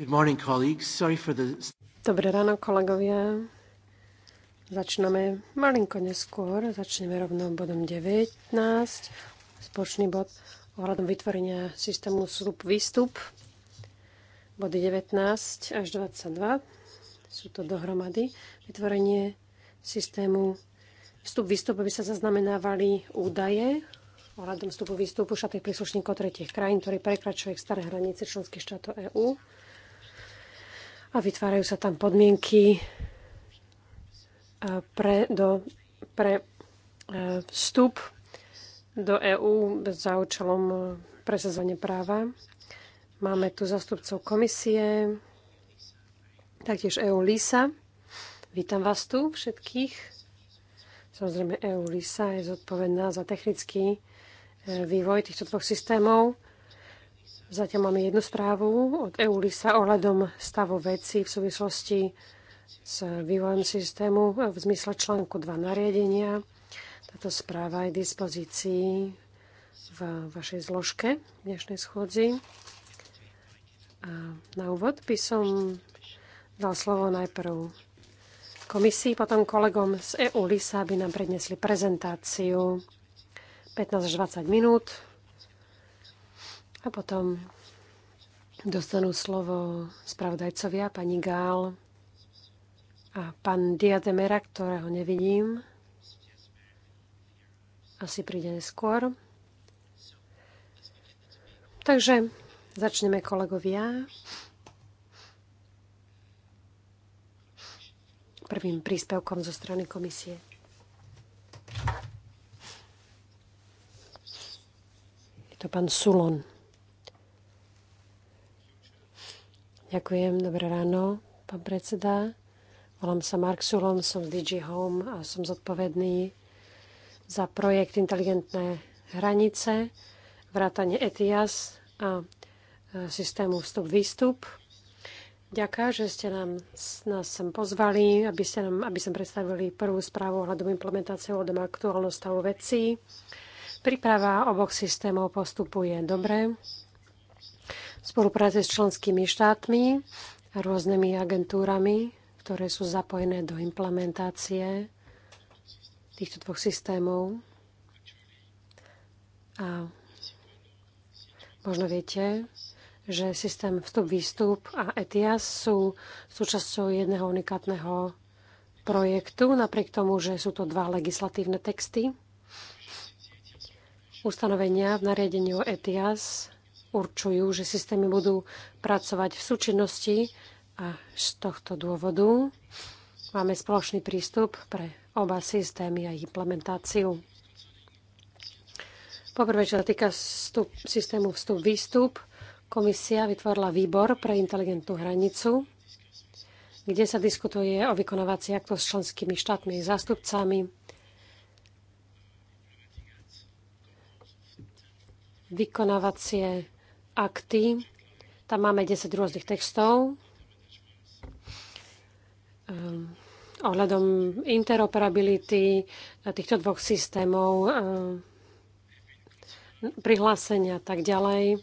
Dobré ráno, kolegovia. Začíname malinko neskôr. Začneme rovno bodom 19. Spočný bod ohľadom vytvorenia systému slup výstup Body 19 až 22 sú to dohromady. Vytvorenie systému vstup-výstup, aby sa zaznamenávali údaje ohľadom vstupu výstupu šatých príslušníkov tretich krajín, ktorí prekračujú staré hranice členských štátov EÚ a vytvárajú sa tam podmienky e, pre, do, pre e, vstup do EÚ za účelom presadzovania práva. Máme tu zastupcov komisie, taktiež EU LISA. Vítam vás tu všetkých. Samozrejme EU LISA je zodpovedná za technický e, vývoj týchto dvoch systémov. Zatiaľ máme jednu správu od EULISA ohľadom stavu veci v súvislosti s vývojom systému v zmysle článku 2 nariadenia. Táto správa je k dispozícii v vašej zložke dnešnej schôdzi. A na úvod by som dal slovo najprv komisii, potom kolegom z EU LISA, aby nám prednesli prezentáciu 15 až 20 minút a potom dostanú slovo spravodajcovia, pani Gál a pán Diademera, ktorého nevidím. Asi príde neskôr. Takže začneme kolegovia. Prvým príspevkom zo strany komisie. Je to pán Sulon. Ďakujem, dobré ráno, pán predseda. Volám sa Mark Sulon, som z DG Home a som zodpovedný za projekt Inteligentné hranice, vrátanie ETIAS a e, systému vstup-výstup. Ďaká, že ste nám, nás sem pozvali, aby, ste nám, aby sme predstavili prvú správu ohľadom implementácie ohľadom aktuálneho stavu vecí. Príprava oboch systémov postupuje dobre spolupráce s členskými štátmi a rôznymi agentúrami, ktoré sú zapojené do implementácie týchto dvoch systémov. A možno viete, že systém vstup-výstup a ETIAS sú súčasťou jedného unikátneho projektu, napriek tomu, že sú to dva legislatívne texty. Ustanovenia v nariadení o ETIAS určujú, že systémy budú pracovať v súčinnosti a z tohto dôvodu máme spoločný prístup pre oba systémy a ich implementáciu. Poprvé, čo sa týka vstup, systému vstup-výstup, komisia vytvorila výbor pre inteligentnú hranicu, kde sa diskutuje o vykonovací aktov s členskými štátmi a zástupcami. Vykonávacie akty. Tam máme 10 rôznych textov ehm, ohľadom interoperability e, týchto dvoch systémov, e, prihlásenia a tak ďalej.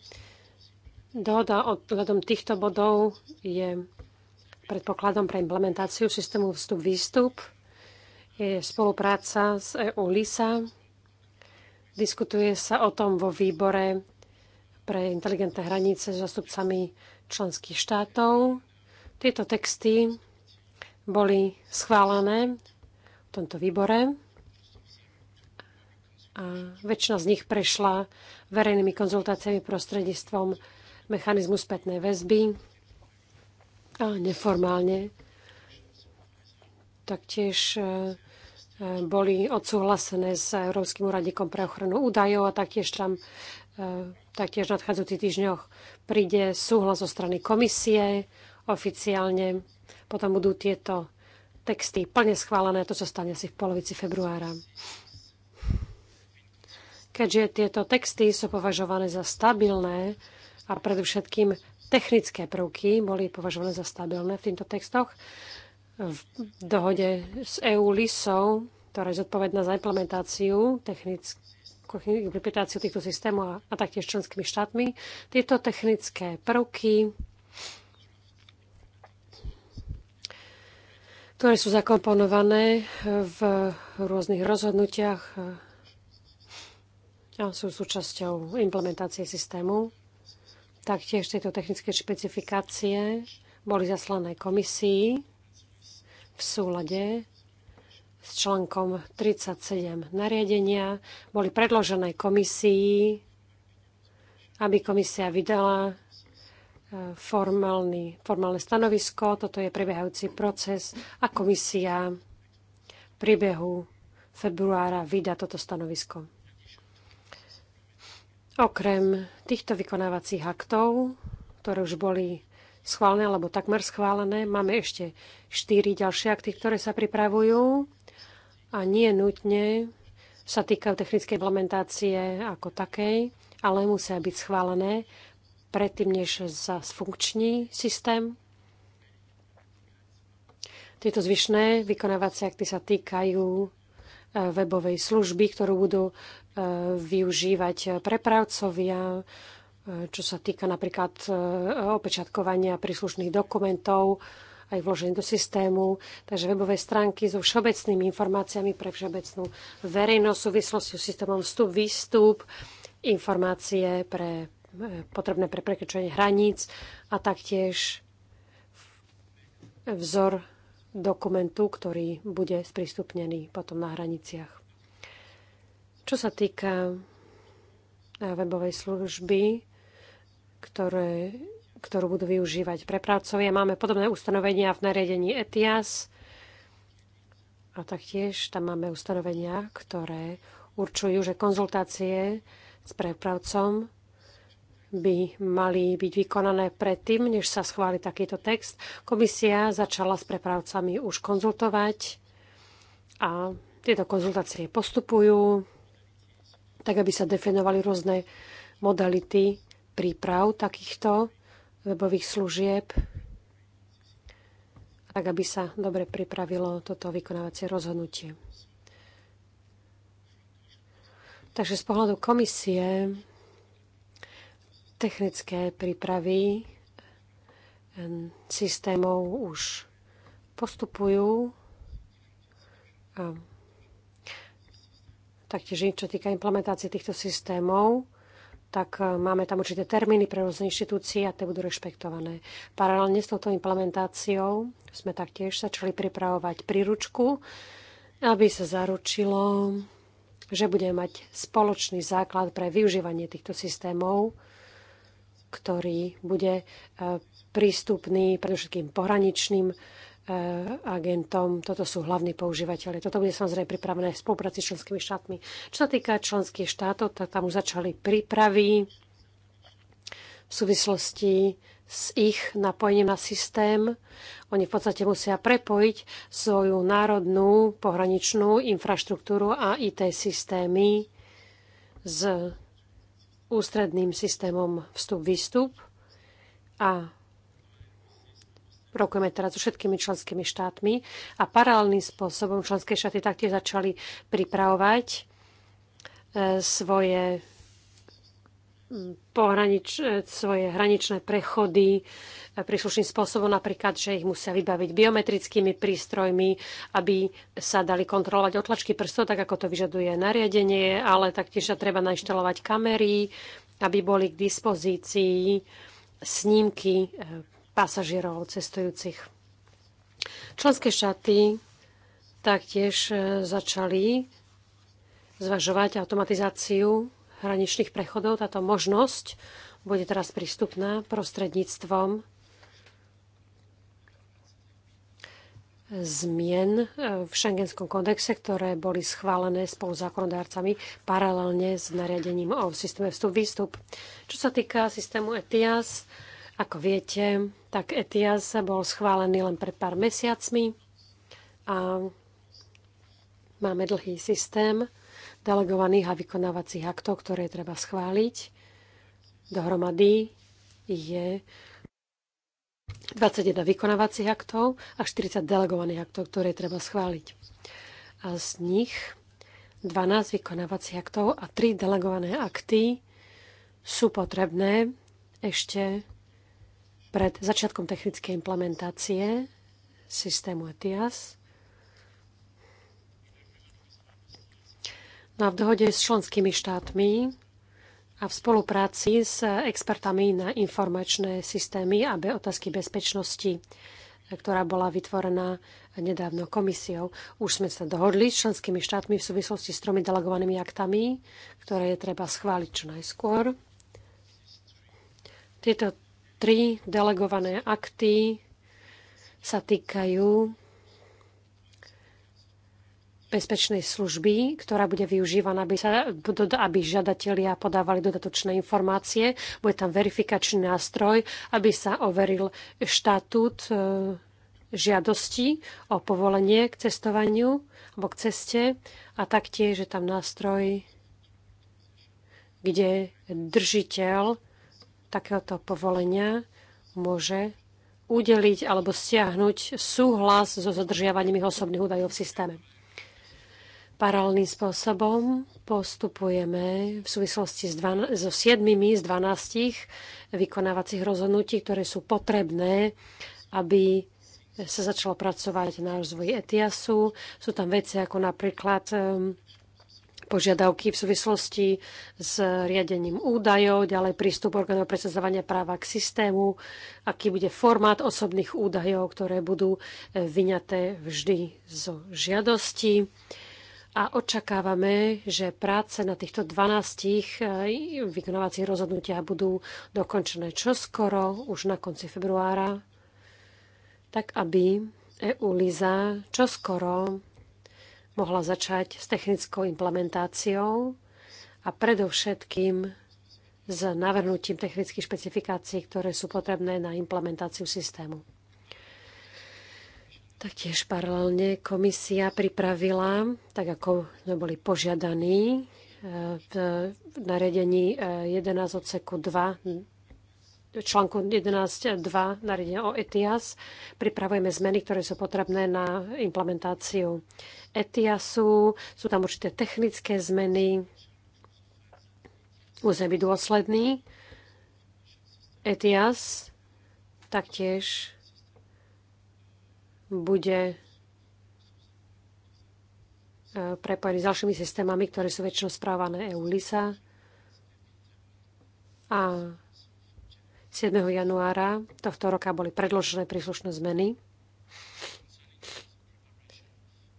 Dohoda ohľadom týchto bodov je predpokladom pre implementáciu systému vstup-výstup. Je spolupráca s EU-LISA. Diskutuje sa o tom vo výbore pre inteligentné hranice s zastupcami členských štátov. Tieto texty boli schválené v tomto výbore a väčšina z nich prešla verejnými konzultáciami prostredníctvom mechanizmu spätnej väzby a neformálne. Taktiež e, e, boli odsúhlasené s Európskym úradníkom pre ochranu údajov a taktiež tam E, taktiež v nadchádzajúcich týždňoch príde súhlas zo strany komisie oficiálne. Potom budú tieto texty plne schválené, to sa stane asi v polovici februára. Keďže tieto texty sú považované za stabilné a predovšetkým technické prvky boli považované za stabilné v týchto textoch, v dohode s EU-LISou, ktorá je zodpovedná za implementáciu technických implementáciu týchto systémov a, a taktiež členskými štátmi. Tieto technické prvky, ktoré sú zakomponované v rôznych rozhodnutiach a sú súčasťou implementácie systému. Taktiež tieto technické špecifikácie boli zaslané komisii v súlade s článkom 37 nariadenia boli predložené komisii, aby komisia vydala e, formálny, formálne stanovisko. Toto je prebiehajúci proces a komisia v priebehu februára vydá toto stanovisko. Okrem týchto vykonávacích aktov, ktoré už boli schválené alebo takmer schválené, máme ešte štyri ďalšie akty, ktoré sa pripravujú a nie nutne sa týkajú technickej implementácie ako takej, ale musia byť schválené predtým, než sa funkční systém. Tieto zvyšné vykonávacie akty sa týkajú e, webovej služby, ktorú budú e, využívať prepravcovia, e, čo sa týka napríklad opečatkovania príslušných dokumentov, aj vložený do systému. Takže webové stránky so všeobecnými informáciami pre všeobecnú verejnosť, v súvislosti s systémom vstup, výstup, informácie pre, e, potrebné pre prekračovanie hraníc a taktiež vzor dokumentu, ktorý bude sprístupnený potom na hraniciach. Čo sa týka e, webovej služby, ktoré ktorú budú využívať prepravcovia. Máme podobné ustanovenia v nariadení ETIAS a taktiež tam máme ustanovenia, ktoré určujú, že konzultácie s prepravcom by mali byť vykonané predtým, než sa schváli takýto text. Komisia začala s prepravcami už konzultovať a tieto konzultácie postupujú, tak aby sa definovali rôzne modality príprav takýchto webových služieb, tak aby sa dobre pripravilo toto vykonávacie rozhodnutie. Takže z pohľadu komisie technické prípravy systémov už postupujú. A taktiež, čo týka implementácie týchto systémov, tak e, máme tam určité termíny pre rôzne inštitúcie a tie budú rešpektované. Paralelne s touto implementáciou sme taktiež začali pripravovať príručku, aby sa zaručilo, že budeme mať spoločný základ pre využívanie týchto systémov, ktorý bude e, prístupný predovšetkým pohraničným E, agentom. Toto sú hlavní používateľe. Toto bude samozrejme pripravené v spolupráci s členskými štátmi. Čo sa týka členských štátov, tak tam už začali prípravy v súvislosti s ich napojením na systém. Oni v podstate musia prepojiť svoju národnú pohraničnú infraštruktúru a IT systémy s ústredným systémom vstup-výstup a rokujeme teraz so všetkými členskými štátmi a paralelným spôsobom členské štáty taktiež začali pripravovať e, svoje pohranič, e, svoje hraničné prechody e, príslušným spôsobom, napríklad, že ich musia vybaviť biometrickými prístrojmi, aby sa dali kontrolovať otlačky prstov, tak ako to vyžaduje nariadenie, ale taktiež sa treba nainštalovať kamery, aby boli k dispozícii snímky pasažierov cestujúcich. Členské štáty taktiež e, začali zvažovať automatizáciu hraničných prechodov. Táto možnosť bude teraz prístupná prostredníctvom zmien e, v šengenskom kodexe, ktoré boli schválené spolu s zákonodárcami paralelne s nariadením o systéme vstup-výstup. Čo sa týka systému ETIAS, ako viete, tak ETIAS bol schválený len pred pár mesiacmi a máme dlhý systém delegovaných a vykonávacích aktov, ktoré treba schváliť. Dohromady je 21 vykonávacích aktov a 40 delegovaných aktov, ktoré treba schváliť. A z nich 12 vykonávacích aktov a 3 delegované akty sú potrebné ešte pred začiatkom technickej implementácie systému ETIAS No a v dohode s členskými štátmi a v spolupráci s expertami na informačné systémy a otázky bezpečnosti, ktorá bola vytvorená nedávno komisiou. Už sme sa dohodli s členskými štátmi v súvislosti s tromi delegovanými aktami, ktoré je treba schváliť čo najskôr. Tieto Tri delegované akty sa týkajú bezpečnej služby, ktorá bude využívaná, aby, sa, aby žiadatelia podávali dodatočné informácie. Bude tam verifikačný nástroj, aby sa overil štatút e, žiadosti o povolenie k cestovaniu alebo k ceste a taktiež je tam nástroj, kde držiteľ takéhoto povolenia môže udeliť alebo stiahnuť súhlas so zadržiavaním ich osobných údajov v systéme. Paralelným spôsobom postupujeme v súvislosti s so 7 z 12 vykonávacích rozhodnutí, ktoré sú potrebné, aby sa začalo pracovať na rozvoji ETIASu. Sú tam veci ako napríklad ehm, požiadavky v súvislosti s riadením údajov, ďalej prístup orgánov presadzovania práva k systému, aký bude formát osobných údajov, ktoré budú e, vyňaté vždy zo žiadosti. A očakávame, že práce na týchto 12 e, vykonávacích rozhodnutiach budú dokončené čoskoro, už na konci februára, tak aby EU-LISA čoskoro mohla začať s technickou implementáciou a predovšetkým s navrhnutím technických špecifikácií, ktoré sú potrebné na implementáciu systému. Taktiež paralelne komisia pripravila, tak ako sme boli požiadaní, v nariadení 11 eh, odseku 2 článku 11.2 nariadenia o ETIAS pripravujeme zmeny, ktoré sú potrebné na implementáciu ETIASu. Sú tam určité technické zmeny. Musíme byť dôsledný. ETIAS taktiež bude e, prepojený s ďalšími systémami, ktoré sú väčšinou správané EU-LISA. A 7. januára tohto roka boli predložené príslušné zmeny.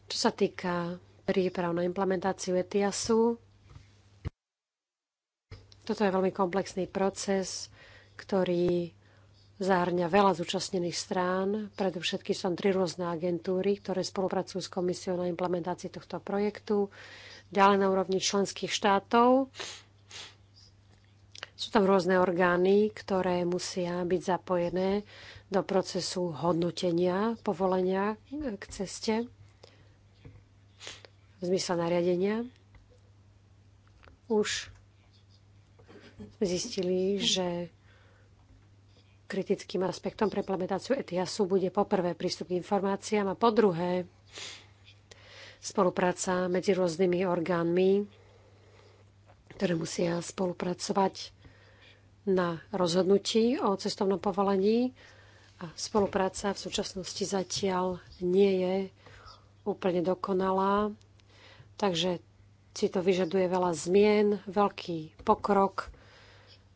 Čo sa týka príprav na implementáciu ETIASu, toto je veľmi komplexný proces, ktorý zahrňa veľa zúčastnených strán. Predovšetky sú tam tri rôzne agentúry, ktoré spolupracujú s komisiou na implementácii tohto projektu. Ďalej na úrovni členských štátov sú tam rôzne orgány, ktoré musia byť zapojené do procesu hodnotenia povolenia k ceste v zmysle nariadenia. Už zistili, že kritickým aspektom pre implementáciu ETIASu bude poprvé prístup k informáciám a po druhé spolupráca medzi rôznymi orgánmi, ktoré musia spolupracovať na rozhodnutí o cestovnom povolení a spolupráca v súčasnosti zatiaľ nie je úplne dokonalá, takže si to vyžaduje veľa zmien, veľký pokrok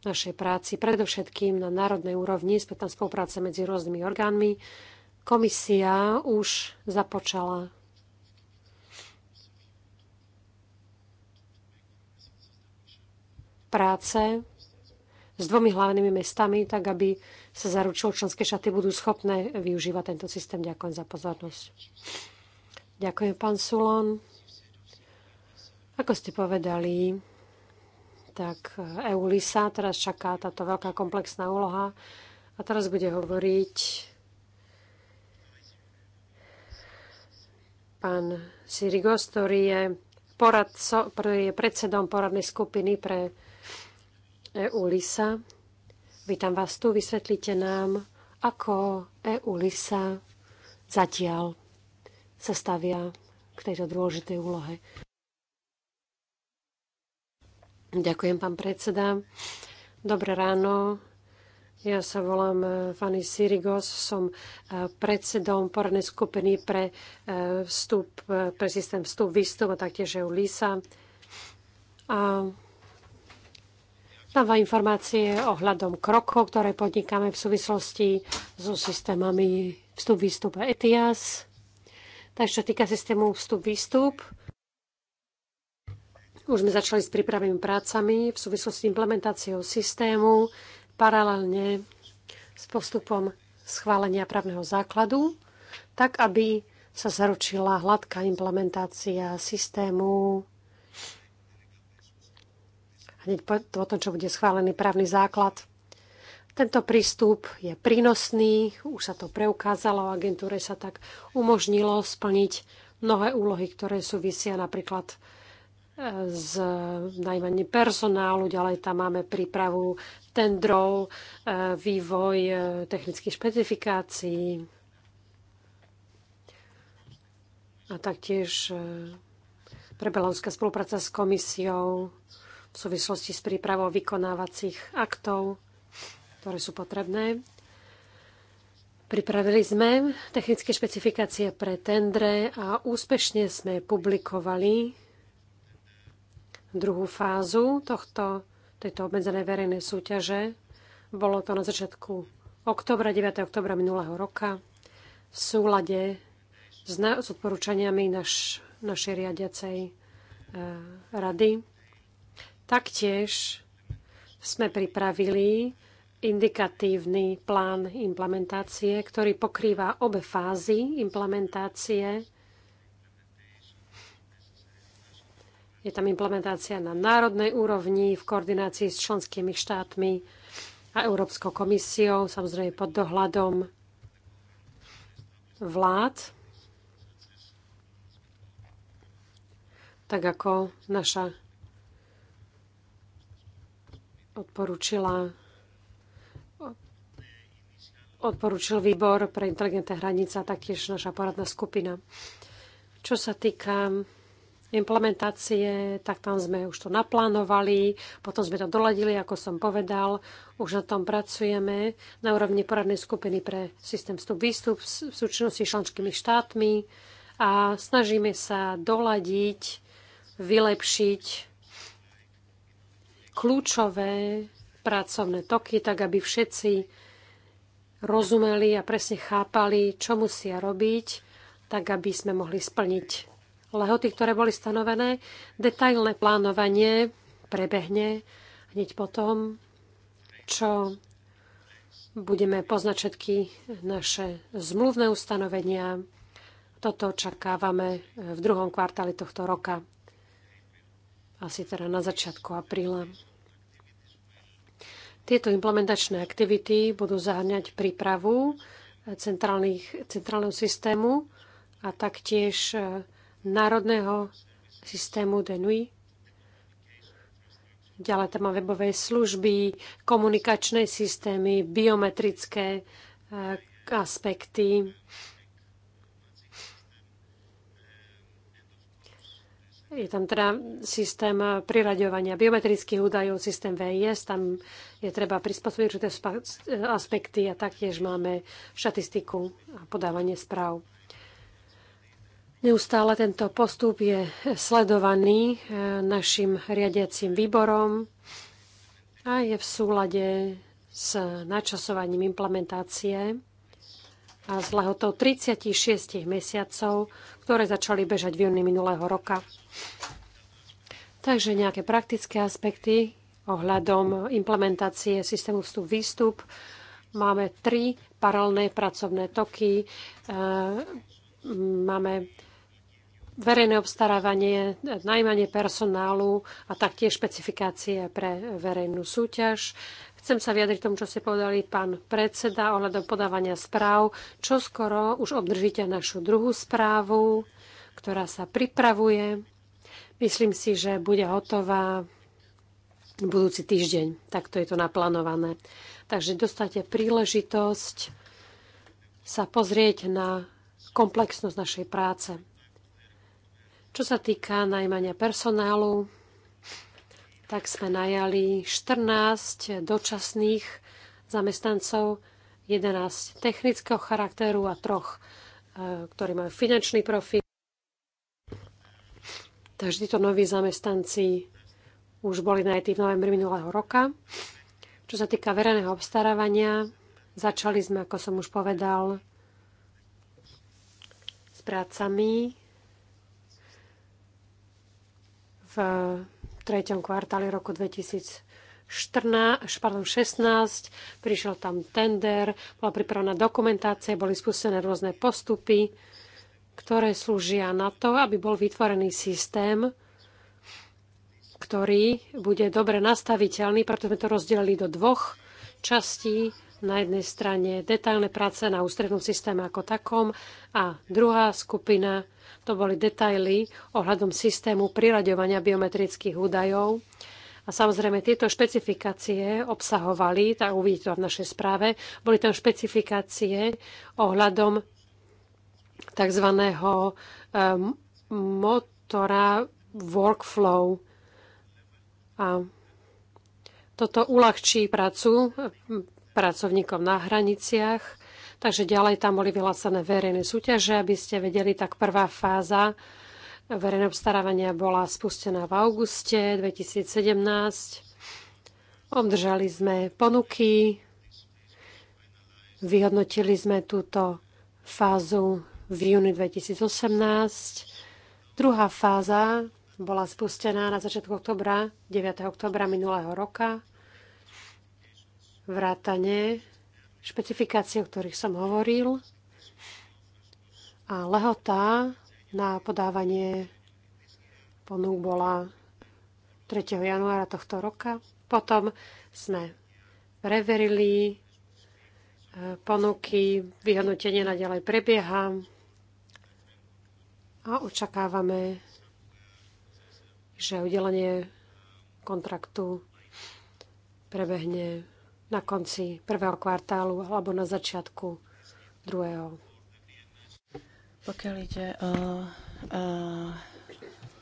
našej práci, predovšetkým na národnej úrovni, späť tam spolupráca medzi rôznymi orgánmi. Komisia už započala práce s dvomi hlavnými mestami, tak aby sa zaručilo, členské šaty budú schopné využívať tento systém. Ďakujem za pozornosť. Ďakujem, pán Sulon. Ako ste povedali, tak EULISA teraz čaká táto veľká komplexná úloha a teraz bude hovoriť pán Sirigos, ktorý je, poradco, ktorý je predsedom poradnej skupiny pre EU-LISA. Vítam vás tu, vysvetlite nám, ako EU-LISA zatiaľ sa stavia k tejto dôležitej úlohe. Ďakujem, pán predseda. Dobré ráno. Ja sa volám e, Fanny Sirigos, som e, predsedom poradnej skupiny pre, e, vstup, pre systém vstup-výstup a taktiež EU LISA. A Dáva informácie ohľadom krokov, ktoré podnikáme v súvislosti so systémami vstup-výstup a ETIAS. Takže týka systému vstup-výstup, už sme začali s prípravnými prácami v súvislosti s implementáciou systému paralelne s postupom schválenia právneho základu, tak aby sa zaručila hladká implementácia systému hneď po, po tom, čo bude schválený právny základ. Tento prístup je prínosný, už sa to preukázalo, agentúre sa tak umožnilo splniť mnohé úlohy, ktoré súvisia napríklad e, s najmaním personálu, ďalej tam máme prípravu tendrov, e, vývoj e, technických špecifikácií a taktiež prebelonská spolupráca s komisiou v súvislosti s prípravou vykonávacích aktov, ktoré sú potrebné. Pripravili sme technické špecifikácie pre tendre a úspešne sme publikovali druhú fázu tohto, tejto obmedzenej verejnej súťaže. Bolo to na začiatku oktobra, 9. oktobra minulého roka v súlade s, odporúčaniami naš, našej riadiacej eh, rady. Taktiež sme pripravili indikatívny plán implementácie, ktorý pokrýva obe fázy implementácie. Je tam implementácia na národnej úrovni v koordinácii s členskými štátmi a Európskou komisiou, samozrejme pod dohľadom vlád, tak ako naša odporúčila odporúčil výbor pre inteligentné hranice a taktiež naša poradná skupina. Čo sa týka implementácie, tak tam sme už to naplánovali, potom sme to doladili, ako som povedal, už na tom pracujeme na úrovni poradnej skupiny pre systém vstup-výstup v súčinnosti s členskými štátmi a snažíme sa doladiť, vylepšiť kľúčové pracovné toky, tak aby všetci rozumeli a presne chápali, čo musia robiť, tak aby sme mohli splniť lehoty, ktoré boli stanovené. Detailné plánovanie prebehne hneď potom, čo budeme poznať všetky naše zmluvné ustanovenia. Toto očakávame v druhom kvartáli tohto roka asi teda na začiatku apríla. Tieto implementačné aktivity budú zahrňať prípravu centrálneho systému a taktiež e, národného systému DENUI. Ďalej tam má webové služby, komunikačné systémy, biometrické e, aspekty, Je tam teda systém priraďovania biometrických údajov, systém VIS, tam je treba prispôsobiť určité aspekty a taktiež máme štatistiku a podávanie správ. Neustále tento postup je sledovaný e, našim riadiacím výborom a je v súlade s načasovaním implementácie a s lehotou 36 mesiacov, ktoré začali bežať v júni minulého roka. Takže nejaké praktické aspekty ohľadom implementácie systému vstup-výstup. Máme tri paralelné pracovné toky. E, máme verejné obstarávanie, najmanie personálu a taktiež špecifikácie pre verejnú súťaž. Chcem sa vyjadriť tomu, čo ste povedali pán predseda ohľadom podávania správ. Čo skoro už obdržíte našu druhú správu, ktorá sa pripravuje. Myslím si, že bude hotová budúci týždeň. Takto je to naplánované. Takže dostate príležitosť sa pozrieť na komplexnosť našej práce. Čo sa týka najmania personálu, tak sme najali 14 dočasných zamestnancov, 11 technického charakteru a troch, e, ktorí majú finančný profil. Takže títo noví zamestnanci už boli najetí v novembri minulého roka. Čo sa týka verejného obstarávania, začali sme, ako som už povedal, s prácami v treťom kvartáli roku 2014, pardon, 16. Prišiel tam tender, bola pripravená dokumentácia, boli spustené rôzne postupy ktoré slúžia na to, aby bol vytvorený systém, ktorý bude dobre nastaviteľný, preto sme to rozdelili do dvoch častí. Na jednej strane detailné práce na ústrednom systéme ako takom a druhá skupina to boli detaily ohľadom systému priraďovania biometrických údajov. A samozrejme tieto špecifikácie obsahovali, tak uvidíte to v našej správe, boli tam špecifikácie ohľadom tzv. Eh, motora workflow. A toto uľahčí prácu eh, pracovníkom na hraniciach. Takže ďalej tam boli vyhlásené verejné súťaže, aby ste vedeli, tak prvá fáza verejného obstarávania bola spustená v auguste 2017. Obdržali sme ponuky, vyhodnotili sme túto fázu v júni 2018. Druhá fáza bola spustená na začiatku oktobra, 9. oktobra minulého roka. Vrátane špecifikácie, o ktorých som hovoril. A lehota na podávanie ponúk bola 3. januára tohto roka. Potom sme preverili eh, ponuky, vyhodnotenie naďalej prebieha, a očakávame, že udelenie kontraktu prebehne na konci prvého kvartálu alebo na začiatku druhého. Pokiaľ ide o,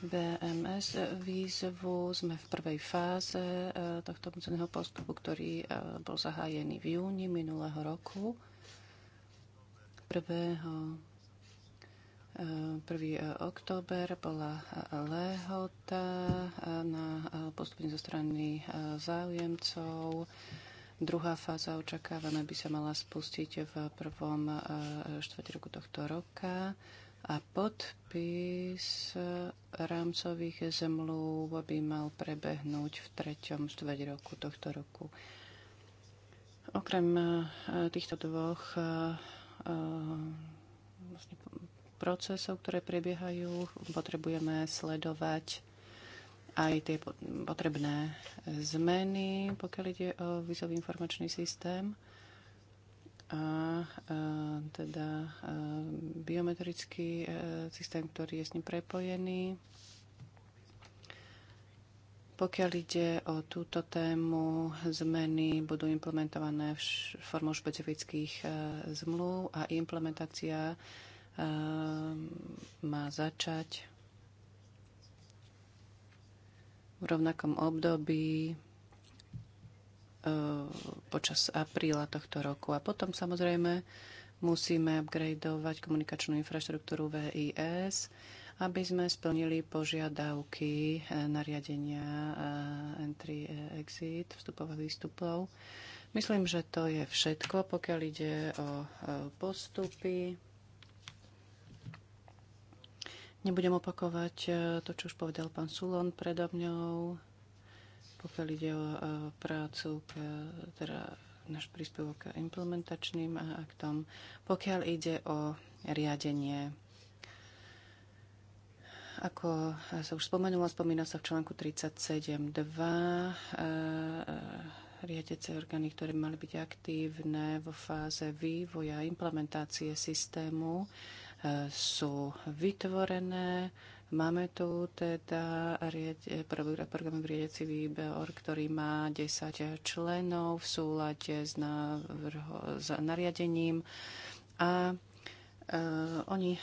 BMS výzvu, sme v prvej fáze e, tohto územného postupu, ktorý e, bol zahájený v júni minulého roku. Prvého 1. E, október bola e, lehota e, na postupne zo strany záujemcov. Druhá fáza očakávame by sa mala spustiť v prvom štvrti roku tohto roka a podpis rámcových zmluv by mal prebehnúť v treťom štvrť roku tohto roku. Okrem týchto dvoch vlastne procesov, ktoré prebiehajú. Potrebujeme sledovať aj tie potrebné zmeny, pokiaľ ide o vizový informačný systém a e, teda e, biometrický e, systém, ktorý je s ním prepojený. Pokiaľ ide o túto tému, zmeny budú implementované formou špecifických zmluv a implementácia Ehm, má začať v rovnakom období e, počas apríla tohto roku. A potom samozrejme musíme upgradeovať komunikačnú infraštruktúru VIS, aby sme splnili požiadavky e, nariadenia entry e, exit, vstupov a výstupov. Myslím, že to je všetko, pokiaľ ide o postupy. Nebudem opakovať e, to, čo už povedal pán Sulon predo mňou, pokiaľ ide o e, prácu, k, teda náš príspevok k implementačným aktom. Pokiaľ ide o riadenie, ako sa už spomenula, spomína sa v článku 37.2 e, riadece orgány, ktoré mali byť aktívne vo fáze vývoja implementácie systému sú vytvorené. Máme tu teda program v výbor, ktorý má 10 členov v súlade s, návrho, s nariadením a Uh, oni uh,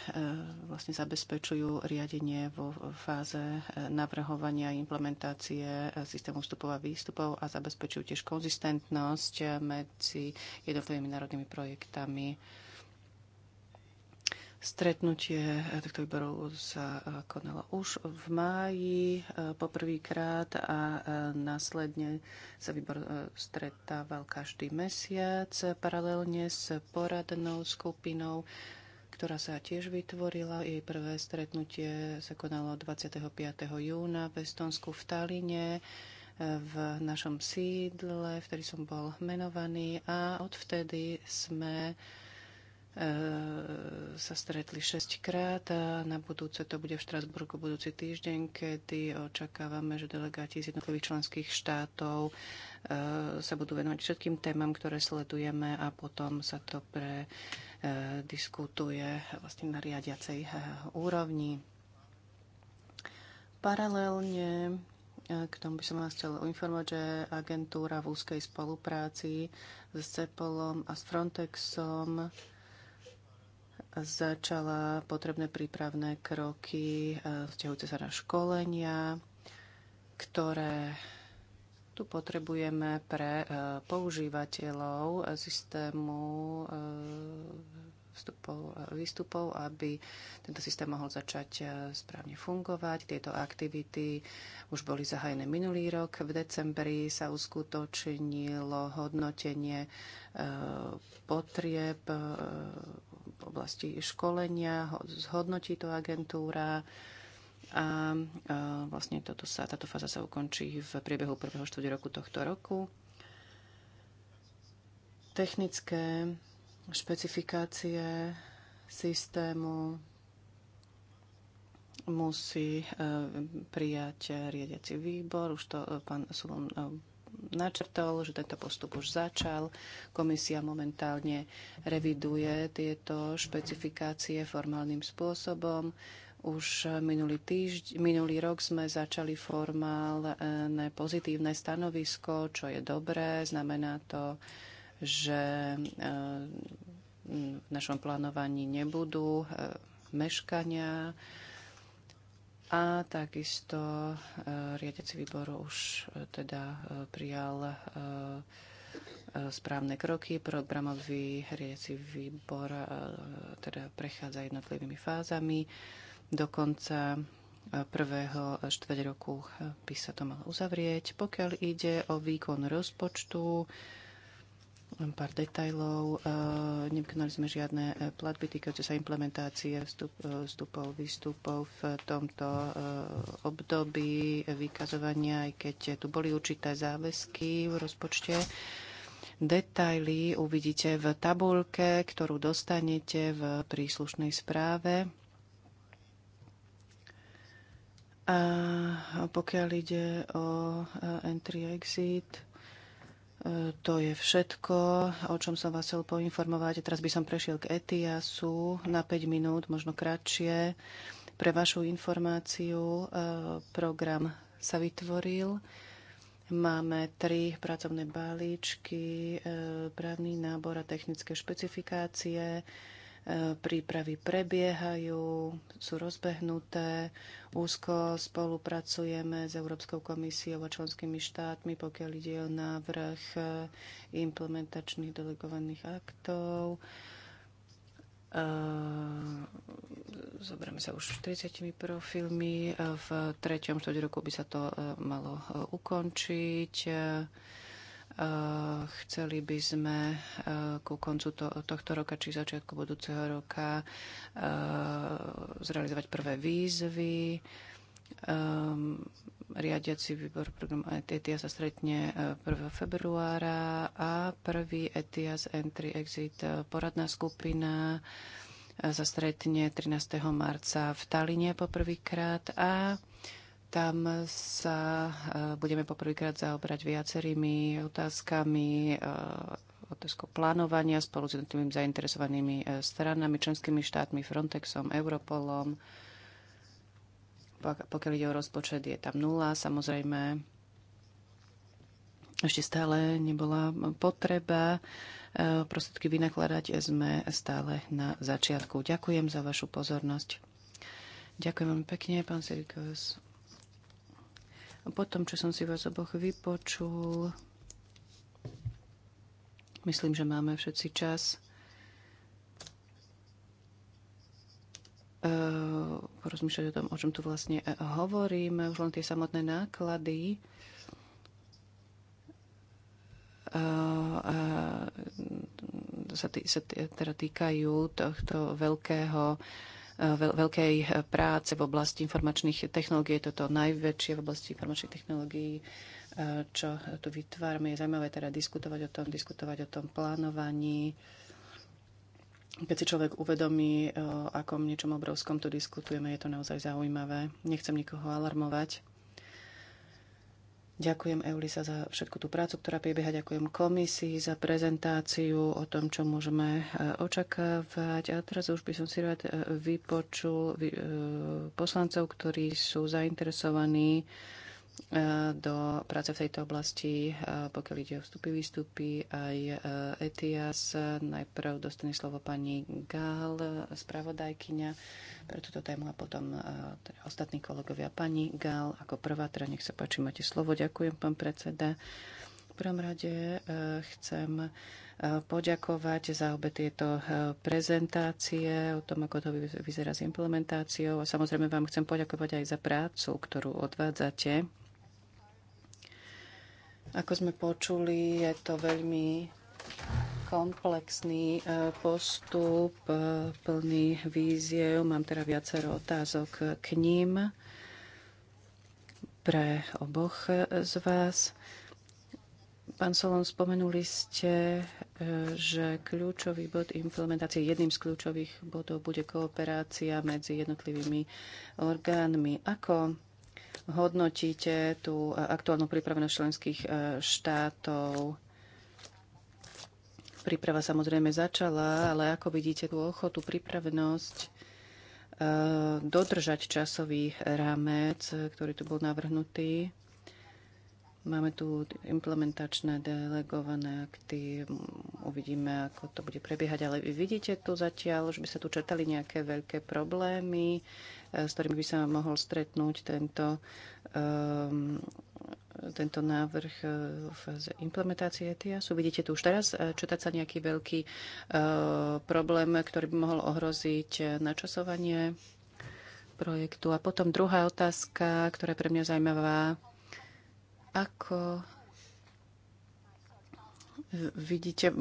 vlastne zabezpečujú riadenie vo fáze e, navrhovania a implementácie systému vstupov a výstupov a zabezpečujú tiež konzistentnosť medzi jednotlivými národnými projektami. Stretnutie eh, týchto výborov sa eh, konalo už v máji eh, poprvýkrát a následne sa výbor stretával každý mesiac paralelne s poradnou skupinou, ktorá sa tiež vytvorila. Jej prvé stretnutie sa konalo 25. júna v Estonsku v Taline v našom sídle, v ktorý som bol menovaný a odvtedy sme uh, Ehm, sa stretli 6 krát a na budúce to bude v Štrasburgu budúci týždeň, kedy očakávame, že delegáti z jednotlivých členských štátov ehm, sa budú venovať všetkým témam, ktoré sledujeme a potom sa to prediskutuje vlastne na riadiacej eh, úrovni. Paralelne eh, k tomu by som vás chcel informovať, že agentúra v úzkej spolupráci s CEPOLom a s Frontexom začala potrebné prípravné kroky eh, vzťahujúce sa na školenia, ktoré tu potrebujeme pre eh, používateľov systému eh, vstupov, výstupov, aby tento systém mohol začať správne fungovať. Tieto aktivity už boli zahajené minulý rok. V decembri sa uskutočnilo hodnotenie potrieb v oblasti školenia, zhodnotí to agentúra a vlastne toto sa, táto fáza sa ukončí v priebehu prvého štúdia roku tohto roku. Technické špecifikácie systému musí e, prijať riadiaci výbor, už to e, pán Sulom e, načrtol, že tento postup už začal. Komisia momentálne reviduje tieto špecifikácie formálnym spôsobom. Už minulý, týžd- minulý rok sme začali formálne pozitívne stanovisko, čo je dobré. Znamená to, že eh, v našom plánovaní nebudú eh, meškania a takisto e, riadeci výboru už e, teda e, prijal správne kroky. Programový riadiaci výbor teda prechádza jednotlivými fázami. Do konca prvého štveť roku by sa to malo uzavrieť. Pokiaľ ide o výkon rozpočtu, pár detajlov. E, nevykonali sme žiadne e, platby týkajúce sa implementácie vstup, e, vstupov, výstupov v tomto období vykazovania, aj keď tu boli určité záväzky v rozpočte. Detaily uvidíte v tabulke, ktorú dostanete v príslušnej správe. A pokiaľ ide o entry-exit, to je všetko, o čom som vás chcel poinformovať. Teraz by som prešiel k ETIASu na 5 minút, možno kratšie. Pre vašu informáciu e, program sa vytvoril. Máme tri pracovné balíčky, e, právny nábor a technické špecifikácie. E, prípravy prebiehajú, sú rozbehnuté. Úzko spolupracujeme s Európskou komisiou a členskými štátmi, pokiaľ ide o návrh e, implementačných delegovaných aktov. E, zoberieme sa už 40 profilmi. V treťom štvrť roku by sa to malo ukončiť. Eh, chceli by sme eh, ku koncu to, tohto roka či začiatku budúceho roka eh, zrealizovať prvé výzvy. Ehm, riadiaci výbor program ETIA sa stretne 1. februára a prvý ETIAS Entry Exit poradná skupina sa stretne 13. marca v Taline poprvýkrát a tam sa eh, budeme poprvýkrát zaobrať viacerými otázkami, eh, otázkou plánovania spolu s jednotlivými zainteresovanými eh, stranami, členskými štátmi, Frontexom, Europolom. Pokiaľ ide o rozpočet, je tam nula. Samozrejme, ešte stále nebola potreba prostriedky vynakladať. Sme stále na začiatku. Ďakujem za vašu pozornosť. Ďakujem veľmi pekne, pán Sirikos. Po tom, čo som si vás oboch vypočul, myslím, že máme všetci čas e, porozmýšľať o tom, o čom tu vlastne e, hovoríme, už len tie samotné náklady. E, sa, tý, sa tý, teda týkajú tohto veľkého uh, veľkej eh, práce v oblasti informačných technológií. Je toto najväčšie v oblasti informačných technológií, eh, čo tu vytvárame. Je zaujímavé teda diskutovať o tom, diskutovať o tom plánovaní. Keď si človek uvedomí, eh, o akom niečom obrovskom tu diskutujeme, je to naozaj zaujímavé. Nechcem nikoho alarmovať, Ďakujem Eulisa za všetku tú prácu, ktorá prebieha. Ďakujem komisii za prezentáciu o tom, čo môžeme e, očakávať. A teraz už by som si rád e, vypočul e, poslancov, ktorí sú zainteresovaní E, do práce v tejto oblasti, e, pokiaľ ide o vstupy, výstupy, aj e, ETIAS. Najprv dostane slovo pani Gál, spravodajkyňa pre túto tému a potom teda ostatní kolegovia. Pani Gál, ako prvá, teda nech sa páči, máte slovo. Ďakujem, pán predseda. V prvom rade chcem poďakovať za obe tieto prezentácie o tom, ako to vyzerá s implementáciou a samozrejme vám chcem poďakovať aj za prácu, ktorú odvádzate ako sme počuli, je to veľmi komplexný e, postup, e, plný víziev. Mám teda viacero otázok k ním pre oboch e, z vás. Pán Solon, spomenuli ste, že kľúčový bod implementácie, jedným z kľúčových bodov bude kooperácia medzi jednotlivými orgánmi. Ako hodnotíte tú e, aktuálnu pripravenosť členských e, štátov? Príprava samozrejme začala, ale ako vidíte tú ochotu, pripravenosť e, dodržať časový rámec, ktorý tu bol navrhnutý? Máme tu implementačné delegované akty, uvidíme, ako to bude prebiehať, ale vy vidíte tu zatiaľ, že by sa tu črtali nejaké veľké problémy, e, s ktorými by sa mohol stretnúť tento, um, tento návrh e, v implementácie ETIAS. Vidíte tu už teraz e, Četať sa nejaký veľký uh, problém, ktorý by mohol ohroziť načasovanie projektu. A potom druhá otázka, ktorá je pre mňa zaujímavá, ako vidíte,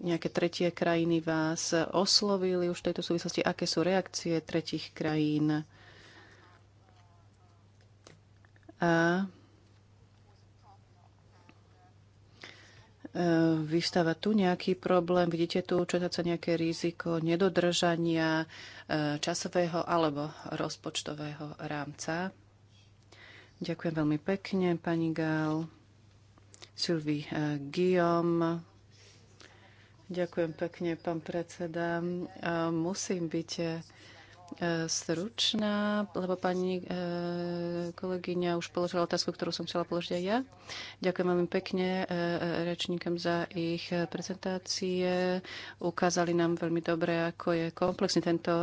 nejaké tretie krajiny vás oslovili už v tejto súvislosti? Aké sú reakcie tretich krajín? A e, vystáva tu nejaký problém? Vidíte tu, čo sa nejaké riziko nedodržania e, časového alebo rozpočtového rámca? Ďakujem veľmi pekne, pani Gál. Sylvie eh, Guillaume. Ďakujem pekne, pán predseda. Eh, musím byť eh, E, stručná, lebo pani e, kolegyňa už položila otázku, ktorú som chcela položiť aj ja. Ďakujem veľmi pekne e, rečníkom za ich prezentácie. Ukázali nám veľmi dobre, ako je komplexný tento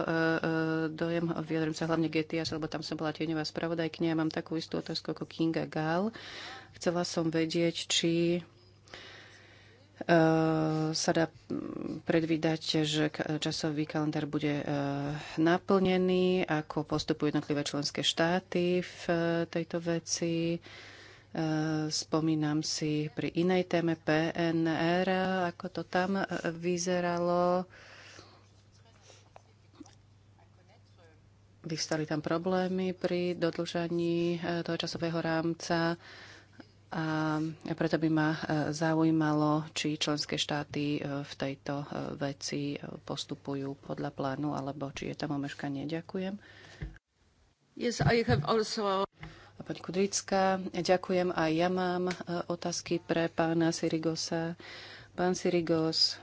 dojem. Vyjadrím sa hlavne GTS, lebo tam som bola tieňová spravodajkňa. Ja mám takú istú otázku ako Kinga Gal. Chcela som vedieť, či Ehm, sa dá predvídať, že časový kalendár bude ehm, naplnený, ako postupujú jednotlivé členské štáty v ehm, tejto veci. Spomínam si pri inej téme PNR, ako to tam e, vyzeralo. Vystali tam problémy pri dodlžaní e, toho časového rámca. A preto by ma e, zaujímalo, či členské štáty e, v tejto e, veci postupujú podľa plánu, alebo či je tam omeškanie. Ďakujem. Yes, I have also... Pani Kudrická, ďakujem. A ja mám otázky pre pána Sirigosa. Pán Sirigos,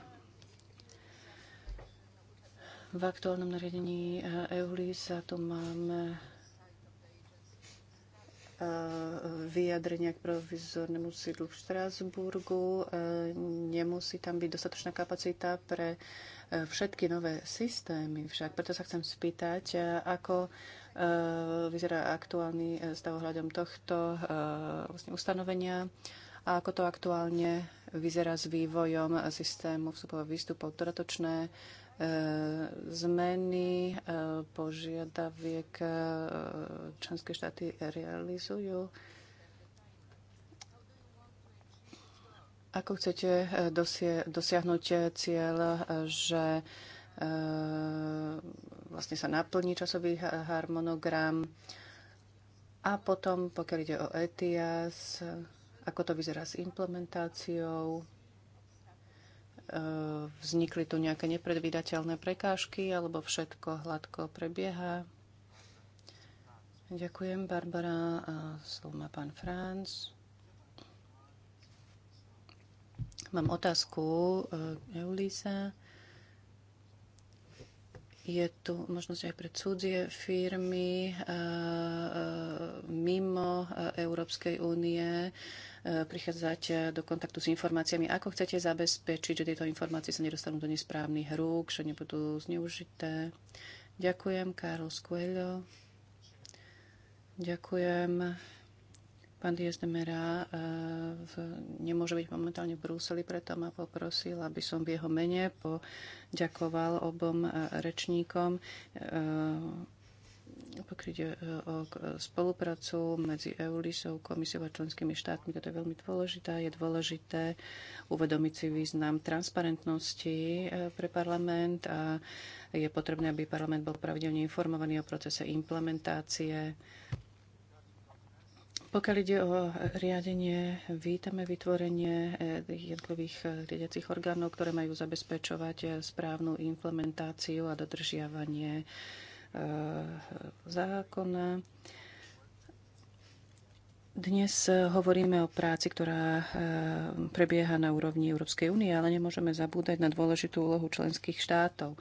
v aktuálnom nariadení EULIS tu máme vyjadrenia k provizornému sídlu v Štrásburgu. Nemusí tam byť dostatočná kapacita pre všetky nové systémy. Však preto sa chcem spýtať, ako vyzerá aktuálny e, stav ohľadom tohto vlastne ustanovenia a ako to aktuálne vyzerá s vývojom systému vstupov a výstupov. Dodatočné zmeny eh, požiadaviek eh, členské štáty realizujú. Ako chcete eh, dosiahnuť cieľ, že vlastne sa naplní časový harmonogram a potom, pokiaľ ide o ETIAS, ako to vyzerá s implementáciou, E, vznikli tu nejaké nepredvídateľné prekážky alebo všetko hladko prebieha? Ďakujem, Barbara. A slovo má pán Franz. Mám otázku e, Eulisa. Je tu možnosť aj pre cudzie firmy eh, eh, mimo eh, Európskej únie prichádzať do kontaktu s informáciami. Ako chcete zabezpečiť, že tieto informácie sa nedostanú do nesprávnych rúk, že nebudú zneužité? Ďakujem, Karol Skuelo. Ďakujem. Pán Dias de Mera eh, nemôže byť momentálne v Bruseli, preto ma poprosil, aby som v jeho mene poďakoval obom eh, rečníkom eh, pokryť o spoluprácu medzi EULISou, komisiou a členskými štátmi. Toto je veľmi dôležité. Je dôležité uvedomiť si význam transparentnosti pre parlament a je potrebné, aby parlament bol pravidelne informovaný o procese implementácie pokiaľ ide o riadenie, vítame vytvorenie eh, jednotlivých eh, riadiacich orgánov, ktoré majú zabezpečovať eh, správnu implementáciu a dodržiavanie zákona. Dnes hovoríme o práci, ktorá prebieha na úrovni Európskej únie, ale nemôžeme zabúdať na dôležitú úlohu členských štátov.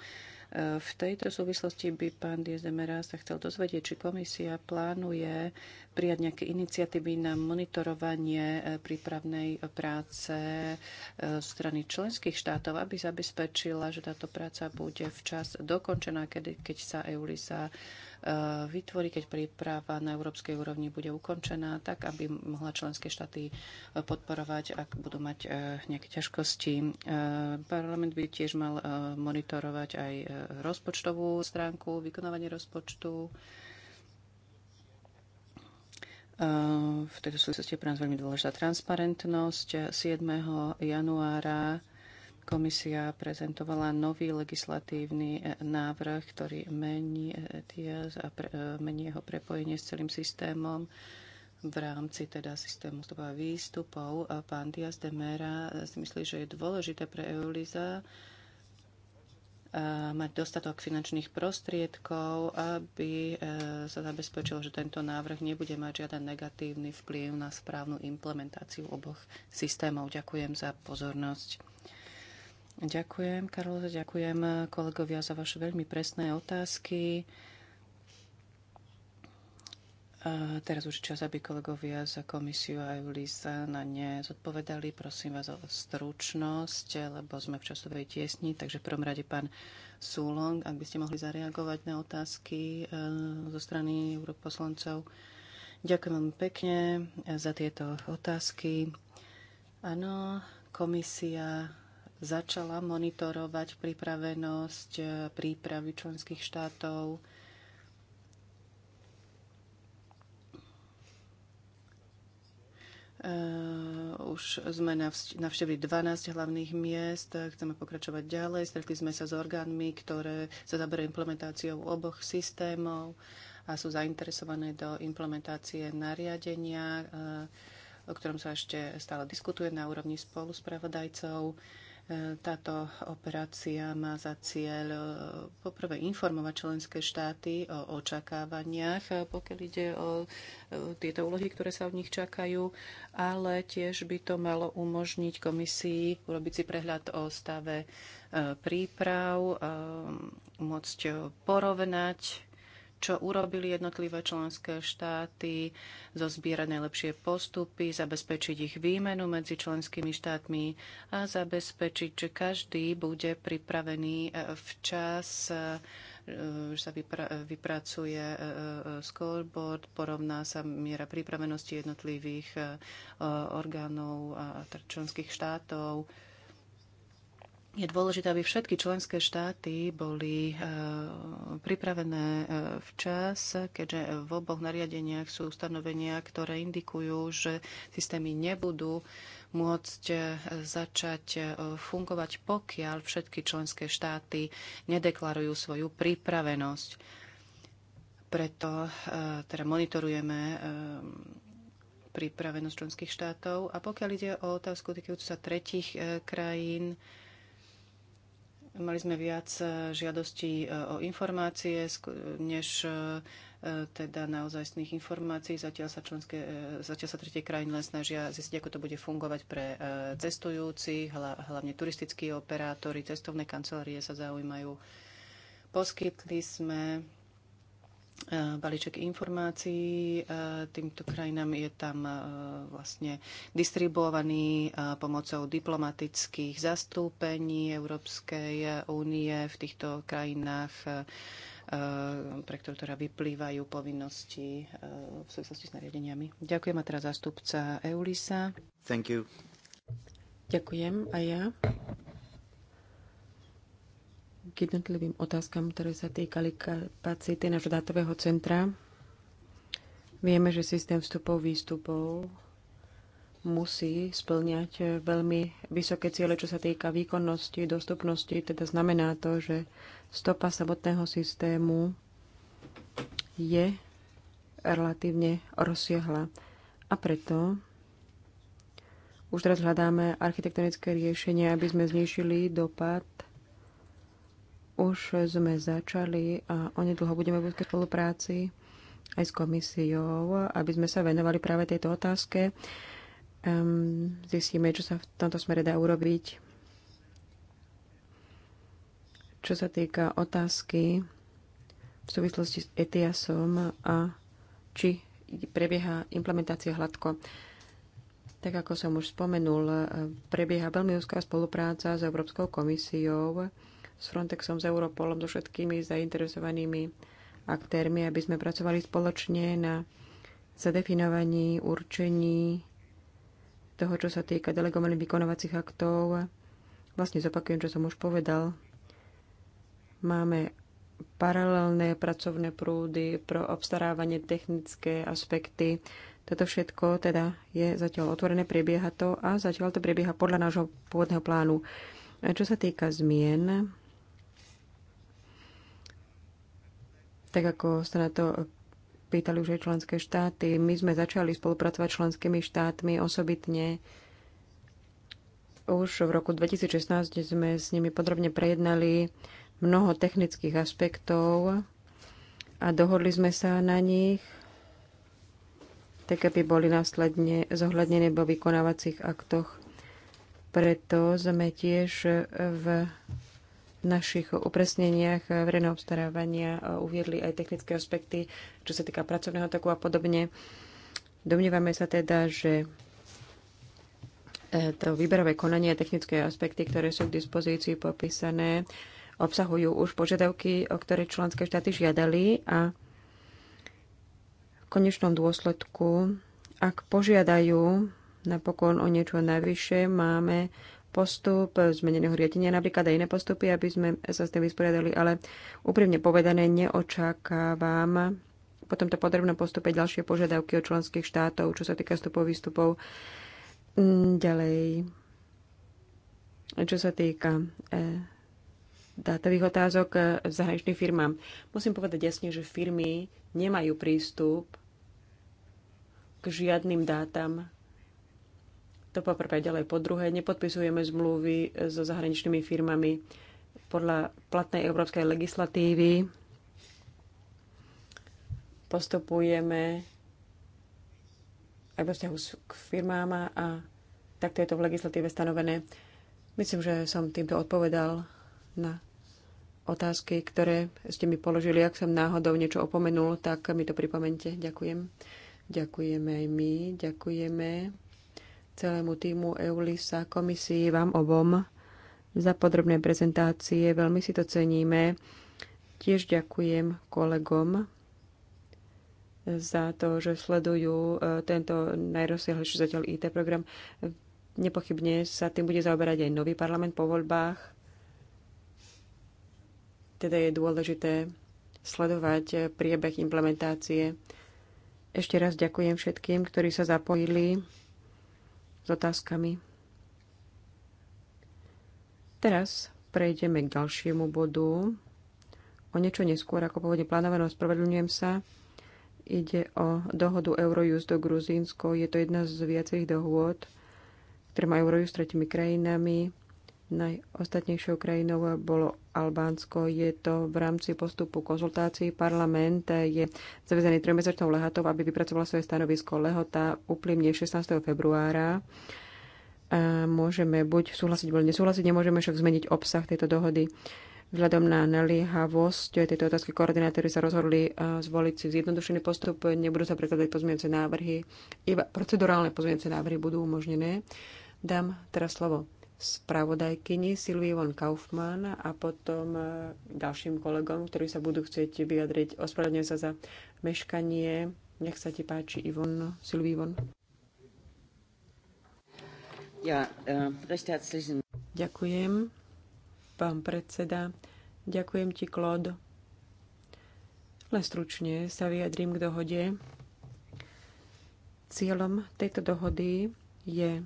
V tejto súvislosti by pán Diezemera sa chcel dozvedieť, či komisia plánuje prijať nejaké iniciatívy na monitorovanie e, prípravnej práce e, strany členských štátov, aby zabezpečila, že táto práca bude včas dokončená, keď sa EULISA Eh, vytvorí, keď príprava na európskej úrovni bude ukončená, tak aby mohla členské štáty eh, podporovať, ak budú mať eh, nejaké ťažkosti. Parlament by tiež mal monitorovať aj rozpočtovú stránku, vykonávanie rozpočtu. V tejto súvislosti je pre nás veľmi dôležitá transparentnosť. 7. januára Komisia prezentovala nový legislatívny e, návrh, ktorý mení ETIAS a pre, e, mení jeho prepojenie s celým systémom v rámci teda systému výstupov. Pán Diaz de Mera e, si myslí, že je dôležité pre EULIZA mať dostatok finančných prostriedkov, aby sa zabezpečilo, že tento návrh nebude mať žiaden negatívny vplyv na správnu implementáciu oboch systémov. Ďakujem za pozornosť. Ďakujem, Karol, ďakujem e, kolegovia za vaše veľmi presné otázky. A e, teraz už čas, aby kolegovia za komisiu a Julisa na ne zodpovedali. Prosím vás o stručnosť, e, lebo sme v časovej tiesni. Takže v prvom rade pán Súlong, ak by ste mohli zareagovať na otázky zo strany europoslancov. Ďakujem vám pekne za tieto otázky. Áno, komisia začala monitorovať pripravenosť e, prípravy členských štátov Uh, už sme navštívili 12 hlavných miest, chceme pokračovať ďalej. Stretli sme sa s orgánmi, ktoré sa zaberajú implementáciou oboch systémov a sú zainteresované do implementácie nariadenia, uh, o ktorom sa ešte stále diskutuje na úrovni spoluspravodajcov. Táto operácia má za cieľ e, poprvé informovať členské štáty o očakávaniach, e, pokiaľ ide o e, tieto úlohy, ktoré sa od nich čakajú, ale tiež by to malo umožniť komisii urobiť si prehľad o stave príprav, môcť porovnať čo urobili jednotlivé členské štáty, zozbierať najlepšie postupy, zabezpečiť ich výmenu medzi členskými štátmi a zabezpečiť, že každý bude pripravený e, včas, e, e, že sa vypracuje scoreboard, porovná sa miera pripravenosti jednotlivých orgánov a členských štátov je dôležité, aby všetky členské štáty boli eh, pripravené eh, včas, keďže v oboch nariadeniach sú ustanovenia, ktoré indikujú, že systémy nebudú môcť eh, začať fungovať, pokiaľ všetky členské štáty nedeklarujú svoju pripravenosť. Preto teda monitorujeme pripravenosť členských štátov. A pokiaľ ide o otázku týkajúcu sa tretich krajín, Mali sme viac e, žiadostí e, o informácie, než e, teda naozajstných informácií. Zatiaľ sa, členské, zatiaľ sa tretie krajiny len snažia zistiť, ako to bude fungovať pre cestujúcich, hlavne turistickí operátori, cestovné kancelárie sa zaujímajú. Poskytli sme E, balíček informácií e, týmto krajinám je tam e, vlastne distribuovaný pomocou diplomatických zastúpení Európskej únie v týchto krajinách, pre ktoré teda vyplývajú povinnosti v súvislosti s nariadeniami. Ďakujem a teraz zástupca Eulisa. Thank you. Ďakujem a ja k jednotlivým otázkam, ktoré sa týkali kapacity nášho dátového centra. Vieme, že systém vstupov, výstupov musí splňať veľmi vysoké ciele, čo sa týka výkonnosti, dostupnosti. Teda znamená to, že stopa samotného systému je relatívne rozsiahla. A preto už teraz hľadáme architektonické riešenie, aby sme znišili dopad už sme začali a onedlho budeme v úzkej spolupráci aj s komisiou, aby sme sa venovali práve tejto otázke. Ehm, zistíme, čo sa v tomto smere dá urobiť. Čo sa týka otázky v súvislosti s ETIASom a či prebieha implementácia hladko. Tak ako som už spomenul, prebieha veľmi úzká spolupráca s Európskou komisiou s Frontexom, s Europolom, so všetkými zainteresovanými aktérmi, aby sme pracovali spoločne na zadefinovaní, určení toho, čo sa týka delegovaných vykonovacích aktov. Vlastne zopakujem, čo som už povedal. Máme paralelné pracovné prúdy pro obstarávanie technické aspekty. Toto všetko teda je zatiaľ otvorené, prebieha to a zatiaľ to prebieha podľa nášho pôvodného plánu. A čo sa týka zmien, tak ako sa na to pýtali už aj členské štáty. My sme začali spolupracovať s členskými štátmi osobitne. Už v roku 2016 sme s nimi podrobne prejednali mnoho technických aspektov a dohodli sme sa na nich, tak aby boli následne zohľadnené vo vykonávacích aktoch. Preto sme tiež v našich upresneniach eh, verejného obstarávania eh, uviedli aj technické aspekty, čo sa týka pracovného toku a podobne. Domnievame sa teda, že eh, to výberové konanie a technické aspekty, ktoré sú k dispozícii popísané, obsahujú už požiadavky, o ktoré členské štáty žiadali a v konečnom dôsledku, ak požiadajú napokon o niečo najvyššie, máme postup zmeneného riadenia, napríklad aj iné postupy, aby sme sa s tým vysporiadali, ale úprimne povedané neočakávam po tomto podrobnom postupe ďalšie požiadavky od členských štátov, čo sa týka vstupov výstupov. Mm, ďalej, čo sa týka e, dátových otázok e, zahraničným firmám. Musím povedať jasne, že firmy nemajú prístup k žiadnym dátam to po prvé, ďalej po druhé, nepodpisujeme zmluvy so zahraničnými firmami podľa platnej európskej legislatívy. Postupujeme aj vo vzťahu k firmám a takto je to v legislatíve stanovené. Myslím, že som týmto odpovedal na otázky, ktoré ste mi položili. Ak som náhodou niečo opomenul, tak mi to pripomente. Ďakujem. Ďakujeme aj my. Ďakujeme celému týmu EULISA, komisii, vám obom za podrobné prezentácie. Veľmi si to ceníme. Tiež ďakujem kolegom za to, že sledujú e, tento najrozsiahlejší zatiaľ IT program. Nepochybne sa tým bude zaoberať aj nový parlament po voľbách. Teda je dôležité sledovať priebeh implementácie. Ešte raz ďakujem všetkým, ktorí sa zapojili s otázkami. Teraz prejdeme k ďalšiemu bodu. O niečo neskôr, ako pôvodne plánované, ospravedlňujem sa. Ide o dohodu Eurojust do Gruzínsko. Je to jedna z viacerých dohôd, ktoré má Eurojust s tretimi krajinami. Najostatnejšou krajinou bolo Albánsko. Je to v rámci postupu konzultácií. Parlament je zavezený trojmesačnou lehatou, aby vypracovala svoje stanovisko. Lehota uplynie 16. februára. Môžeme buď súhlasiť, alebo nesúhlasiť, nemôžeme však zmeniť obsah tejto dohody. Vzhľadom na naliehavosť tejto otázky koordinátori sa rozhodli e, zvoliť si zjednodušený postup, nebudú sa prekladať pozmience návrhy, iba procedurálne pozmience návrhy budú umožnené. Dám teraz slovo spravodajkyni Silvii von Kaufmann a potom e, ďalším kolegom, ktorí sa budú chcieť vyjadriť. Ospravedlňujem sa za meškanie. Nech sa ti páči, Ivon, Silvii Von. Ja, uh, Ďakujem, pán predseda. Ďakujem ti, Klod. Len stručne sa vyjadrím k dohode. Cieľom tejto dohody je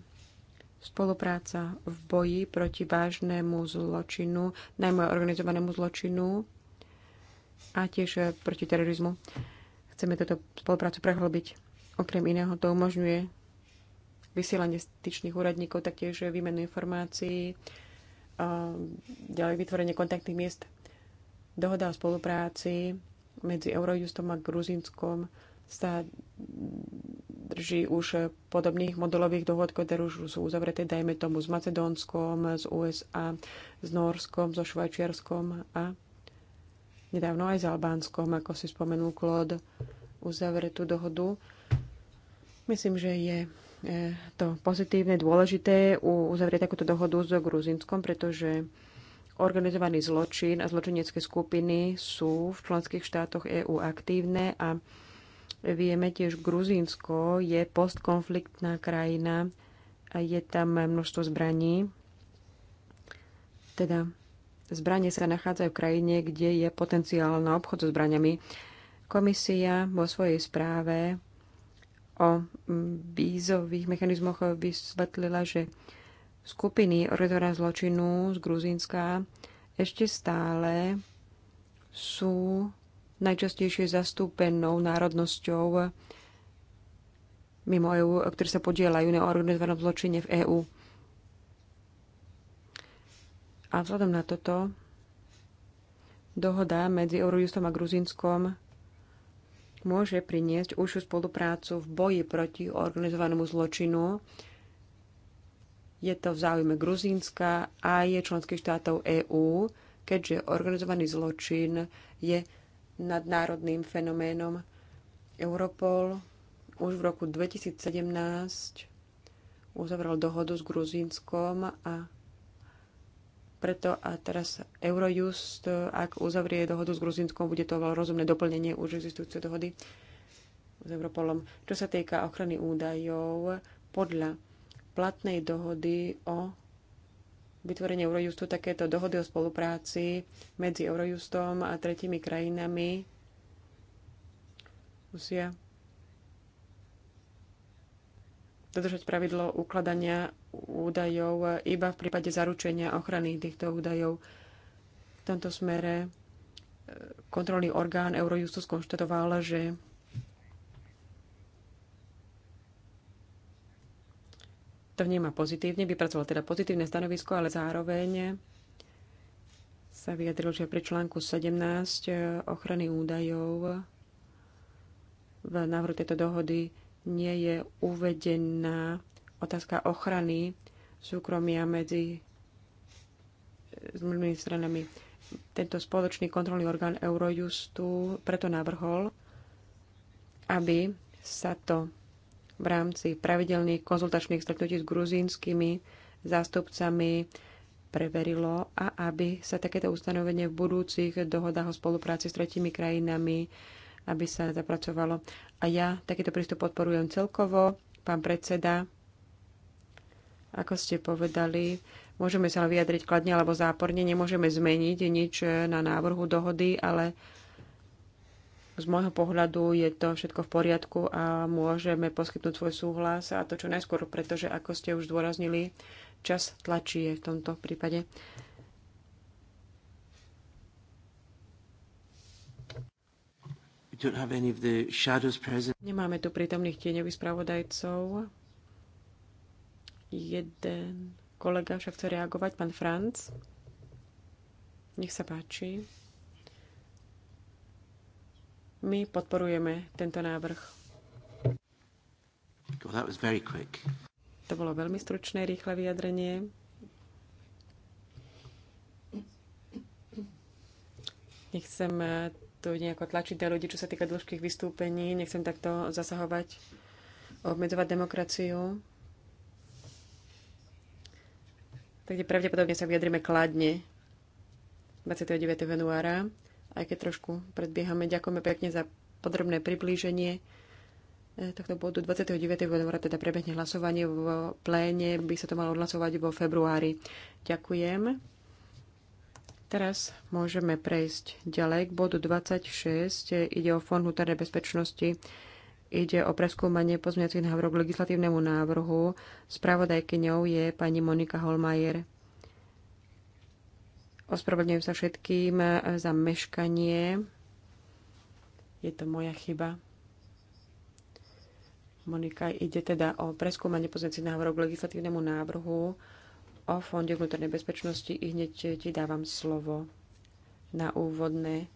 Spolupráca v boji proti vážnemu zločinu, najmä organizovanému zločinu a tiež eh, proti terorizmu. Chceme túto spoluprácu prehlbiť. Okrem iného to umožňuje vysielanie styčných úradníkov, taktiež výmenu informácií, ďalej vytvorenie kontaktných miest, dohoda o spolupráci medzi Eurojustom a Gruzínskom sa drží už podobných modelových dohod, ktoré už sú uzavreté, dajme tomu s Macedónskom, s USA, s Norskom, so Švajčiarskom a nedávno aj s Albánskom, ako si spomenul Klod, uzavretú dohodu. Myslím, že je e, to pozitívne dôležité uzavrieť takúto dohodu s so Gruzinskom, pretože organizovaný zločin a zločinecké skupiny sú v členských štátoch EÚ aktívne a Vieme tiež, Gruzínsko je postkonfliktná krajina a je tam množstvo zbraní. Teda zbranie sa nachádzajú v krajine, kde je potenciál na obchod so zbraniami. Komisia vo svojej správe o vízových mechanizmoch vysvetlila, že skupiny organizovaného zločinu z Gruzínska ešte stále sú najčastejšie zastúpenou národnosťou mimo EU, ktoré sa podielajú na organizovanom zločine v EÚ. A vzhľadom na toto dohoda medzi Eurojustom a Gruzinskom môže priniesť užšiu spoluprácu v boji proti organizovanému zločinu. Je to v záujme Gruzínska a je členských štátov EÚ, keďže organizovaný zločin je nadnárodným fenoménom. Europol už v roku 2017 uzavrel dohodu s Gruzínskom a preto a teraz Eurojust, ak uzavrie dohodu s Gruzínskom, bude to rozumné doplnenie už existujúcej dohody s Europolom. Čo sa týka ochrany údajov, podľa platnej dohody o vytvorenie Eurojustu takéto dohody o spolupráci medzi Eurojustom a tretimi krajinami musia dodržať pravidlo ukladania údajov iba v prípade zaručenia ochrany týchto údajov. V tomto smere e, kontrolný orgán Eurojustu skonštatoval, že to vníma pozitívne, vypracoval teda pozitívne stanovisko, ale zároveň sa vyjadril, že pri článku 17 e, ochrany údajov v návrhu tejto dohody nie je uvedená otázka ochrany súkromia medzi e, zmluvnými stranami. Tento spoločný kontrolný orgán Eurojustu preto navrhol, aby sa to v rámci pravidelných konzultačných stretnutí s gruzínskymi zástupcami preverilo a aby sa takéto ustanovenie v budúcich dohodách o spolupráci s tretimi krajinami aby sa zapracovalo. A ja takýto prístup podporujem celkovo. Pán predseda, ako ste povedali, môžeme sa vyjadriť kladne alebo záporne, nemôžeme zmeniť nič na návrhu dohody, ale z môjho pohľadu je to všetko v poriadku a môžeme poskytnúť svoj súhlas a to čo najskôr, pretože ako ste už zdôraznili, čas tlačí v tomto prípade. Nemáme tu prítomných tieňových spravodajcov. Jeden kolega však chce reagovať, pán Franc. Nech sa páči. My podporujeme tento návrh. Well, to bolo veľmi stručné, rýchle vyjadrenie. Nechcem eh, tu nejako tlačiť na ľudí, čo sa týka dĺžkých vystúpení. Nechcem takto zasahovať, obmedzovať demokraciu. Takže pravdepodobne sa vyjadrime kladne 29. januára aj keď trošku predbiehame. Ďakujeme pekne za podrobné priblíženie eh, tohto bodu 29. januára teda prebehne hlasovanie v pléne, by sa to malo odhlasovať vo februári. Ďakujem. Teraz môžeme prejsť ďalej k bodu 26. Ide o Fond vnútornej bezpečnosti. Ide o preskúmanie pozmeňacích návrhov k legislatívnemu návrhu. Spravodajkyňou je pani Monika Holmajer. Ospravedlňujem sa všetkým e, za meškanie. Je to moja chyba. Monika, ide teda o preskúmanie pozícií návrhu k legislatívnemu návrhu o Fonde vnútornej bezpečnosti. I hneď ti dávam slovo na úvodné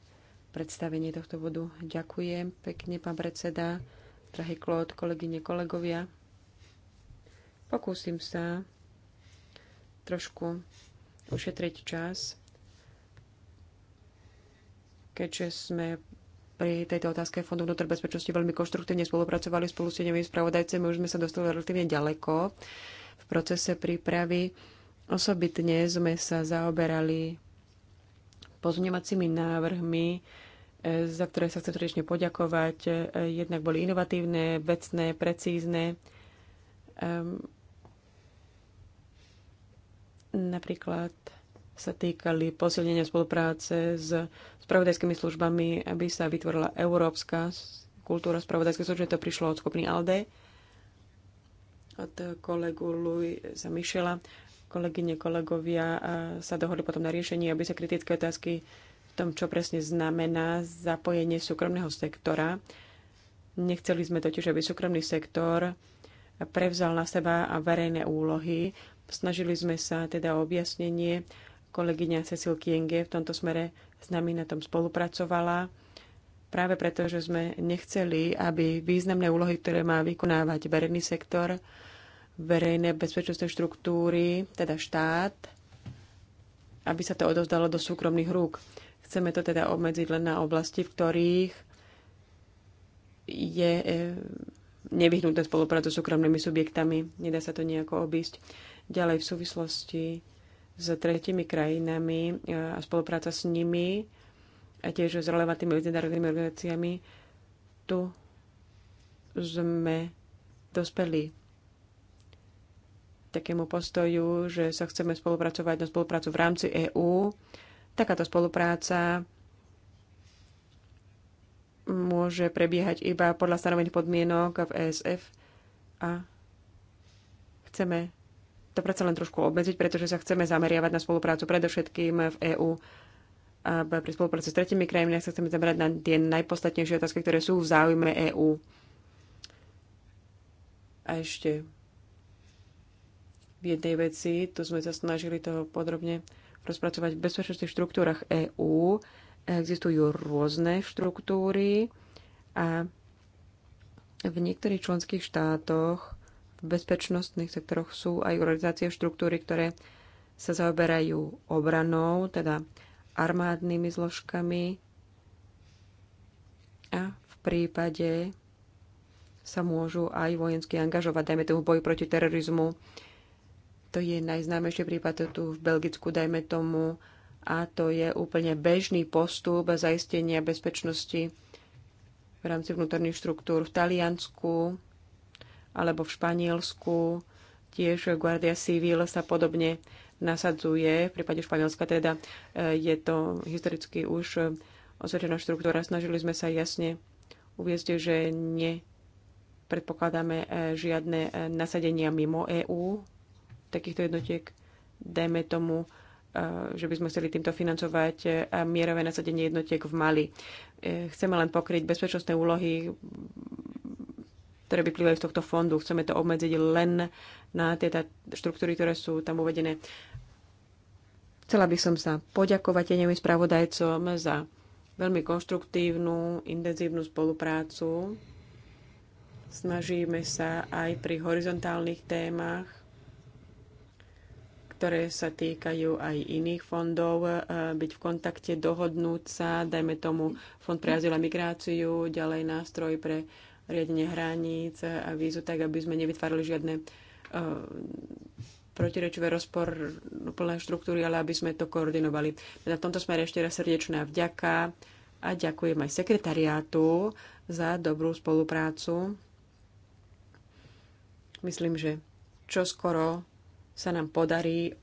predstavenie tohto bodu. Ďakujem pekne, pán predseda, drahý Klód, kolegyne, kolegovia. Pokúsim sa trošku ušetriť čas, keďže sme pri tejto otázke Fondu vnútor bezpečnosti veľmi konštruktívne spolupracovali spolu s tenými spravodajcami. Už sme sa dostali relatívne ďaleko v procese prípravy. Osobitne sme sa zaoberali pozňovacími návrhmi, e, za ktoré sa chcem srdečne poďakovať. E, jednak boli inovatívne, vecné, precízne. Ehm, napríklad sa týkali posilnenia spolupráce s spravodajskými službami, aby sa vytvorila európska kultúra spravodajskej služby. To prišlo od skupiny ALDE, od kolegu Luisa Mišela. Kolegyne, kolegovia sa dohodli potom na riešení, aby sa kritické otázky v tom, čo presne znamená zapojenie súkromného sektora. Nechceli sme totiž, aby súkromný sektor prevzal na seba verejné úlohy, Snažili sme sa teda o objasnenie. Kolegyňa Cecil Kienge v tomto smere s nami na tom spolupracovala. Práve preto, že sme nechceli, aby významné úlohy, ktoré má vykonávať verejný sektor, verejné bezpečnostné štruktúry, teda štát, aby sa to odovzdalo do súkromných rúk. Chceme to teda obmedziť len na oblasti, v ktorých je eh, nevyhnutné spolupráca s súkromnými subjektami. Nedá sa to nejako obísť. Ďalej v súvislosti s tretimi krajinami e, a spolupráca s nimi a tiež s relevantnými medzinárodnými organizáciami, tu sme dospeli takému postoju, že sa chceme spolupracovať na spoluprácu v rámci EÚ. Takáto spolupráca môže prebiehať iba podľa stanovených podmienok v ESF a chceme to predsa len trošku obmedziť, pretože sa chceme zameriavať na spoluprácu predovšetkým v EÚ a pri spolupráci s tretimi krajinami sa chceme zamerať na tie najpodstatnejšie otázky, ktoré sú v záujme EÚ. A ešte v jednej veci, tu sme sa snažili toho podrobne rozpracovať v bezpečnostných štruktúrach EÚ. Existujú rôzne štruktúry a v niektorých členských štátoch v bezpečnostných sektoroch sú aj organizácie, štruktúry, ktoré sa zaoberajú obranou, teda armádnymi zložkami a v prípade sa môžu aj vojensky angažovať, dajme tomu v boji proti terorizmu. To je najznámejší prípad tu v Belgicku, dajme tomu, a to je úplne bežný postup zaistenia bezpečnosti v rámci vnútorných štruktúr v Taliansku alebo v Španielsku tiež Guardia Civil sa podobne nasadzuje. V prípade Španielska teda eh, je to historicky už osvedčená štruktúra. Snažili sme sa jasne uviezť, že nie predpokladáme eh, žiadne eh, nasadenia mimo EÚ takýchto jednotiek. Dajme tomu, že by sme chceli týmto financovať mierové nasadenie jednotiek v Mali. Chceme len pokryť bezpečnostné úlohy ktoré vyplývajú z tohto fondu. Chceme to obmedziť len na tie štruktúry, ktoré sú tam uvedené. Chcela by som sa poďakovať tenevým spravodajcom za veľmi konštruktívnu, intenzívnu spoluprácu. Snažíme sa aj pri horizontálnych témach, ktoré sa týkajú aj iných fondov, e, byť v kontakte, dohodnúť sa, dajme tomu Fond pre azyl a migráciu, ďalej nástroj pre riadenie hraníc a vízu, tak aby sme nevytvárali žiadne eh, protirečivé rozpor plné štruktúry, ale aby sme to koordinovali. Na tomto smere ešte raz srdečná vďaka a ďakujem aj sekretariátu za dobrú spoluprácu. Myslím, že čo skoro sa nám podarí eh,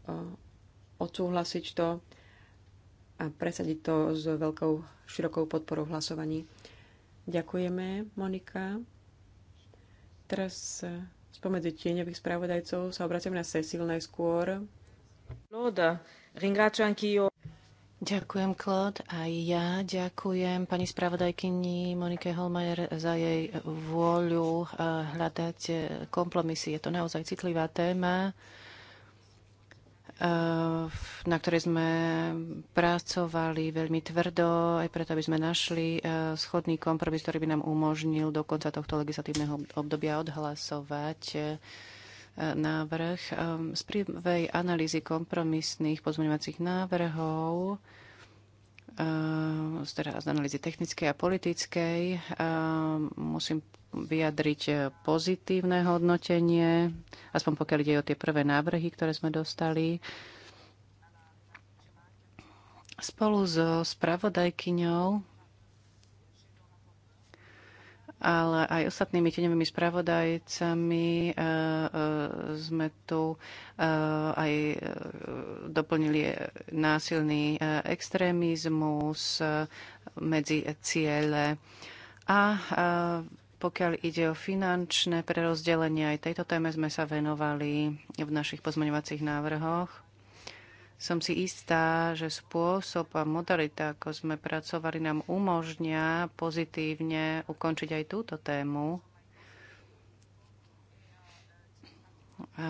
odsúhlasiť to a presadiť to s veľkou, širokou podporou hlasovaní. Ďakujeme, Monika. Teraz eh, spomedzi tieňových spravodajcov sa obraciam na Cecil najskôr. Loda, ringráčo anch'io. Ďakujem, Klod. Aj ja ďakujem pani spravodajkyni Monike Holmajer za jej vôľu eh, hľadať eh, kompromisy. Je to naozaj citlivá téma Eh, na ktorej sme pracovali veľmi tvrdo, aj preto, aby sme našli eh, schodný kompromis, ktorý by nám umožnil do konca tohto legislatívneho obdobia odhlasovať eh, návrh. Ehm, z prvej analýzy kompromisných pozmeňovacích návrhov Eh, teda z analýzy technickej a politickej eh, musím vyjadriť eh, pozitívne hodnotenie, aspoň pokiaľ ide o tie prvé návrhy, ktoré sme dostali. Spolu so spravodajkyňou ale aj ostatnými tenevými spravodajcami eh, eh, sme tu eh, aj doplnili násilný extrémizmus medzi ciele a pokiaľ ide o finančné prerozdelenie, aj tejto téme sme sa venovali v našich pozmeňovacích návrhoch som si istá, že spôsob a modalita, ako sme pracovali, nám umožňa pozitívne ukončiť aj túto tému. A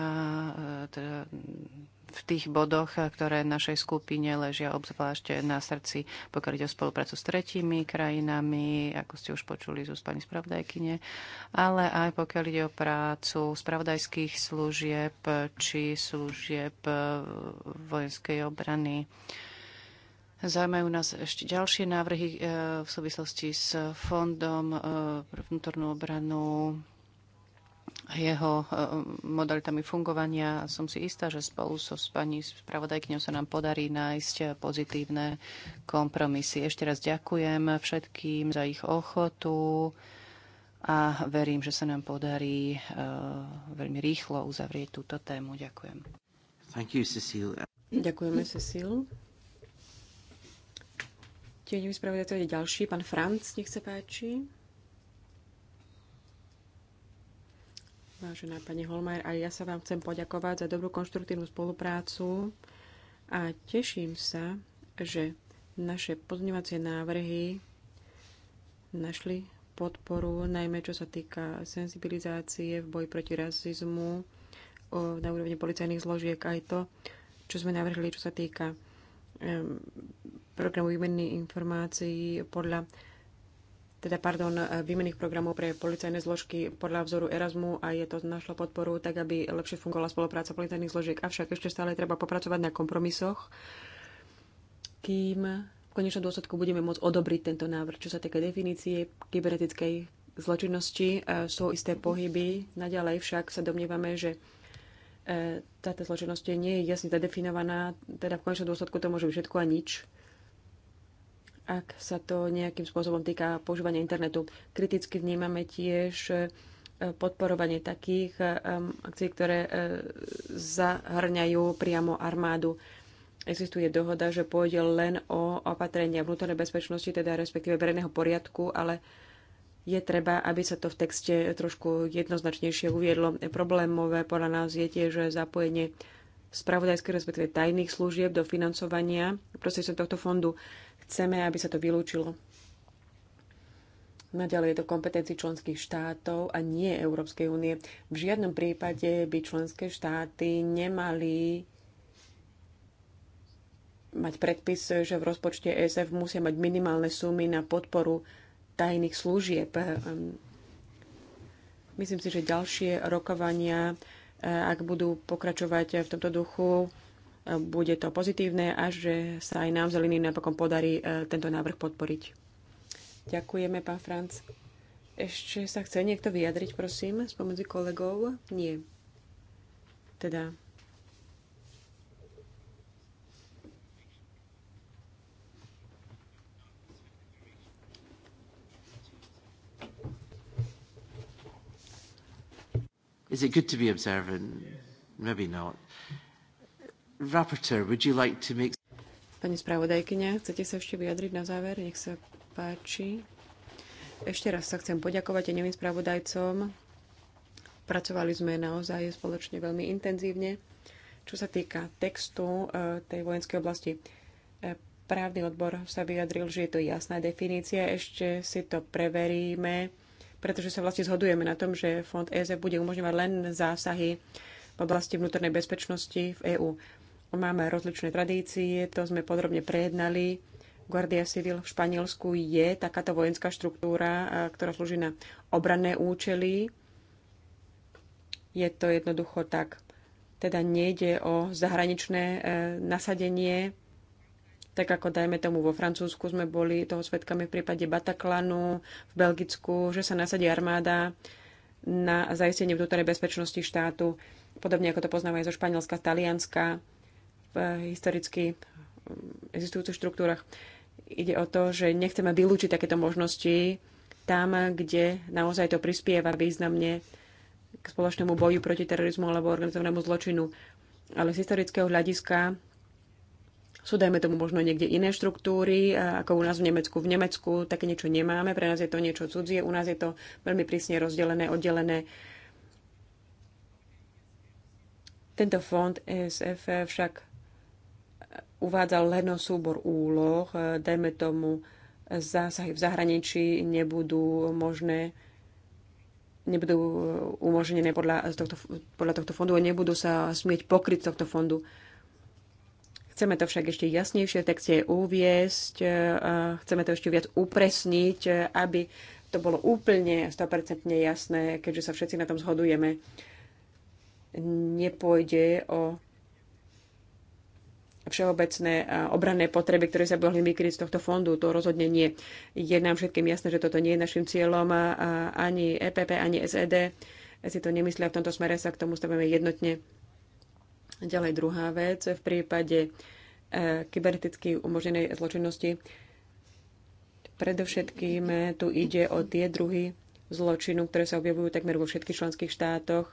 tých bodoch, ktoré našej skupine ležia obzvlášť na srdci, pokiaľ ide o spoluprácu s tretími krajinami, ako ste už počuli z pani spravodajkyne, ale aj pokiaľ ide o prácu spravodajských služieb či služieb e, vojenskej obrany. Zaujímajú nás ešte ďalšie návrhy e, v súvislosti s Fondom e, pre vnútornú obranu, jeho e, modalitami fungovania. Som si istá, že spolu so s pani spravodajkňou sa nám podarí nájsť pozitívne kompromisy. Ešte raz ďakujem všetkým za ich ochotu a verím, že sa nám podarí e, veľmi rýchlo uzavrieť túto tému. Ďakujem. Thank you, Cecil. Ďakujeme, Cecil. Tieňový spravodajca je ďalší, pán Franc, nech sa páči. Vážená pani Holmajer, aj ja sa vám chcem poďakovať za dobrú konštruktívnu spoluprácu a teším sa, že naše pozňovacie návrhy našli podporu, najmä čo sa týka sensibilizácie v boji proti rasizmu na úrovni policajných zložiek, aj to, čo sme navrhli, čo sa týka programu výmeny informácií podľa teda pardon, výmených programov pre policajné zložky podľa vzoru Erasmu a je to našlo podporu tak, aby lepšie fungovala spolupráca policajných zložiek. Avšak ešte stále treba popracovať na kompromisoch, kým v konečnom dôsledku budeme môcť odobriť tento návrh. Čo sa týka definície kybernetickej zločinnosti, e, sú isté pohyby. Naďalej však sa domnievame, že e, táto zločinnosť nie je jasne zadefinovaná, teda v konečnom dôsledku to môže byť všetko a nič ak sa to nejakým spôsobom týka používania internetu. Kriticky vnímame tiež e, podporovanie takých e, akcií, ktoré e, zahrňajú priamo armádu. Existuje dohoda, že pôjde len o opatrenia vnútornej bezpečnosti, teda respektíve verejného poriadku, ale je treba, aby sa to v texte trošku jednoznačnejšie uviedlo. Problémové podľa nás je tiež zapojenie spravodajských, respektíve tajných služieb do financovania prostredstvom tohto fondu. Chceme, aby sa to vylúčilo. Naďalej je to kompetencii členských štátov a nie Európskej únie. V žiadnom prípade by členské štáty nemali mať predpis, že v rozpočte ESF musia mať minimálne sumy na podporu tajných služieb. Myslím si, že ďalšie rokovania, ak budú pokračovať v tomto duchu, bude to pozitívne a že sa aj nám zeleným napokon podarí e, tento návrh podporiť. Ďakujeme, pán Franc. Ešte sa chce niekto vyjadriť, prosím, spomedzi kolegov? Nie. Teda... Is it good to be observant? Maybe not. Rapporteur, would you like to make... Pani spravodajkyňa, chcete sa ešte vyjadriť na záver? Nech sa páči. Ešte raz sa chcem poďakovať aj spravodajcom. Pracovali sme naozaj spoločne veľmi intenzívne. Čo sa týka textu e, tej vojenskej oblasti, e, právny odbor sa vyjadril, že je to jasná definícia. Ešte si to preveríme, pretože sa vlastne zhodujeme na tom, že fond EZ e bude umožňovať len zásahy v oblasti vnútornej bezpečnosti v EÚ. Máme rozličné tradície, to sme podrobne prejednali. Guardia Civil v Španielsku je takáto vojenská štruktúra, ktorá slúži na obranné účely. Je to jednoducho tak. Teda nejde o zahraničné e, nasadenie, tak ako dajme tomu vo Francúzsku sme boli toho svetkami v prípade Bataklanu, v Belgicku, že sa nasadí armáda na zaistenie vnútornej bezpečnosti štátu, podobne ako to poznáme aj zo Španielska, Talianska historicky mm, existujúcich štruktúrach. Ide o to, že nechceme vylúčiť takéto možnosti tam, kde naozaj to prispieva významne k spoločnému boju proti terorizmu alebo organizovanému zločinu. Ale z historického hľadiska sú, dajme tomu, možno niekde iné štruktúry, ako u nás v Nemecku. V Nemecku také niečo nemáme, pre nás je to niečo cudzie, u nás je to veľmi prísne rozdelené, oddelené. Tento fond ESF však Uvádzal len súbor úloh, e, dajme tomu, zásahy v zahraničí nebudú možné nebudú e, umožnené podľa tohto, podľa tohto fondu a nebudú sa smieť pokryť tohto fondu. Chceme to však ešte jasnejšie v texte uviesť, e, chceme to ešte viac upresniť, aby to bolo úplne 100% jasné, keďže sa všetci na tom zhodujeme. Nepôjde o všeobecné obranné potreby, ktoré sa by mohli vykryť z tohto fondu. To rozhodne nie. Je nám všetkým jasné, že toto nie je našim cieľom a ani EPP, ani SED si to nemyslia. V tomto smere sa k tomu stavíme jednotne. Ďalej druhá vec. V prípade e, kyberneticky umožnenej zločinnosti predovšetkým tu ide o tie druhy zločinu, ktoré sa objavujú takmer vo všetkých členských štátoch.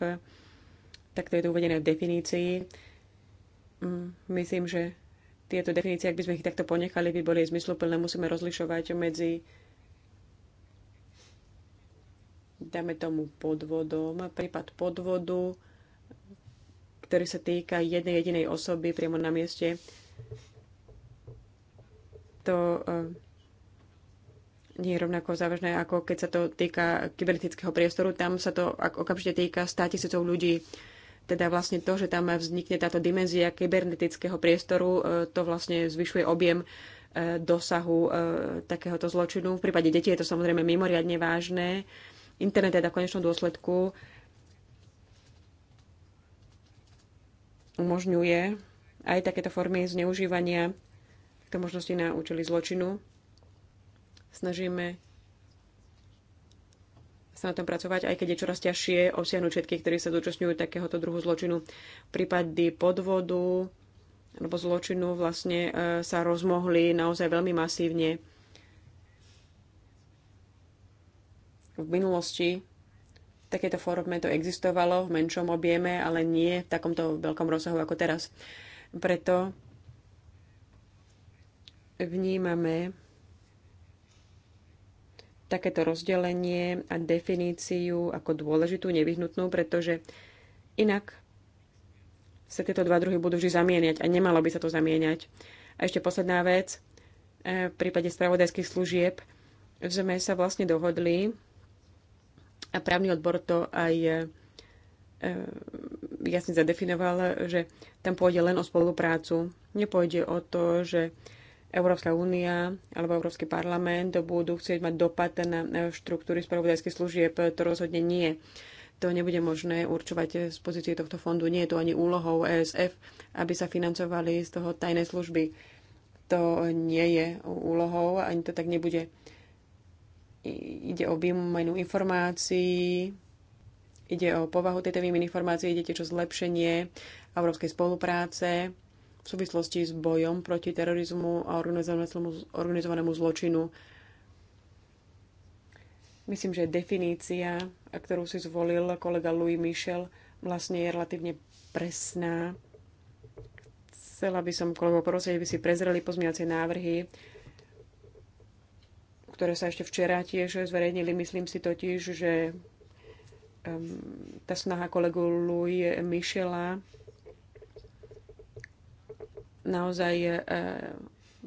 Takto je to uvedené v definícii Mm, myslím, že tieto definície, ak by sme ich takto ponechali, by boli zmysluplné. Musíme rozlišovať medzi dáme tomu podvodom, prípad podvodu, ktorý sa týka jednej jedinej osoby priamo na mieste. To eh, nie je rovnako závažné, ako keď sa to týka kybernetického priestoru. Tam sa to okamžite týka 100 tisícov ľudí. Teda vlastne to, že tam vznikne táto dimenzia kybernetického priestoru, e, to vlastne zvyšuje objem e, dosahu e, takéhoto zločinu. V prípade detí je to samozrejme mimoriadne vážne. Internet teda v konečnom dôsledku umožňuje aj takéto formy zneužívania k možnosti na účely zločinu. Snažíme sa na tom pracovať, aj keď je čoraz ťažšie obsiahnuť všetkých, ktorí sa zúčastňujú takéhoto druhu zločinu. Prípady podvodu alebo zločinu vlastne e, sa rozmohli naozaj veľmi masívne. V minulosti v takejto forme to existovalo v menšom objeme, ale nie v takomto veľkom rozsahu ako teraz. Preto vnímame takéto rozdelenie a definíciu ako dôležitú, nevyhnutnú, pretože inak sa tieto dva druhy budú vždy zamieniať a nemalo by sa to zamieniať. A ešte posledná vec, e, v prípade spravodajských služieb sme sa vlastne dohodli a právny odbor to aj e, e, jasne zadefinoval, že tam pôjde len o spoluprácu. Nepôjde o to, že Európska únia alebo Európsky parlament budú chcieť mať dopad na štruktúry spravodajských služieb, to rozhodne nie. To nebude možné určovať z pozície tohto fondu. Nie je to ani úlohou ESF, aby sa financovali z toho tajné služby. To nie je úlohou, ani to tak nebude. Ide o výmenu informácií, ide o povahu tejto výmeny informácií, ide tiež o zlepšenie európskej spolupráce v súvislosti s bojom proti terorizmu a organizovanému zločinu. Myslím, že definícia, ktorú si zvolil kolega Louis Michel, vlastne je relatívne presná. Chcela by som kolego prosiť, aby si prezreli pozmiace návrhy, ktoré sa ešte včera tiež zverejnili. Myslím si totiž, že ehm, tá snaha kolegu Louis Michela naozaj e,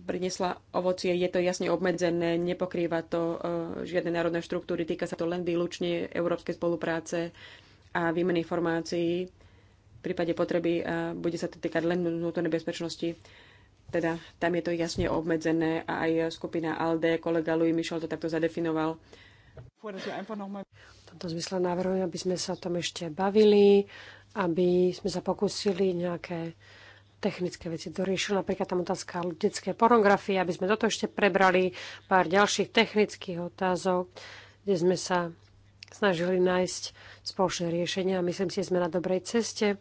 prinesla ovocie, je to jasne obmedzené, nepokrýva to e, žiadne národné štruktúry, týka sa to len výlučne európskej spolupráce a výmeny informácií. V prípade potreby e, bude sa to týkať len vnútornej bezpečnosti. Teda tam je to jasne obmedzené a aj skupina ALDE, kolega Louis Michel to takto zadefinoval. V tomto zmysle navrhujem, aby sme sa o tom ešte bavili, aby sme sa pokúsili nejaké technické veci doriešil, napríklad tam otázka detskej pornografie, aby sme toto ešte prebrali, pár ďalších technických otázok, kde sme sa snažili nájsť spoločné riešenia a myslím si, že sme na dobrej ceste.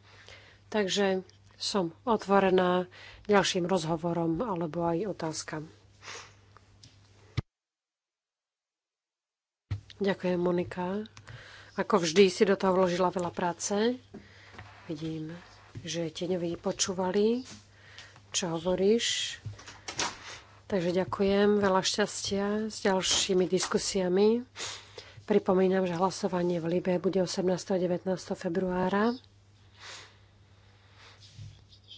Takže som otvorená ďalším rozhovorom alebo aj otázkam. Ďakujem, Monika. Ako vždy si do toho vložila veľa práce. Vidím, že tieňoví počúvali, čo hovoríš. Takže ďakujem, veľa šťastia s ďalšími diskusiami. Pripomínam, že hlasovanie v Libe bude 18. a 19. februára.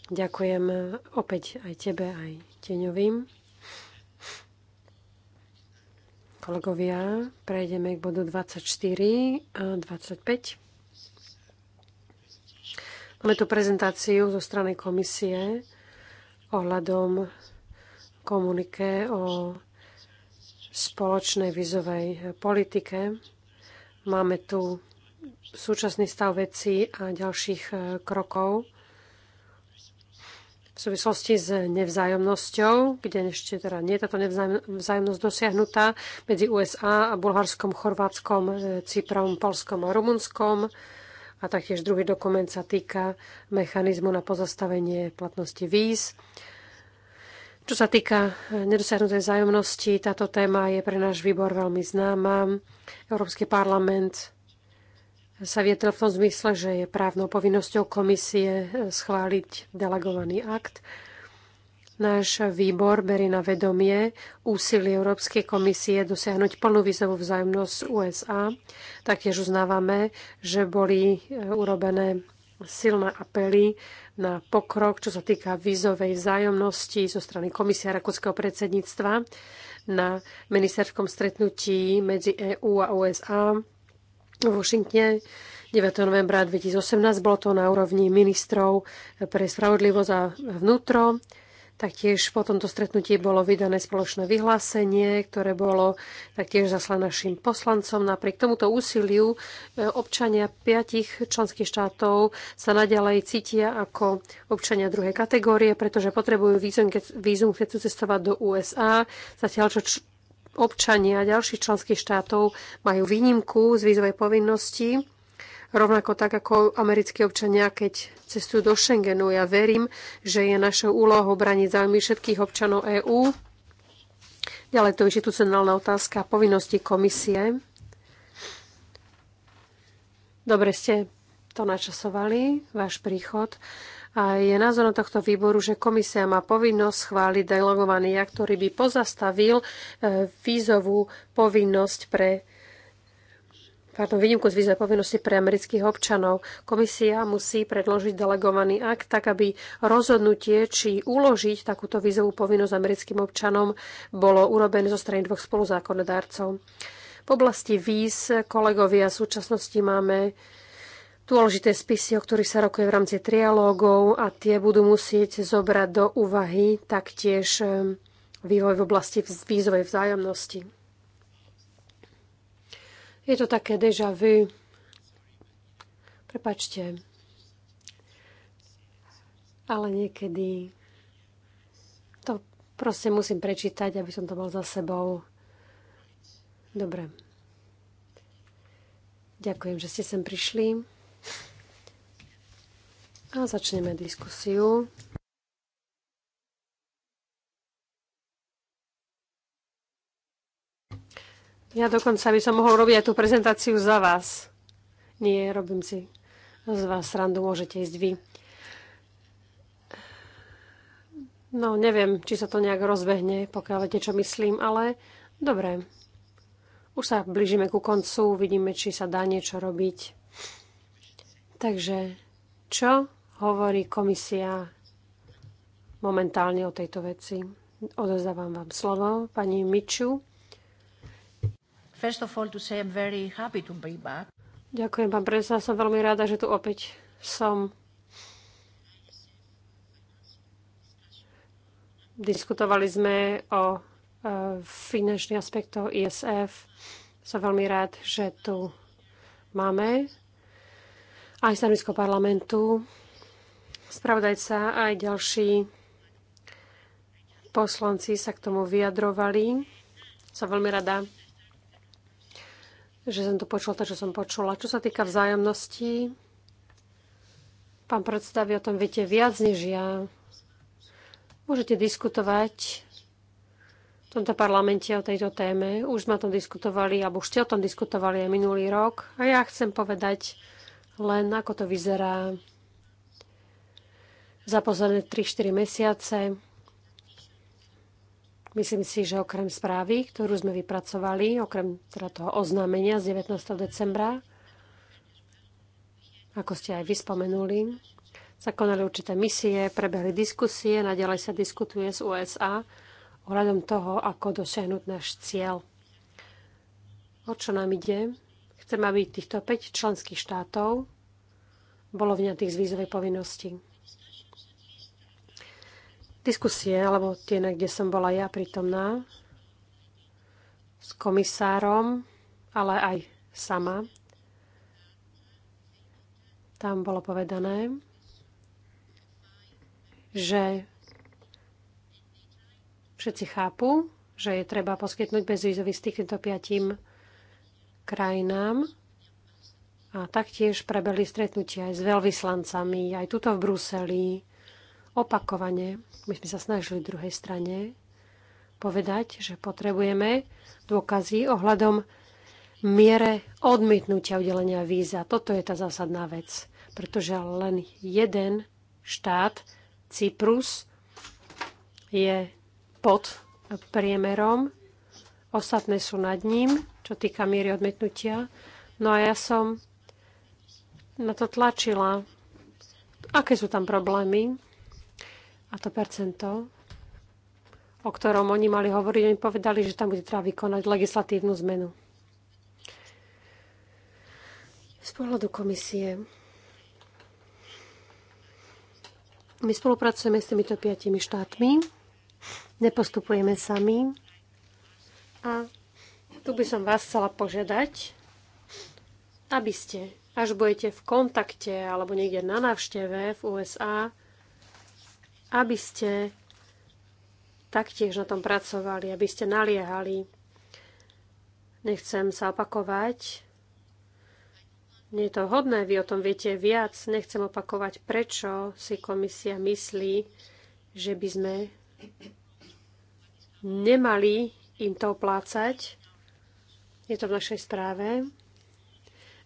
Ďakujem opäť aj tebe, aj Teňovým. Kolegovia, prejdeme k bodu 24 a 25. Máme tu prezentáciu zo strany komisie ohľadom komunike o spoločnej vizovej politike. Máme tu súčasný stav vecí a ďalších e, krokov v súvislosti s nevzájomnosťou, kde ešte teda nie je táto nevzájomnosť dosiahnutá medzi USA a Bulharskom, Chorvátskom, e, Cyprom, Polskom a Rumunskom a taktiež druhý dokument sa týka mechanizmu na pozastavenie platnosti víz. Čo sa týka nedosiahnutej zájomnosti, táto téma je pre náš výbor veľmi známa. Európsky parlament sa vietel v tom zmysle, že je právnou povinnosťou komisie schváliť delegovaný akt. Náš výbor berie na vedomie úsilie Európskej komisie dosiahnuť plnú vízovú vzájomnosť USA. Taktiež uznávame, že boli e, urobené silné apely na pokrok, čo sa týka vízovej vzájomnosti zo strany Komisia rakúskeho predsedníctva na ministerskom stretnutí medzi EÚ a USA v Washingtone 9. novembra 2018. Bolo to na úrovni ministrov pre spravodlivosť a vnútro. Taktiež po tomto stretnutí bolo vydané spoločné vyhlásenie, ktoré bolo taktiež zaslané našim poslancom. Napriek tomuto úsiliu e, občania piatich členských štátov sa naďalej cítia ako občania druhej kategórie, pretože potrebujú vízum, keď, vízum, keď chcú cestovať do USA. Zatiaľ, čo občania ďalších členských štátov majú výnimku z vízovej povinnosti rovnako tak ako americkí občania, keď cestujú do Schengenu. Ja verím, že je našou úlohou braniť záujmy všetkých občanov EÚ. Ďalej to je inštitucionálna otázka povinnosti komisie. Dobre ste to načasovali, váš príchod. A je názorom tohto výboru, že komisia má povinnosť schváliť delegovaný akt, ktorý by pozastavil e, vízovú povinnosť pre pardon, výnimku z výzve povinnosti pre amerických občanov. Komisia musí predložiť delegovaný akt, tak aby rozhodnutie, či uložiť takúto vízovú povinnosť americkým občanom, bolo urobené zo strany dvoch spoluzákonodárcov. V oblasti víz, kolegovia, v súčasnosti máme dôležité spisy, o ktorých sa rokuje v rámci trialógov a tie budú musieť zobrať do úvahy taktiež ehm, vývoj v oblasti vízovej vzájomnosti. Je to také deja vu. Prepačte. Ale niekedy to proste musím prečítať, aby som to mal za sebou. Dobre. Ďakujem, že ste sem prišli. A začneme diskusiu. Ja dokonca by som mohol robiť aj tú prezentáciu za vás. Nie, robím si z vás randu, môžete ísť vy. No, neviem, či sa to nejak rozbehne, pokiaľ niečo myslím, ale dobre. Už sa blížime ku koncu, vidíme, či sa dá niečo robiť. Takže, čo hovorí komisia momentálne o tejto veci? Odozdávam vám slovo, pani Miču. First of all, to say I'm very happy to be back. Ďakujem, pán predseda. Som veľmi rada, že tu opäť som. Diskutovali sme o e, finančných aspektoch ISF. Som veľmi rád, že tu máme aj stanovisko parlamentu, spravodajca aj ďalší poslanci sa k tomu vyjadrovali. Som veľmi rada, že som to počul, to, čo som počula. Čo sa týka vzájomnosti, pán predstavy o tom viete viac než ja. Môžete diskutovať v tomto parlamente o tejto téme. Už sme o tom diskutovali, alebo už ste o tom diskutovali aj minulý rok. A ja chcem povedať len, ako to vyzerá za posledné 3-4 mesiace. Myslím si, že okrem správy, ktorú sme vypracovali, okrem teda toho oznámenia z 19. decembra, ako ste aj vyspomenuli, sa konali určité misie, prebehli diskusie, nadalej sa diskutuje z USA ohľadom toho, ako dosiahnuť náš cieľ. O čo nám ide? Chcem, aby týchto 5 členských štátov bolo vňatých z vízovej povinnosti. Diskusie, alebo tie, kde som bola ja prítomná, s komisárom, ale aj sama. Tam bolo povedané, že všetci chápu, že je treba poskytnúť bezvýzový styk týmto piatim krajinám. A taktiež prebehli stretnutia aj s veľvyslancami, aj tuto v Bruseli, opakovane, my sme sa snažili druhej strane povedať, že potrebujeme dôkazy ohľadom miere odmietnutia udelenia víza. Toto je tá zásadná vec, pretože len jeden štát, Cyprus, je pod priemerom, ostatné sú nad ním, čo týka miery odmietnutia. No a ja som na to tlačila. Aké sú tam problémy? A to percento, o ktorom oni mali hovoriť, oni povedali, že tam bude treba vykonať legislatívnu zmenu. Z pohľadu komisie my spolupracujeme s týmito piatimi štátmi, nepostupujeme sami a tu by som vás chcela požiadať, aby ste, až budete v kontakte alebo niekde na návšteve v USA, aby ste taktiež na tom pracovali, aby ste naliehali. Nechcem sa opakovať. Nie je to hodné, vy o tom viete viac. Nechcem opakovať, prečo si komisia myslí, že by sme nemali im to oplácať. Je to v našej správe.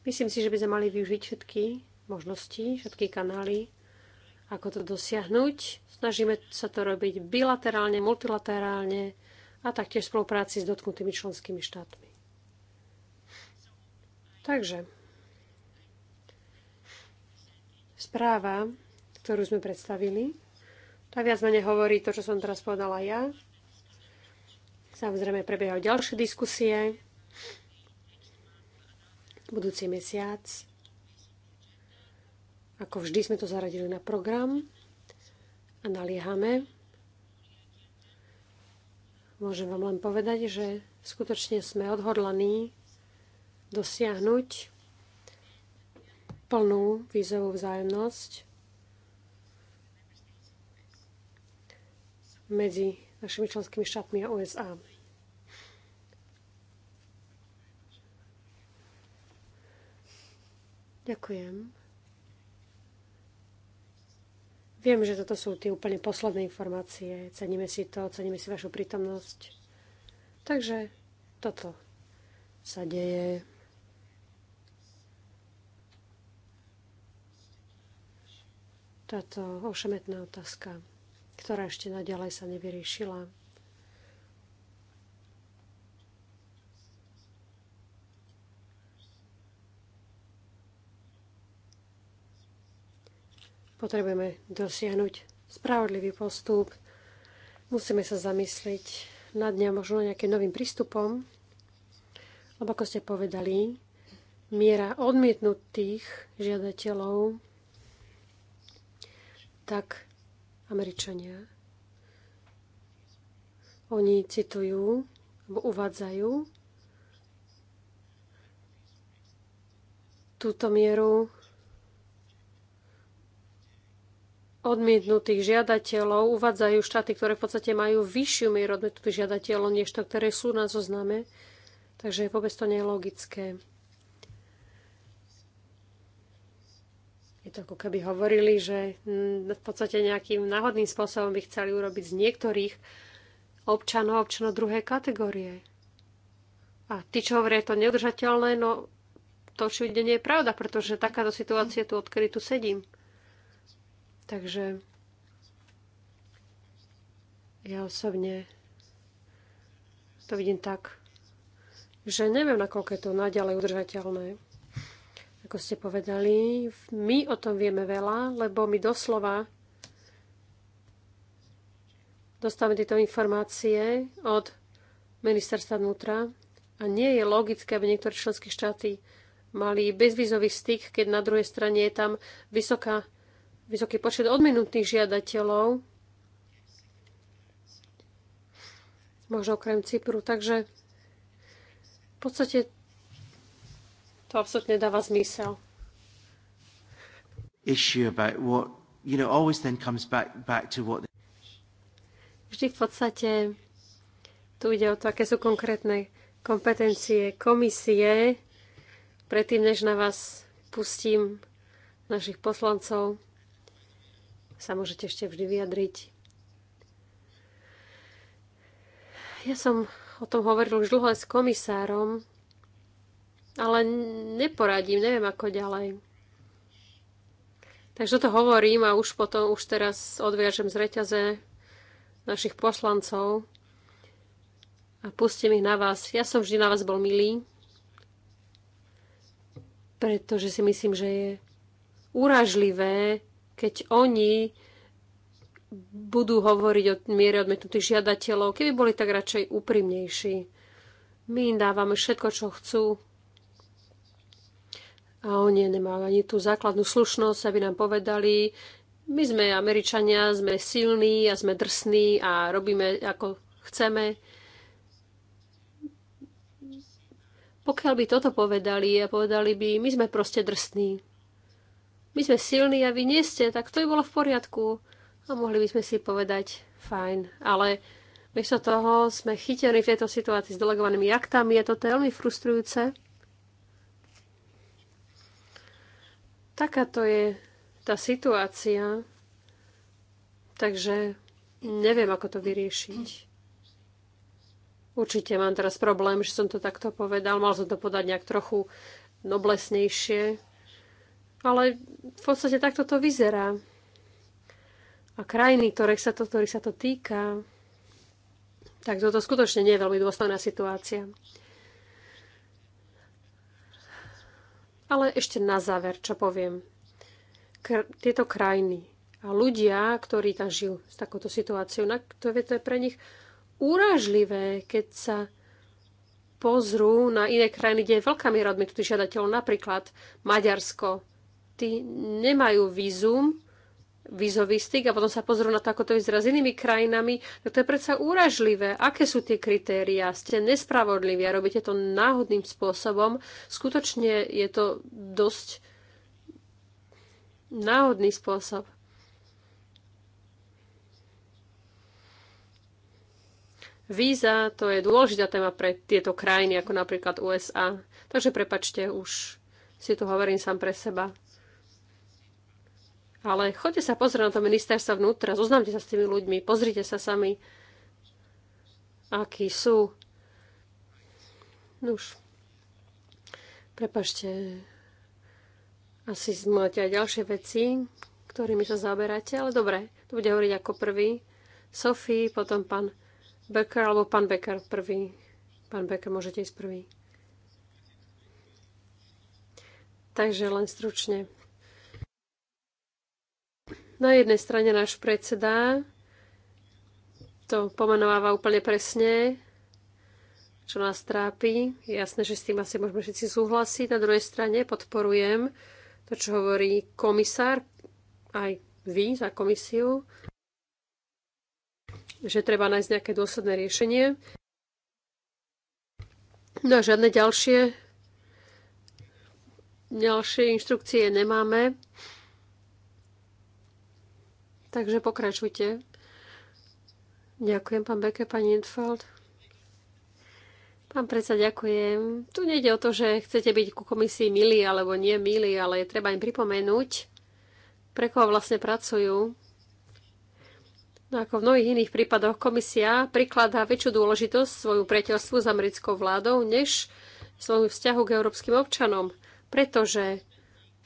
Myslím si, že by sme mali využiť všetky možnosti, všetky kanály, ako to dosiahnuť. Snažíme sa to robiť bilaterálne, multilaterálne a taktiež v spolupráci s dotknutými členskými štátmi. Takže správa, ktorú sme predstavili, tá viac menej hovorí to, čo som teraz povedala ja. Samozrejme, prebiehajú ďalšie diskusie budúci mesiac. Ako vždy sme to zaradili na program a naliehame. Môžem vám len povedať, že skutočne sme odhodlaní dosiahnuť plnú vízovú vzájomnosť medzi našimi členskými štátmi a USA. Ďakujem. Viem, že toto sú tie úplne posledné informácie. Ceníme si to, ceníme si vašu prítomnosť. Takže toto sa deje. Táto ošemetná otázka, ktorá ešte naďalej sa nevyriešila. Potrebujeme dosiahnuť spravodlivý postup. Musíme sa zamysliť nad dňa možno nejakým novým prístupom, lebo ako ste povedali, miera odmietnutých žiadateľov, tak Američania, oni citujú alebo uvádzajú túto mieru odmietnutých žiadateľov uvádzajú štáty, ktoré v podstate majú vyššiu mieru odmietnutých žiadateľov, než to, ktoré sú na zozname. Takže vôbec to nie je logické. Je to ako keby hovorili, že v podstate nejakým náhodným spôsobom by chceli urobiť z niektorých občanov občanov druhé kategórie. A tí, čo hovoria, je to neudržateľné, no to určite nie je pravda, pretože takáto situácia tu, odkedy tu sedím. Takže ja osobne to vidím tak, že neviem, nakoľko je to naďalej udržateľné. Ako ste povedali, my o tom vieme veľa, lebo my doslova dostávame tieto informácie od ministerstva vnútra a nie je logické, aby niektoré členské štáty mali bezvizový styk, keď na druhej strane je tam vysoká vysoký počet odmenutých žiadateľov, možno okrem Cypru. Takže v podstate to absolútne dáva zmysel. Issue about what, you know, always then comes back, back to what... Vždy v podstate tu ide o to, aké sú konkrétne kompetencie komisie, predtým, než na vás pustím našich poslancov sa môžete ešte vždy vyjadriť. Ja som o tom hovoril už dlho s komisárom, ale neporadím, neviem ako ďalej. Takže to hovorím a už potom, už teraz odviažem z reťaze našich poslancov a pustím ich na vás. Ja som vždy na vás bol milý, pretože si myslím, že je úražlivé keď oni budú hovoriť o miere odmetnutých žiadateľov, keby boli tak radšej úprimnejší. My im dávame všetko, čo chcú. A oni nemajú ani tú základnú slušnosť, aby nám povedali, my sme Američania, sme silní a sme drsní a robíme ako chceme. Pokiaľ by toto povedali a povedali by, my sme proste drsní, my sme silní a vy nie ste, tak to by bolo v poriadku. A mohli by sme si povedať, fajn, ale miesto toho sme chytení v tejto situácii s delegovanými aktami, je to veľmi frustrujúce. Takáto je tá situácia, takže neviem, ako to vyriešiť. Určite mám teraz problém, že som to takto povedal, mal som to podať nejak trochu noblesnejšie, ale v podstate takto to vyzerá. A krajiny, ktorých sa to, ktorých sa to týka, tak toto skutočne nie je veľmi dôstojná situácia. Ale ešte na záver, čo poviem. Kr- tieto krajiny a ľudia, ktorí tam žijú s takouto situáciou, na to, je, to je pre nich úražlivé, keď sa pozrú na iné krajiny, kde je veľká miera odmietnutých žiadateľov, napríklad Maďarsko, štáty nemajú vízum, vízový styk a potom sa pozrú na to, ako to vyzerá s inými krajinami, tak to je predsa úražlivé. Aké sú tie kritéria? Ste nespravodliví a robíte to náhodným spôsobom. Skutočne je to dosť náhodný spôsob. Víza to je dôležitá téma pre tieto krajiny, ako napríklad USA. Takže prepačte, už si tu hovorím sám pre seba. Ale chodte sa pozrieť na to ministerstvo vnútra, zoznamte sa s tými ľuďmi, pozrite sa sami, akí sú. Nuž. Prepašte, asi máte aj ďalšie veci, ktorými sa zaberáte, ale dobre, to bude hovoriť ako prvý. Sophie, potom pán Becker alebo pán Becker prvý. Pán Becker, môžete ísť prvý. Takže len stručne. Na jednej strane náš predseda to pomenováva úplne presne, čo nás trápi. Je jasné, že s tým asi môžeme všetci súhlasiť. Na druhej strane podporujem to, čo hovorí komisár, aj vy za komisiu, že treba nájsť nejaké dôsledné riešenie. No a žiadne ďalšie, ďalšie inštrukcie nemáme. Takže pokračujte. Ďakujem, pán Beke, pani Infeld. Pán predsa, ďakujem. Tu nejde o to, že chcete byť ku komisii milí alebo nie milí, ale je treba im pripomenúť, pre koho vlastne pracujú. No ako v mnohých iných prípadoch komisia prikladá väčšiu dôležitosť svoju priateľstvu s americkou vládou, než svojmu vzťahu k európskym občanom, pretože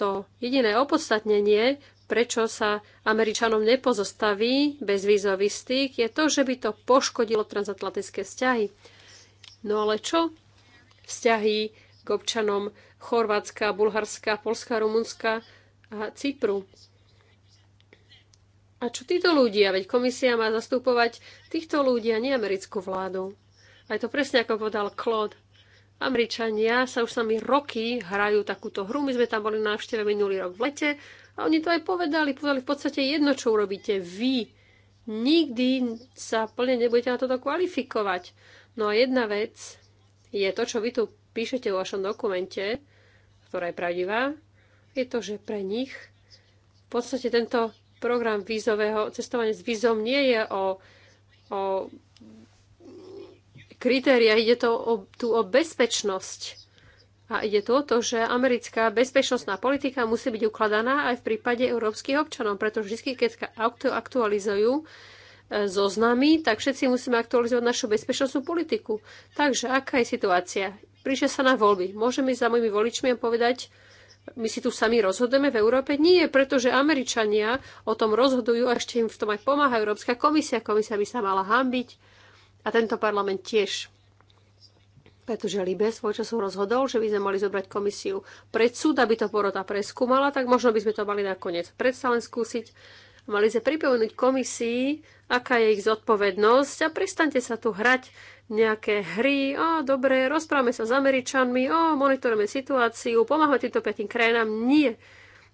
to jediné opodstatnenie, prečo sa Američanom nepozostaví bezvízový styk, je to, že by to poškodilo transatlantické vzťahy. No ale čo? Vzťahy k občanom Chorvátska, Bulharska, Polska, Rumunska a Cypru. A čo títo ľudia? Veď komisia má zastupovať týchto ľudí a nie americkú vládu. A je to presne ako povedal Claude. Američania sa už sami roky hrajú takúto hru. My sme tam boli na návšteve minulý rok v lete a oni to aj povedali, povedali v podstate jedno, čo urobíte vy. Nikdy sa plne nebudete na toto kvalifikovať. No a jedna vec je to, čo vy tu píšete vo vašom dokumente, ktorá je pravdivá, je to, že pre nich v podstate tento program vízového, cestovanie s vízom nie je o, o kritériách, ide to o, tu o bezpečnosť. A ide to o to, že americká bezpečnostná politika musí byť ukladaná aj v prípade európskych občanov, pretože vždy, keď aktualizujú e, zoznamy, tak všetci musíme aktualizovať našu bezpečnostnú politiku. Takže aká je situácia? Prišia sa na voľby. Môžeme ísť za mojimi voličmi a povedať, my si tu sami rozhodujeme v Európe? Nie, pretože Američania o tom rozhodujú a ešte im v tom aj pomáha Európska komisia. Komisia by sa mala hambiť a tento parlament tiež pretože Libe svoj času rozhodol, že by sme mali zobrať komisiu pred súd, aby to porota preskúmala, tak možno by sme to mali nakoniec predsa len skúsiť. Mali sme pripomenúť komisii, aká je ich zodpovednosť a prestante sa tu hrať nejaké hry. O, dobre, rozprávame sa s Američanmi, o, monitorujeme situáciu, pomáhame týmto piatim krajinám. Nie.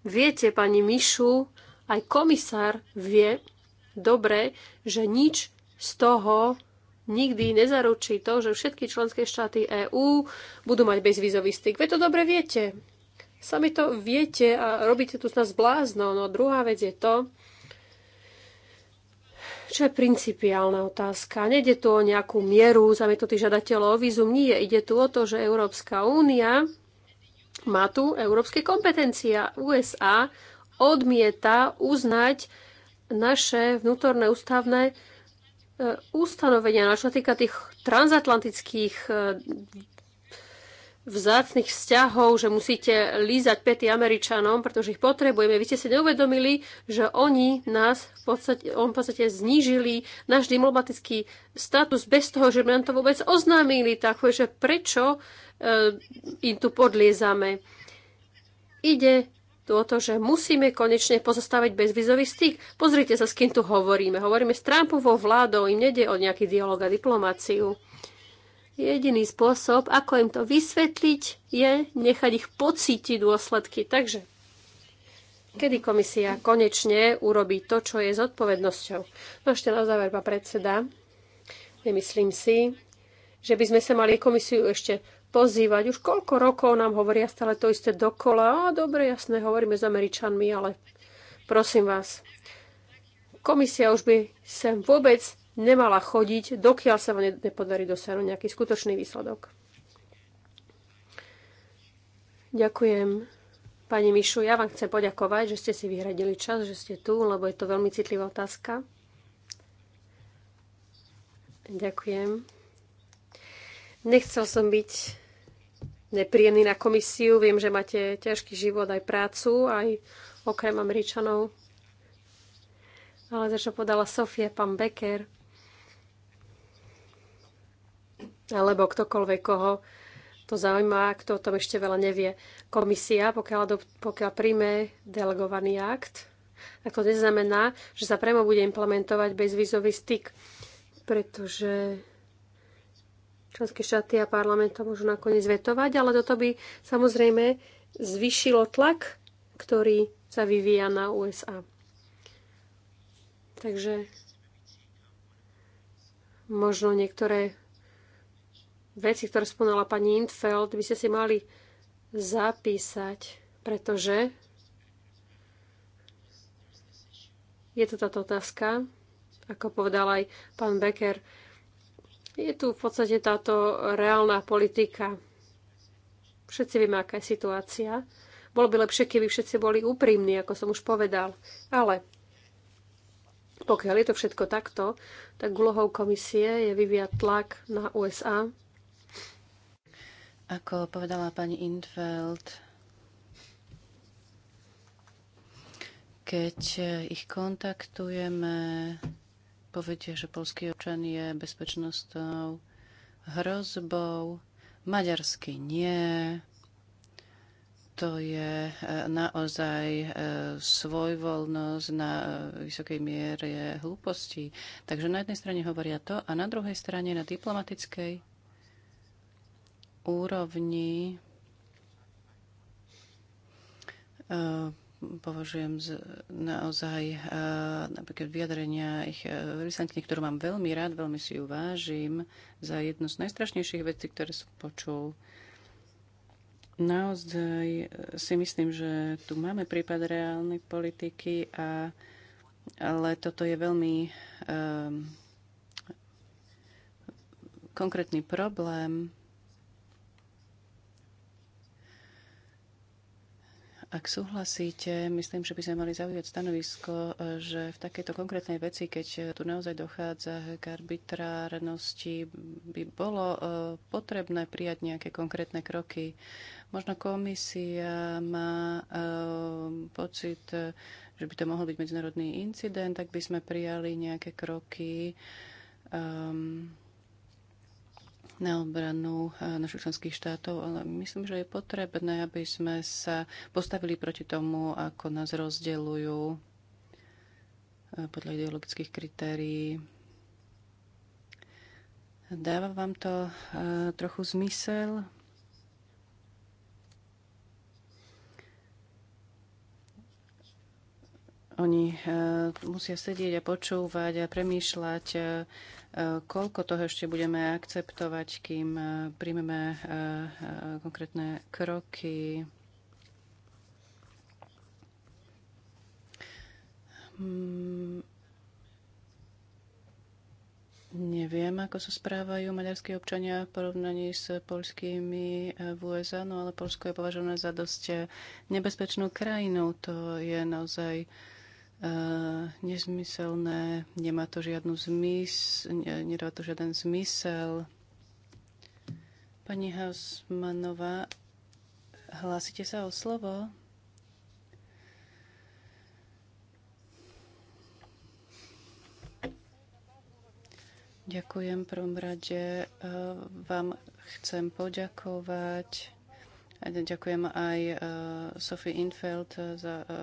Viete, pani Mišu, aj komisár vie dobre, že nič z toho nikdy nezaručí to, že všetky členské štáty EÚ budú mať bezvízový styk. Veď to dobre viete. Sami to viete a robíte tu z nás blázno. No druhá vec je to, čo je principiálna otázka. Nede tu o nejakú mieru zamietnutých žiadateľov o vízum. Nie, ide tu o to, že Európska únia má tu európske kompetencie. USA odmieta uznať naše vnútorné ústavné E, ustanovenia, no čo týka tých transatlantických e, vzácných vzťahov, že musíte lízať pety Američanom, pretože ich potrebujeme. Vy ste si neuvedomili, že oni nás v podstate, on v podstate znížili náš diplomatický status bez toho, že by nám to vôbec oznámili. Takže prečo e, im tu podliezame? Ide o to, že musíme konečne pozostaviť bezvizový styk. Pozrite sa, s kým tu hovoríme. Hovoríme s Trumpovou vládou, im nede o nejaký dialog a diplomáciu. Jediný spôsob, ako im to vysvetliť, je nechať ich pocítiť dôsledky. Takže, kedy komisia konečne urobí to, čo je zodpovednosťou? No ešte na záver, pán predseda, nemyslím si, že by sme sa mali komisiu ešte pozývať. Už koľko rokov nám hovoria stále to isté dokola. A dobre, jasné, hovoríme s Američanmi, ale prosím vás, komisia už by sem vôbec nemala chodiť, dokiaľ sa vám nepodarí dosiahnuť nejaký skutočný výsledok. Ďakujem. Pani Mišu, ja vám chcem poďakovať, že ste si vyhradili čas, že ste tu, lebo je to veľmi citlivá otázka. Ďakujem. Nechcel som byť nepríjemný na komisiu. Viem, že máte ťažký život aj prácu, aj okrem Američanov. Ale za čo podala Sofia, pán Becker, alebo ktokoľvek, koho to zaujíma, kto o tom ešte veľa nevie. Komisia, pokiaľ, do, pokiaľ príjme delegovaný akt, tak to neznamená, že sa premo bude implementovať bezvízový styk, pretože členské štáty a parlament to môžu nakoniec vetovať, ale toto by samozrejme zvyšilo tlak, ktorý sa vyvíja na USA. Takže možno niektoré veci, ktoré spomínala pani Intfeld, by ste si mali zapísať, pretože je to táto otázka, ako povedal aj pán Becker, je tu v podstate táto reálna politika. Všetci vieme, aká je situácia. Bolo by lepšie, keby všetci boli úprimní, ako som už povedal. Ale pokiaľ je to všetko takto, tak úlohou komisie je vyviať tlak na USA. Ako povedala pani Intveld, keď ich kontaktujeme, Poviete, že polský občan je bezpečnostnou hrozbou, maďarský nie. To je e, naozaj e, svojvoľnosť na e, vysokej miere hlúposti. Takže na jednej strane hovoria to a na druhej strane na diplomatickej úrovni považujem z, naozaj eh, napríklad vyjadrenia ich eh, vysantne, ktorú mám veľmi rád, veľmi si ju vážim, za jednu z najstrašnejších vecí, ktoré som počul. Naozaj eh, si myslím, že tu máme prípad reálnej politiky, a, ale toto je veľmi um, konkrétny problém, Ak súhlasíte, myslím, že by sme mali zaujať stanovisko, e, že v takejto konkrétnej veci, keď e, tu naozaj dochádza k arbitrárnosti, by bolo e, potrebné prijať nejaké konkrétne kroky. Možno komisia má pocit, že by to mohol byť medzinárodný incident, tak by sme prijali nejaké kroky um, na obranu eh, našich členských štátov, ale myslím, že je potrebné, aby sme sa postavili proti tomu, ako nás rozdeľujú eh, podľa ideologických kritérií. Dáva vám to eh, trochu zmysel? Oni musia sedieť a počúvať a premýšľať koľko toho ešte budeme akceptovať, kým e, príjmeme e, e, konkrétne kroky. Hmm. Neviem, ako sa správajú maďarskí občania v porovnaní s polskými v USA, no ale Polsko je považované za dosť nebezpečnú krajinu. To je naozaj uh, Eh, nezmyselné, nemá to žiadnu zmys, nedáva to žiaden zmysel. Pani Hausmanová, hlásite sa o slovo? Ďakujem. V prvom rade eh, vám chcem poďakovať Ďakujem aj e, Sophie Infeld za e, e,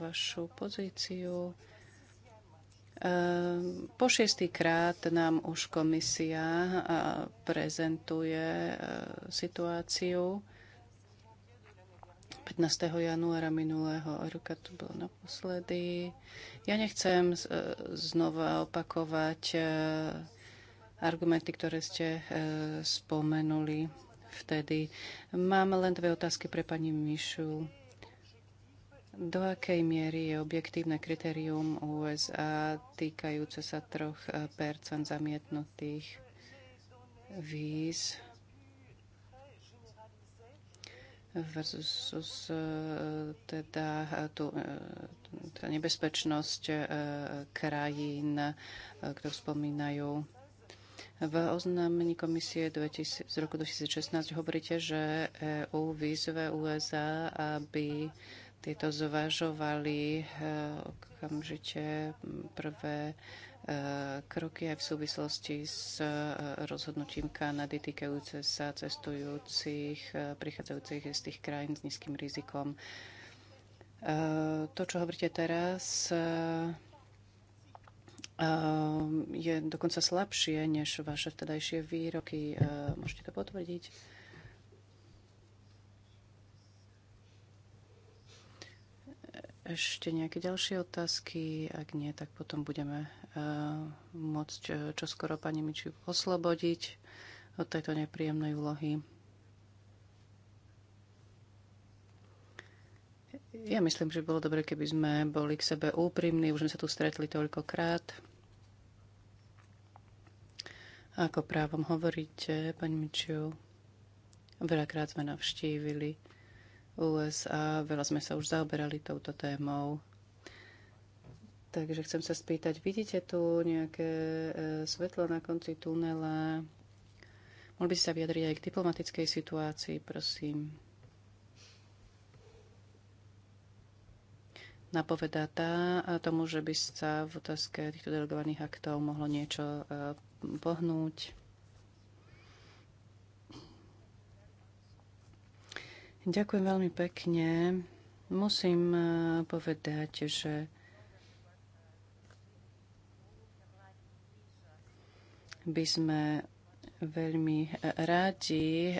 vašu pozíciu. Po šiestýkrát nám už komisia prezentuje situáciu. 15. januára minulého roka to bolo naposledy. Ja nechcem znova opakovať argumenty, ktoré ste spomenuli vtedy. Mám len dve otázky pre pani Mišu. Do akej miery je objektívne kritérium USA týkajúce sa troch eh, percent zamietnutých víz versus eh, teda eh, tú, tá teda nebezpečnosť krajín, ktorú spomínajú v oznámení komisie 2000, z roku 2016 hovoríte, že EU výzve USA, aby tieto zvažovali e, okamžite prvé e, kroky aj v súvislosti s e, rozhodnutím Kanady týkajúce sa cestujúcich, prichádzajúcich z tých krajín s nízkym rizikom. To, čo hovoríte teraz, Ehm, je dokonca slabšie než vaše vtedajšie výroky. Ehm, môžete to potvrdiť? Ešte nejaké ďalšie otázky? Ak nie, tak potom budeme ehm, môcť eh, čoskoro pani Miči oslobodiť od tejto nepríjemnej úlohy. Ja myslím, že bolo dobre, keby sme boli k sebe úprimní. Už sme sa tu stretli toľkokrát. Ako právom hovoríte, pani Mičiu, veľakrát sme navštívili USA, veľa sme sa už zaoberali touto témou. Takže chcem sa spýtať, vidíte tu nejaké e, svetlo na konci tunela? Mohli by ste sa vyjadriť aj k diplomatickej situácii, prosím. Napovedá tá tomu, že by sa v otázke týchto delegovaných aktov mohlo niečo e, pohnúť. Ďakujem veľmi pekne. Musím e, povedať, že by sme veľmi rádi e,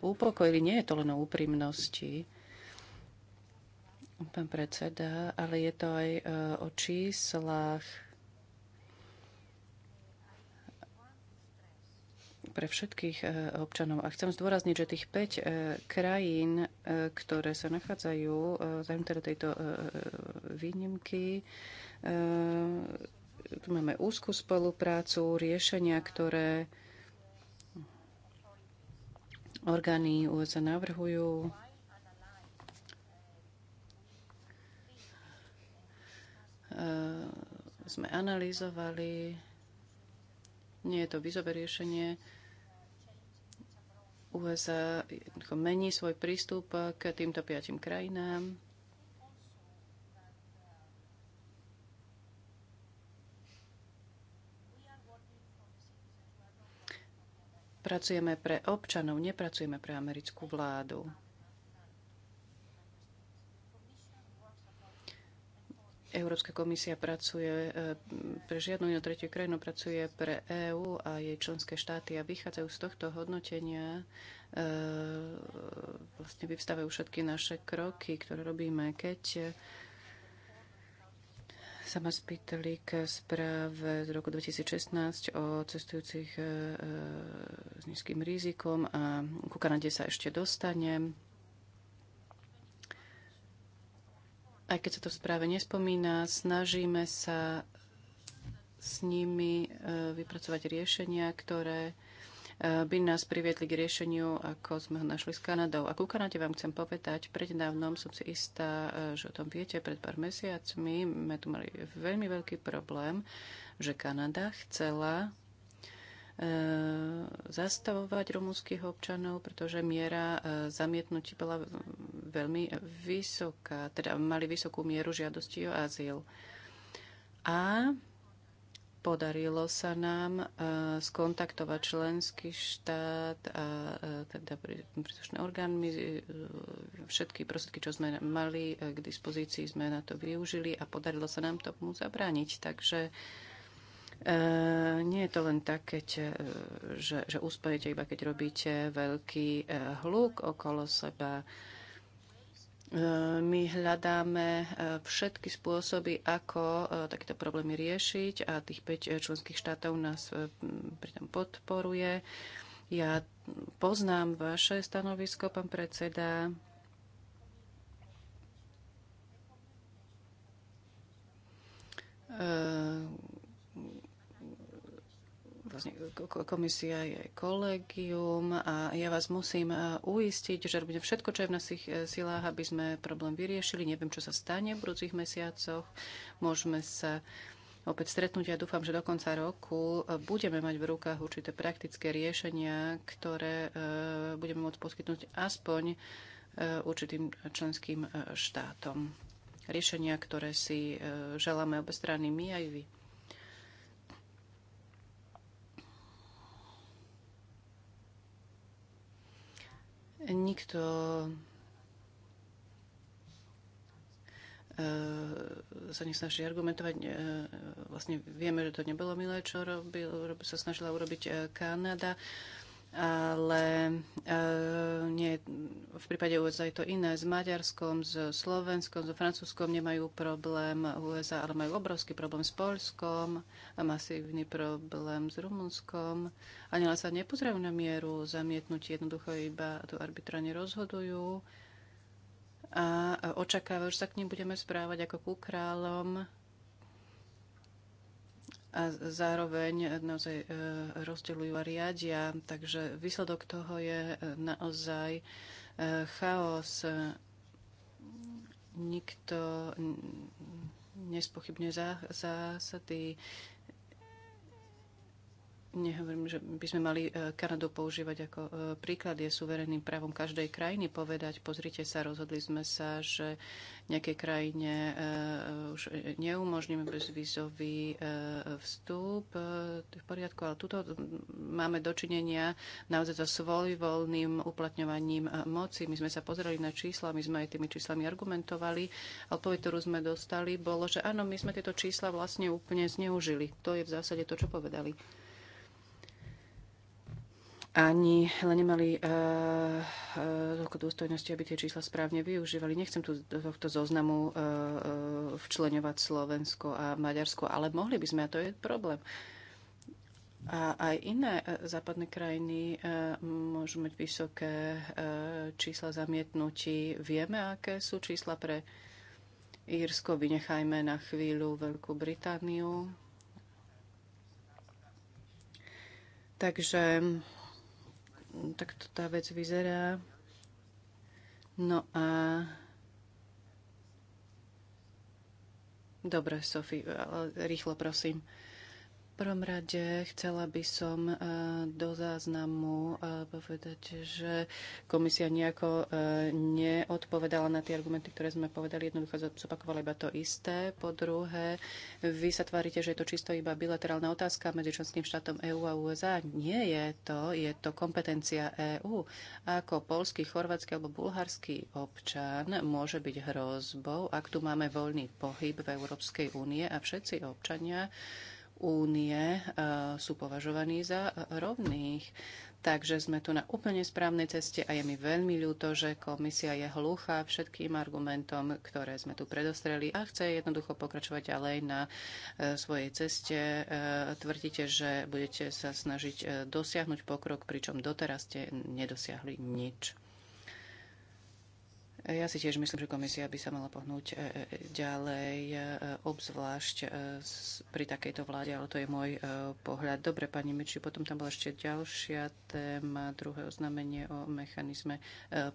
upokojili. Nie je to len o úprimnosti, pán predseda, ale je to aj e, o číslach pre všetkých eh, občanov. A chcem zdôrazniť, že tých 5 eh, krajín, eh, ktoré sa nachádzajú za teda tejto výnimky, tu máme úzkú spoluprácu, riešenia, ktoré orgány USA navrhujú. Sme analyzovali nie je to vízové riešenie. USA mení svoj prístup k týmto piatim krajinám. Pracujeme pre občanov, nepracujeme pre americkú vládu. Európska komisia pracuje e, pre žiadnu inú tretiu krajinu, pracuje pre EÚ a jej členské štáty a vychádzajú z tohto hodnotenia e, vlastne vyvstávajú všetky naše kroky, ktoré robíme, keď sa ma spýtali k správe z roku 2016 o cestujúcich e, s nízkym rizikom a ku Kanade sa ešte dostanem. aj keď sa to v správe nespomína, snažíme sa s nimi e, vypracovať riešenia, ktoré e, by nás priviedli k riešeniu, ako sme ho našli s Kanadou. A ku Kanade vám chcem povedať, prednávnom som si istá, e, že o tom viete, pred pár mesiacmi sme tu mali veľmi veľký problém, že Kanada chcela E, zastavovať rumúnskych občanov, pretože miera e, zamietnutí bola veľmi vysoká, teda mali vysokú mieru žiadosti o azyl. A podarilo sa nám e, skontaktovať členský štát a teda príslušné orgány. Všetky prostriedky, čo sme mali k dispozícii, sme na to využili a podarilo sa nám tomu zabrániť. Takže E, nie je to len tak, keď, e, že, že uspojete iba, keď robíte veľký e, hluk okolo seba. My hľadáme všetky spôsoby, ako takéto problémy riešiť a tých 5 členských štátov nás pritom podporuje. Ja poznám vaše stanovisko, pán predseda. Uh, Vlastne komisia je kolegium a ja vás musím e, uistiť, že robíme všetko, čo je v našich e, silách, aby sme problém vyriešili. Neviem, čo sa stane v budúcich mesiacoch. Môžeme sa opäť stretnúť a ja dúfam, že do konca roku e, budeme mať v rukách určité praktické riešenia, ktoré budeme môcť poskytnúť aspoň určitým členským štátom. Riešenia, ktoré si želáme obe strany my aj vy. Nikto e, sa nesnaží argumentovať. E, Vlastne vieme, že to nebolo milé, čo robil, sa snažila urobiť e, Kanada. E, ale e, nie, v prípade USA je to iné. S Maďarskom, s Slovenskom, s Francúzskom nemajú problém USA, ale majú obrovský problém s Polskom a masívny problém s Rumunskom. Ani len sa nepozerajú na mieru zamietnutí, jednoducho iba tu arbitrálne rozhodujú a očakávajú, že sa k ním budeme správať ako ku kráľom a zároveň naozaj e, rozdeľujú a riadia. Takže výsledok toho je e, naozaj e, chaos. Nikto nespochybne zásady, Nehovorím, že by sme mali e, Kanadu používať ako e, príklad. Je suverenným právom každej krajiny povedať, pozrite sa, rozhodli sme sa, že nejakej krajine e, už neumožníme bezvízový vstup v poriadku, ale tuto máme dočinenia naozaj so svojvoľným uplatňovaním moci. My sme sa pozreli na čísla, my sme aj tými číslami argumentovali. A odpoveď, ktorú sme dostali, bolo, že áno, my sme tieto čísla vlastne úplne zneužili. To je v zásade to, čo povedali ani nemali eh, eh, toľko dôstojnosti, aby tie čísla správne využívali. Nechcem tu do tohto zoznamu uh, uh, včleňovať Slovensko a Maďarsko, ale mohli by sme, a to je problém. A aj iné západné krajiny môžu mať vysoké čísla zamietnutí. Vieme, aké sú čísla pre Írsko. Vynechajme na chvíľu Veľkú Britániu. Takže tak to tá vec vyzerá. No a Dobre, Sofie, rýchlo prosím prvom rade chcela by som eh, do záznamu eh, povedať, že komisia nejako eh, neodpovedala na tie argumenty, ktoré sme povedali. Jednoducho zopakovala iba to isté. Po druhé, vy sa tvárite, že je to čisto iba bilaterálna otázka medzi členským štátom EÚ a USA. Nie je to. Je to kompetencia EÚ. Ako polský, chorvátsky alebo bulharský občan môže byť hrozbou, ak tu máme voľný pohyb v Európskej únie a všetci občania únie e, sú považovaní za rovných. Takže sme tu na úplne správnej ceste a je mi veľmi ľúto, že komisia je hluchá všetkým argumentom, ktoré sme tu predostreli a chce jednoducho pokračovať ďalej na e, svojej ceste. E, tvrdíte, že budete sa snažiť dosiahnuť pokrok, pričom doteraz ste nedosiahli nič. Ja si tiež myslím, že komisia by sa mala pohnúť e, e, ďalej, e, obzvlášť pri takejto vláde, ale to je môj pohľad. Dobre, pani Miči, potom tam bola ešte ďalšia téma, druhé oznámenie o mechanizme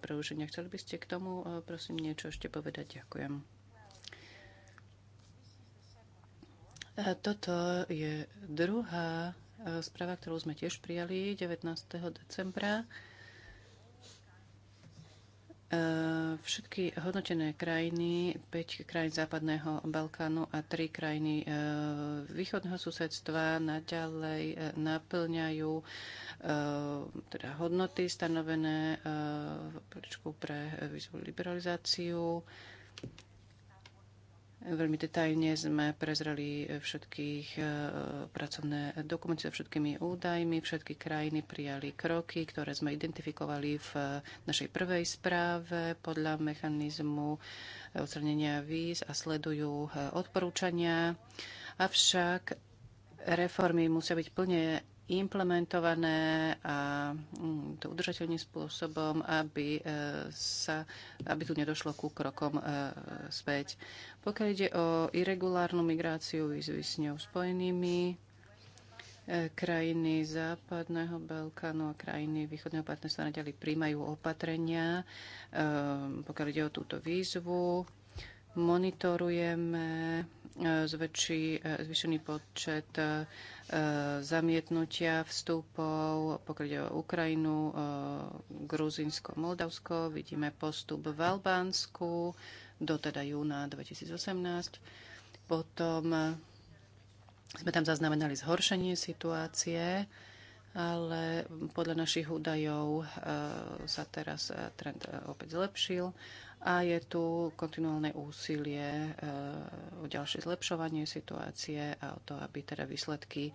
preúženia. Chceli by ste k tomu, prosím, niečo ešte povedať? Ďakujem. Toto je druhá správa, ktorú sme tiež prijali 19. decembra Ehm, všetky hodnotené krajiny, 5 krajín západného Balkánu a 3 krajiny ehm, východného susedstva naďalej e, naplňajú ehm, teda hodnoty stanovené pre vízovú liberalizáciu. Veľmi detajne sme prezreli všetkých e, pracovné dokumenty so všetkými údajmi. Všetky krajiny prijali kroky, ktoré sme identifikovali v e, našej prvej správe podľa mechanizmu e, odstranenia víz a sledujú odporúčania. Avšak reformy musia byť plne implementované a mm, to udržateľným spôsobom, aby, e, sa, aby tu nedošlo ku krokom e, späť. Pokiaľ ide o irregulárnu migráciu výzvy s ňou spojenými, e, krajiny západného Balkánu a krajiny východného partnerstva naďalej príjmajú opatrenia, pokiaľ ide o túto výzvu. Monitorujeme E, zväčší, e, zvyšený počet e, zamietnutia vstupov, pokiaľ o Ukrajinu, Gruzinsko, Moldavsko. Vidíme postup v Albánsku do teda júna 2018. Potom sme tam zaznamenali zhoršenie situácie, ale podľa našich údajov sa teraz trend opäť zlepšil a je tu kontinuálne úsilie e, o ďalšie zlepšovanie situácie a o to, aby teda výsledky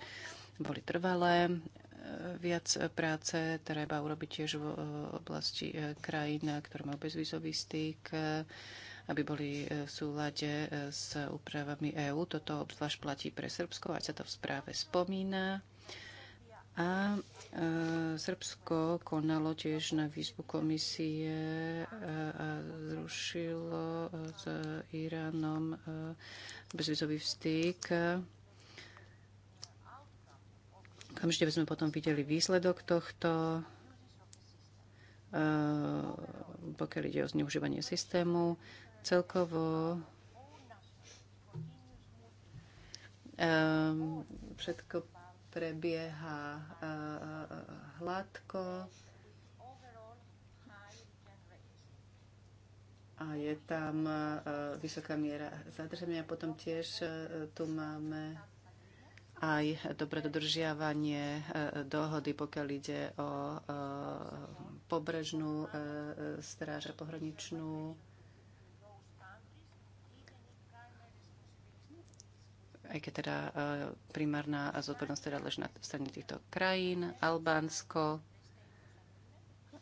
boli trvalé. E, viac práce treba urobiť tiež v e, oblasti krajín, ktoré majú bezvýzový styk, aby boli v súlade s úpravami EÚ. Toto obzvlášť platí pre Srbsko, ať sa to v správe spomína. A e, Srbsko konalo tiež na výzvu komisie e, a zrušilo e, s Iránom e, bezvizový vstyk. by sme potom videli výsledok tohto, e, pokiaľ ide o zneužívanie systému. Celkovo všetko prebieha hladko a je tam vysoká miera zadržania. Potom tiež tu máme aj dobre dodržiavanie dohody, pokiaľ ide o pobrežnú stráž a pohraničnú aj keď teda e, primárna zodpovednosť teda leží na strane týchto krajín. Albánsko e,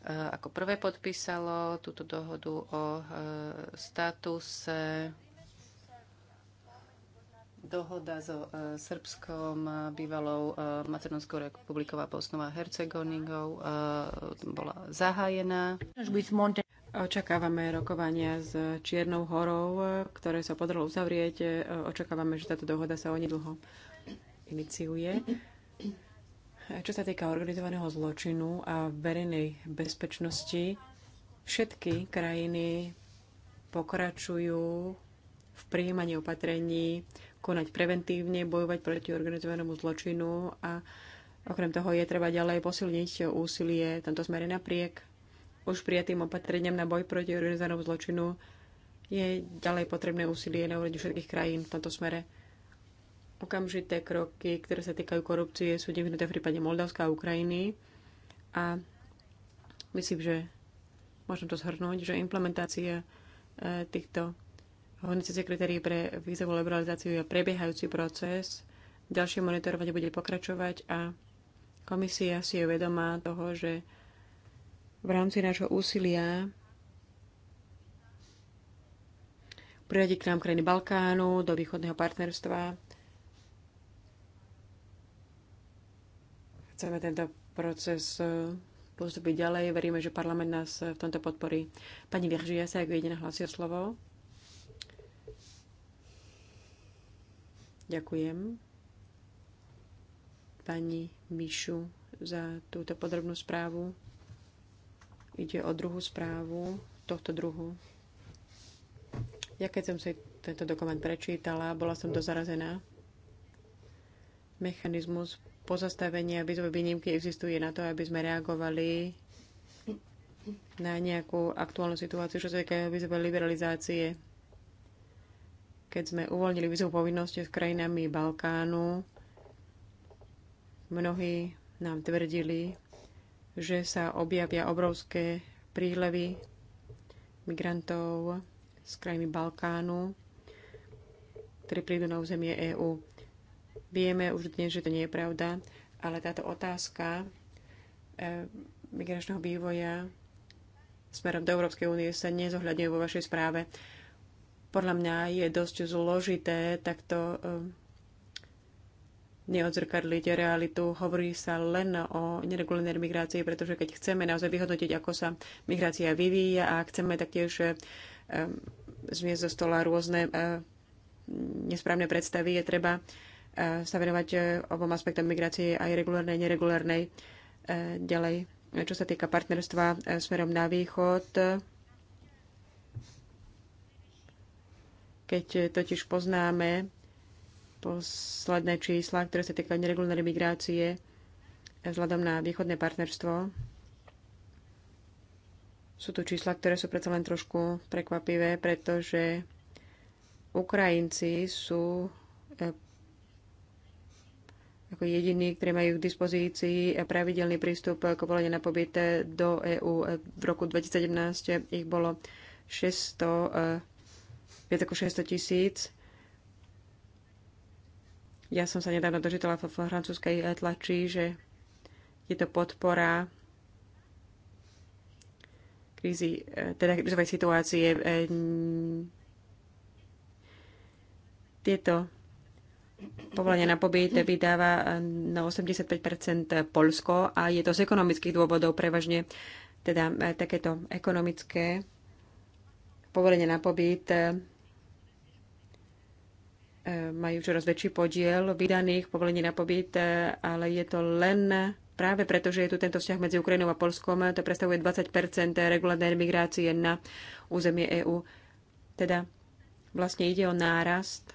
ako prvé podpísalo túto dohodu o e, statuse dohoda so Srbskom, bývalou e, Macedónskou republikou a Bosnou a Hercegovinou bola zahájená. Očakávame rokovania s Čiernou horou, ktoré sa podarilo uzavrieť. Očakávame, že táto dohoda sa onedlho iniciuje. Čo sa týka organizovaného zločinu a verejnej bezpečnosti, všetky krajiny pokračujú v príjmaní opatrení, konať preventívne, bojovať proti organizovanému zločinu a okrem toho je treba ďalej posilniť úsilie v tomto smere napriek už prijatým opatreniam na boj proti organizovanému zločinu je ďalej potrebné úsilie na úrovni všetkých krajín v tomto smere. Okamžité kroky, ktoré sa týkajú korupcie, sú nevyhnuté v prípade Moldavska a Ukrajiny. A myslím, že môžem to zhrnúť, že implementácia e, týchto hodnotícich kritérií pre vízovú liberalizáciu je prebiehajúci proces. Ďalšie monitorovanie bude pokračovať a komisia si je vedomá toho, že v rámci nášho úsilia priradiť k nám krajiny Balkánu, do východného partnerstva. Chceme tento proces e, postupiť ďalej. Veríme, že parlament nás e, v tomto podporí. Pani Viržia sa, ak vyjde na hlasí o slovo. Ďakujem pani Mišu za túto podrobnú správu. Ide o druhú správu tohto druhu. Ja keď som si tento dokument prečítala, bola som dozarazená. zarazená. Mechanizmus pozastavenia byzovej výnimky existuje na to, aby sme reagovali na nejakú aktuálnu situáciu, čo sa týka vízovej liberalizácie. Keď sme uvoľnili vízovú povinnosť s krajinami Balkánu, mnohí nám tvrdili, že sa objavia obrovské prílevy migrantov z krajiny Balkánu, ktorí prídu na územie EÚ. Vieme už dnes, že to nie je pravda, ale táto otázka e, migračného vývoja smerom do Európskej únie sa nezohľadňuje vo vašej správe. Podľa mňa je dosť zložité takto e, neodzrkadliť realitu. Hovorí sa len o neregulárnej migrácii, pretože keď chceme naozaj vyhodnotiť, ako sa migrácia vyvíja a chceme taktiež eh, eh, zmiesť zo stola rôzne eh, nesprávne predstavy, je treba sa venovať obom aspektom migrácie, aj regulárnej, neregulárnej. Ďalej, čo sa týka partnerstva smerom na východ, keď totiž poznáme posledné čísla, ktoré sa týkajú neregulárnej migrácie vzhľadom na východné partnerstvo. Sú tu čísla, ktoré sú predsa len trošku prekvapivé, pretože Ukrajinci sú e, ako jediní, ktorí majú k dispozícii pravidelný prístup k povolenie na pobyt do EÚ. V roku 2017 ich bolo 600, e, viac ako 600 tisíc ja som sa nedávno dožitala vo francúzskej eh, tlači, že je to podpora krízy, eh, teda krizovej situácie. Eh, tieto povolenie na pobyt vydáva na 85 Polsko a je to z ekonomických dôvodov prevažne, teda takéto ekonomické povolenie na pobyt majú čoraz väčší podiel vydaných povolení na pobyt, e, ale je to len práve preto, že je tu tento vzťah medzi Ukrajinou a Polskom. To predstavuje 20 regulárnej migrácie na územie EÚ. Teda vlastne ide o nárast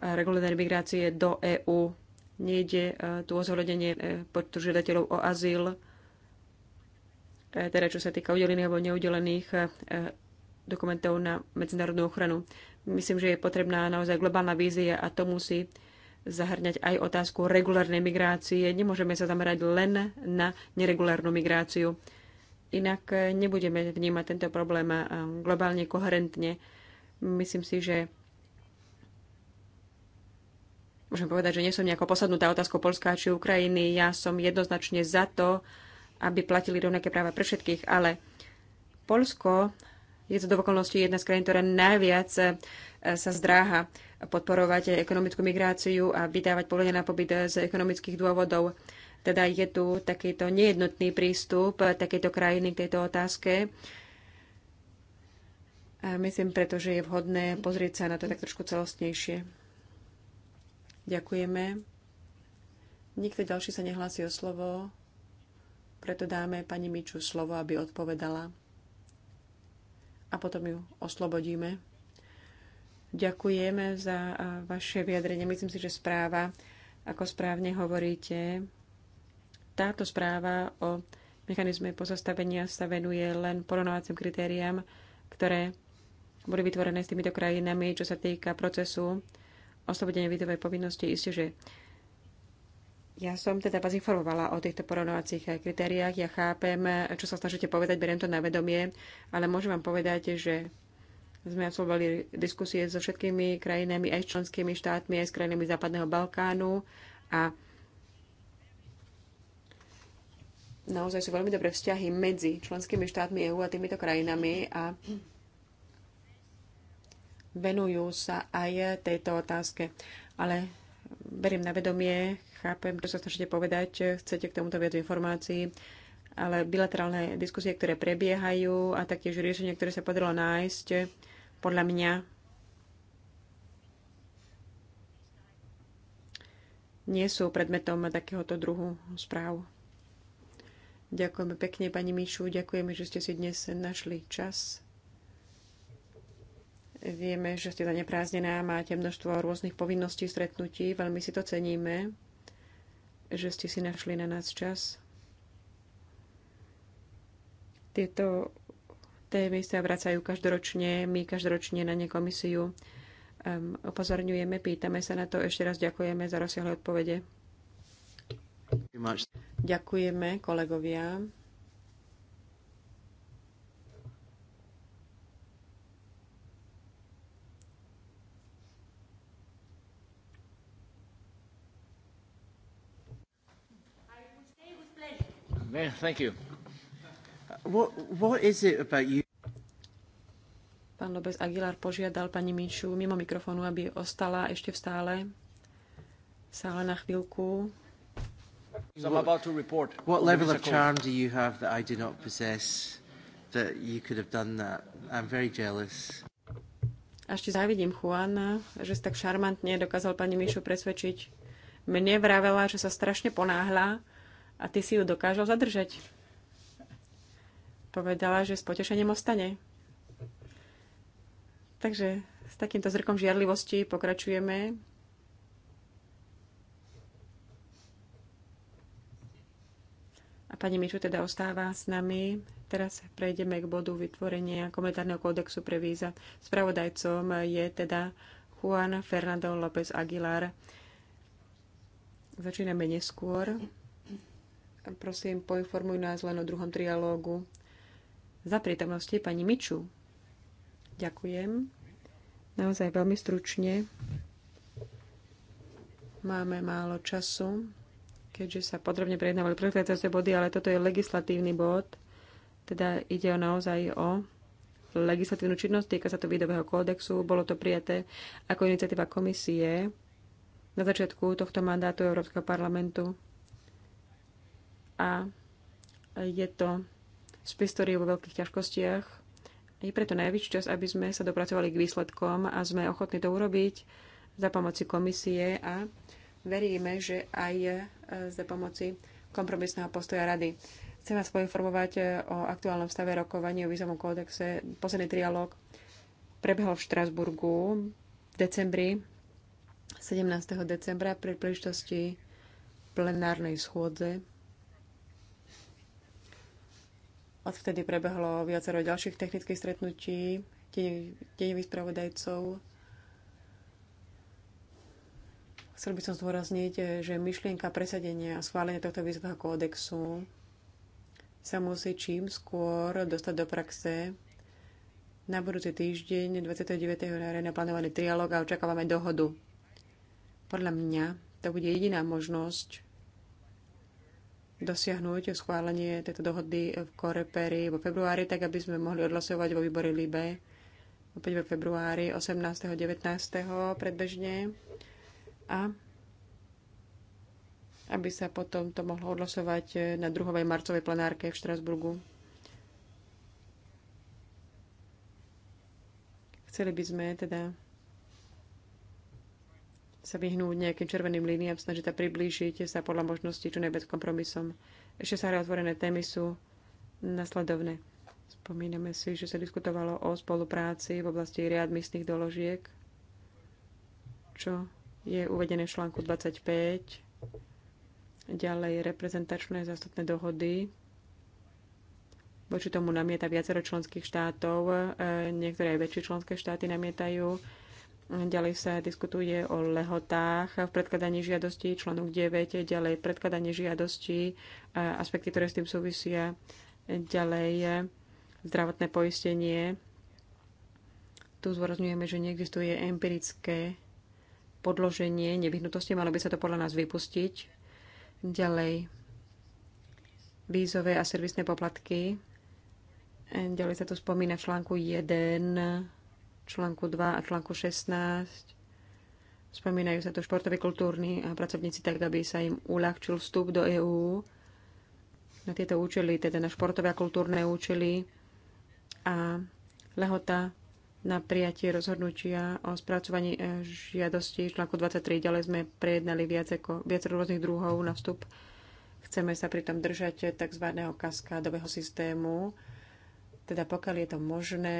regulárnej migrácie do EÚ. Nejde e, tu o zohľadenie e, počtu žiadateľov o azyl, teda čo sa týka udelených alebo neudelených dokumentov na medzinárodnú ochranu. Myslím, že je potrebná naozaj globálna vízia a to musí zahrňať aj otázku regulárnej migrácie. Nemôžeme sa zamerať len na neregulárnu migráciu. Inak eh, nebudeme vnímať tento problém eh, globálne koherentne. Myslím si, že môžem povedať, že nie som nejako posadnutá otázka Polska či Ukrajiny. Ja som jednoznačne za to, aby platili rovnaké práva pre všetkých, ale Polsko je to do okolností jedna z krajín, ktorá najviac e, sa zdráha podporovať ekonomickú migráciu a vydávať povolenia na pobyt z ekonomických dôvodov. Teda je tu takýto nejednotný prístup e, takéto krajiny k tejto otázke. A myslím, pretože je vhodné pozrieť sa na to tak trošku celostnejšie. Ďakujeme. Nikto ďalší sa nehlási o slovo, preto dáme pani Miču slovo, aby odpovedala a potom ju oslobodíme. Ďakujeme za vaše vyjadrenie. Myslím si, že správa, ako správne hovoríte, táto správa o mechanizme pozastavenia sa venuje len porovnávacím kritériám, ktoré boli vytvorené s týmito krajinami, čo sa týka procesu oslobodenia vidovej povinnosti. Isté, že ja som teda vás informovala o týchto porovnovacích kritériách. Ja chápem, čo sa snažíte povedať, beriem to na vedomie, ale môžem vám povedať, že sme absolvovali diskusie so všetkými krajinami, aj s členskými štátmi, aj s krajinami Západného Balkánu a naozaj sú veľmi dobré vzťahy medzi členskými štátmi EÚ a týmito krajinami a venujú sa aj tejto otázke. Ale beriem na vedomie, Chápem, čo sa snažíte povedať, chcete k tomuto viac informácií, ale bilaterálne diskusie, ktoré prebiehajú a taktiež riešenie, ktoré sa podarilo nájsť, podľa mňa nie sú predmetom takéhoto druhu správ. Ďakujeme pekne, pani Mišu, ďakujeme, že ste si dnes našli čas. Vieme, že ste zaneprázdnená, máte množstvo rôznych povinností, stretnutí, veľmi si to ceníme že ste si našli na nás čas. Tieto témy sa vracajú každoročne. My každoročne na ne komisiu um, opozorňujeme, pýtame sa na to. Ešte raz ďakujeme za rozsiahle odpovede. Ďakujeme kolegovia. thank you. Uh, what, what is it about you? Pán López Aguilar požiadal pani Minšu mimo mikrofónu, aby ostala ešte v stále. V sále na chvíľku. So I'm about to report. What level of charm do you have that I do not possess that you could have done that? I'm very jealous. ešte závidím Juana, že si tak šarmantne dokázal pani Mišu presvedčiť. Mne vravela, že sa strašne ponáhla a ty si ju dokážal zadržať. Povedala, že s potešením ostane. Takže s takýmto zrkom žiarlivosti pokračujeme. A pani Miču teda ostáva s nami. Teraz prejdeme k bodu vytvorenia komentárneho kódexu pre víza. Spravodajcom je teda Juan Fernando López Aguilar. Začíname neskôr. Prosím, poinformuj nás len o druhom trialógu. Za prítomnosti pani Miču. Ďakujem. Naozaj veľmi stručne. Máme málo času, keďže sa podrobne prejednávali predchádzajúce body, ale toto je legislatívny bod, teda ide o naozaj o legislatívnu činnosť, týka sa to výdového kódexu, bolo to prijaté ako iniciatíva komisie na začiatku tohto mandátu Európskeho parlamentu a je to spis, ktorý je vo veľkých ťažkostiach. Je preto najvyšší čas, aby sme sa dopracovali k výsledkom a sme ochotní to urobiť za pomoci komisie a veríme, že aj e, za pomoci kompromisného postoja rady. Chcem vás poinformovať e, o aktuálnom stave rokovania o výzovom kódexe. Posledný trialog prebehol v Štrasburgu v decembri, 17. decembra pri príležitosti plenárnej schôdze Odvtedy prebehlo viacero ďalších technických stretnutí tieňových spravodajcov. Chcel by som zdôrazniť, že myšlienka presadenia a schválenia tohto výzvaho kódexu sa musí čím skôr dostať do praxe. Na budúci týždeň 29. januára je naplánovaný trialog a očakávame dohodu. Podľa mňa to bude jediná možnosť dosiahnuť schválenie tejto dohody v Koreperi vo februári, tak aby sme mohli odhlasovať vo výbore Libe opäť vo februári 18. 19. predbežne a aby sa potom to mohlo odhlasovať na 2. marcovej plenárke v Štrasburgu. Chceli by sme teda sa vyhnúť nejakým červeným líniám, snažiť sa priblížiť sa podľa možností čo najviac kompromisom. Ešte sa otvorené témy sú nasledovné. Spomíname si, že sa diskutovalo o spolupráci v oblasti readmisných doložiek, čo je uvedené v článku 25. Ďalej reprezentačné zastupné dohody. Voči tomu namieta viacero členských štátov, e, niektoré aj väčšie členské štáty namietajú Ďalej sa diskutuje o lehotách v predkladaní žiadosti článok 9, ďalej predkladanie žiadosti, e, aspekty, ktoré s tým súvisia, ďalej zdravotné poistenie. Tu zvorozňujeme, že neexistuje empirické podloženie nevyhnutosti, malo by sa to podľa nás vypustiť. Ďalej vízové a servisné poplatky. Ďalej sa tu spomína v článku 1 článku 2 a článku 16. Spomínajú sa tu športoví, kultúrni a pracovníci tak, aby sa im uľahčil vstup do EÚ na tieto účely, teda na športové a kultúrne účely a lehota na prijatie rozhodnutia o spracovaní e, žiadosti článku 23. Ďalej sme prejednali viac, ako, viac rôznych druhov na vstup. Chceme sa pritom držať tzv. kaskádového systému. Teda pokiaľ je to možné,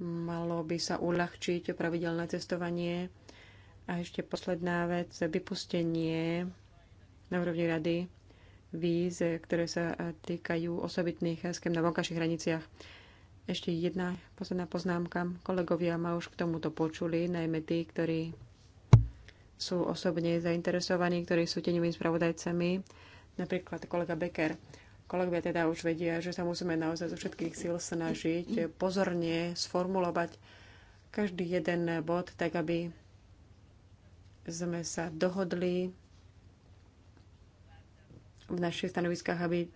Malo by sa uľahčiť pravidelné cestovanie. A ešte posledná vec, vypustenie na úrovni rady víz, ktoré sa týkajú osobitných skem na vonkajších hraniciach. Ešte jedna posledná poznámka. Kolegovia ma už k tomuto počuli, najmä tí, ktorí sú osobne zainteresovaní, ktorí sú tenými spravodajcami, napríklad kolega Becker. Kolegovia teda už vedia, že sa musíme naozaj zo všetkých síl snažiť pozorne sformulovať každý jeden bod, tak aby sme sa dohodli v našich stanoviskách, aby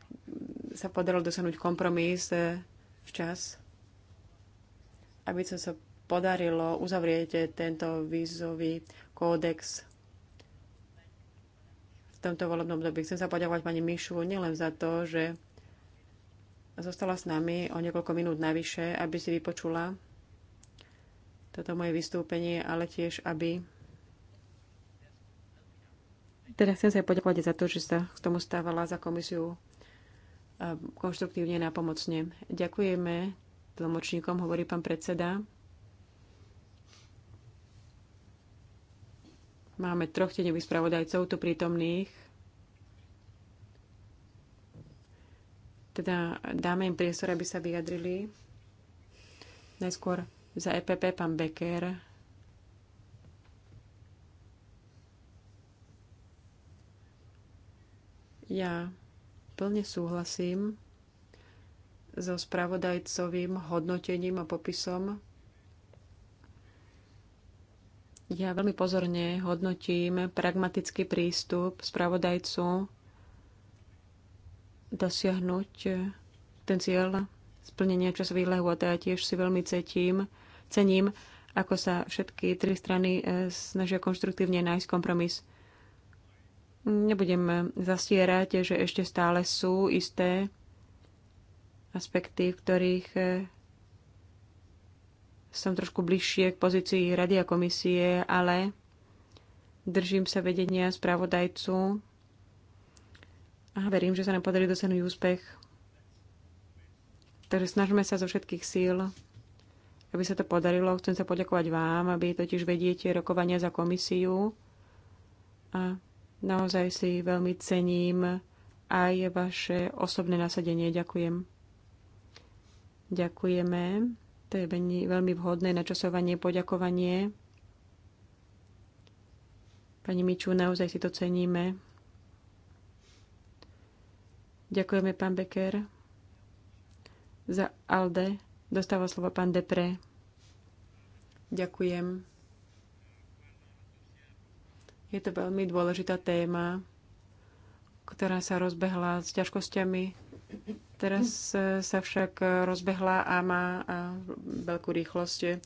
sa podarilo dosiahnuť kompromis eh, včas, aby sa podarilo uzavrieť tento vízový kódex tomto volebnom období. Chcem sa poďakovať pani Mišu nielen za to, že zostala s nami o niekoľko minút navyše, aby si vypočula toto moje vystúpenie, ale tiež, aby... Teda chcem sa poďakovať za to, že sa k tomu stávala za komisiu e, konštruktívne a pomocne. Ďakujeme tlmočníkom, hovorí pán predseda. Máme troch tenevých spravodajcov tu prítomných. Teda dáme im priestor, aby sa vyjadrili. Najskôr za EPP pán Becker. Ja plne súhlasím so spravodajcovým hodnotením a popisom ja veľmi pozorne hodnotím pragmatický prístup spravodajcu dosiahnuť ten cieľ splnenia časových lehôd a tiež si veľmi cetím, cením, ako sa všetky tri strany e, snažia konštruktívne nájsť kompromis. Nebudem zastierať, že ešte stále sú isté aspekty, v ktorých e, som trošku bližšie k pozícii Rady a komisie, ale držím sa vedenia správodajcu a verím, že sa nám podarí dosiahnuť úspech. Takže snažíme sa zo všetkých síl, aby sa to podarilo. Chcem sa poďakovať vám, aby totiž vediete rokovania za komisiu a naozaj si veľmi cením aj vaše osobné nasadenie. Ďakujem. Ďakujeme. To je veľmi vhodné načasovanie, poďakovanie. Pani Miču, naozaj si to ceníme. Ďakujeme, pán Becker. Za Alde dostáva slovo pán Depre. Ďakujem. Je to veľmi dôležitá téma, ktorá sa rozbehla s ťažkosťami Teraz e, sa však e, rozbehla a má e, veľkú rýchlosť.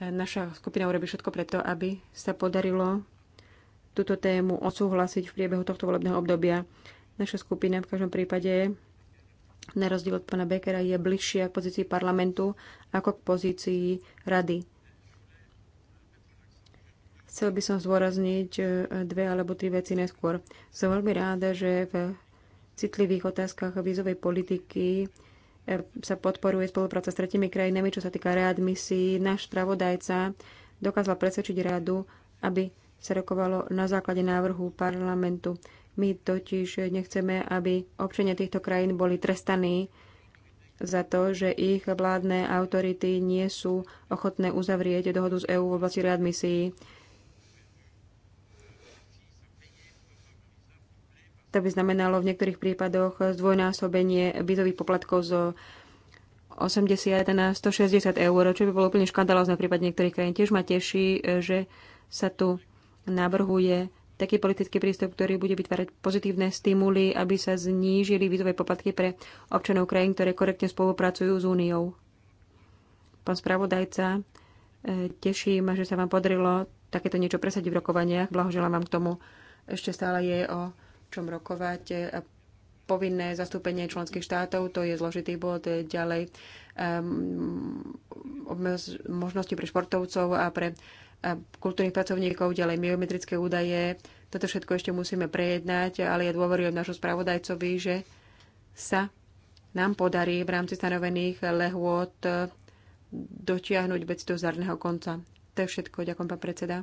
Naša skupina urobí všetko preto, aby sa podarilo túto tému odsúhlasiť v priebehu tohto volebného obdobia. Naša skupina v každom prípade, na rozdiel od pána Bekera, je bližšia k pozícii parlamentu ako k pozícii rady. Chcel by som zdôrazniť dve alebo tri veci neskôr. Som veľmi ráda, že v citlivých otázkach vízovej politiky eh, sa podporuje spolupráca s tretimi krajinami, čo sa týka readmisí. Náš spravodajca dokázal presvedčiť radu, aby sa rokovalo na základe návrhu parlamentu. My totiž nechceme, aby občania týchto krajín boli trestaní za to, že ich vládne autority nie sú ochotné uzavrieť dohodu z EÚ v oblasti readmisí. To by znamenalo v niektorých prípadoch zdvojnásobenie bytových poplatkov zo 80 na 160 eur, čo by bolo úplne škandalozné v prípade niektorých krajín. Tiež ma teší, že sa tu navrhuje taký politický prístup, ktorý bude vytvárať pozitívne stimuly, aby sa znížili výzové poplatky pre občanov krajín, ktoré korektne spolupracujú s Úniou. Pán spravodajca, e, teší ma, že sa vám podarilo takéto niečo presadiť v rokovaniach. Blahoželám vám k tomu. Ešte stále je o čom rokovať. Povinné zastúpenie členských štátov, to je zložitý bod. Ďalej um, možnosti pre športovcov a pre um, kultúrnych pracovníkov, ďalej biometrické údaje. Toto všetko ešte musíme prejednať, ale ja dôverujem našu spravodajcovi, že sa nám podarí v rámci stanovených lehôd dotiahnuť vec do zárneho konca. To je všetko. Ďakujem, pán predseda.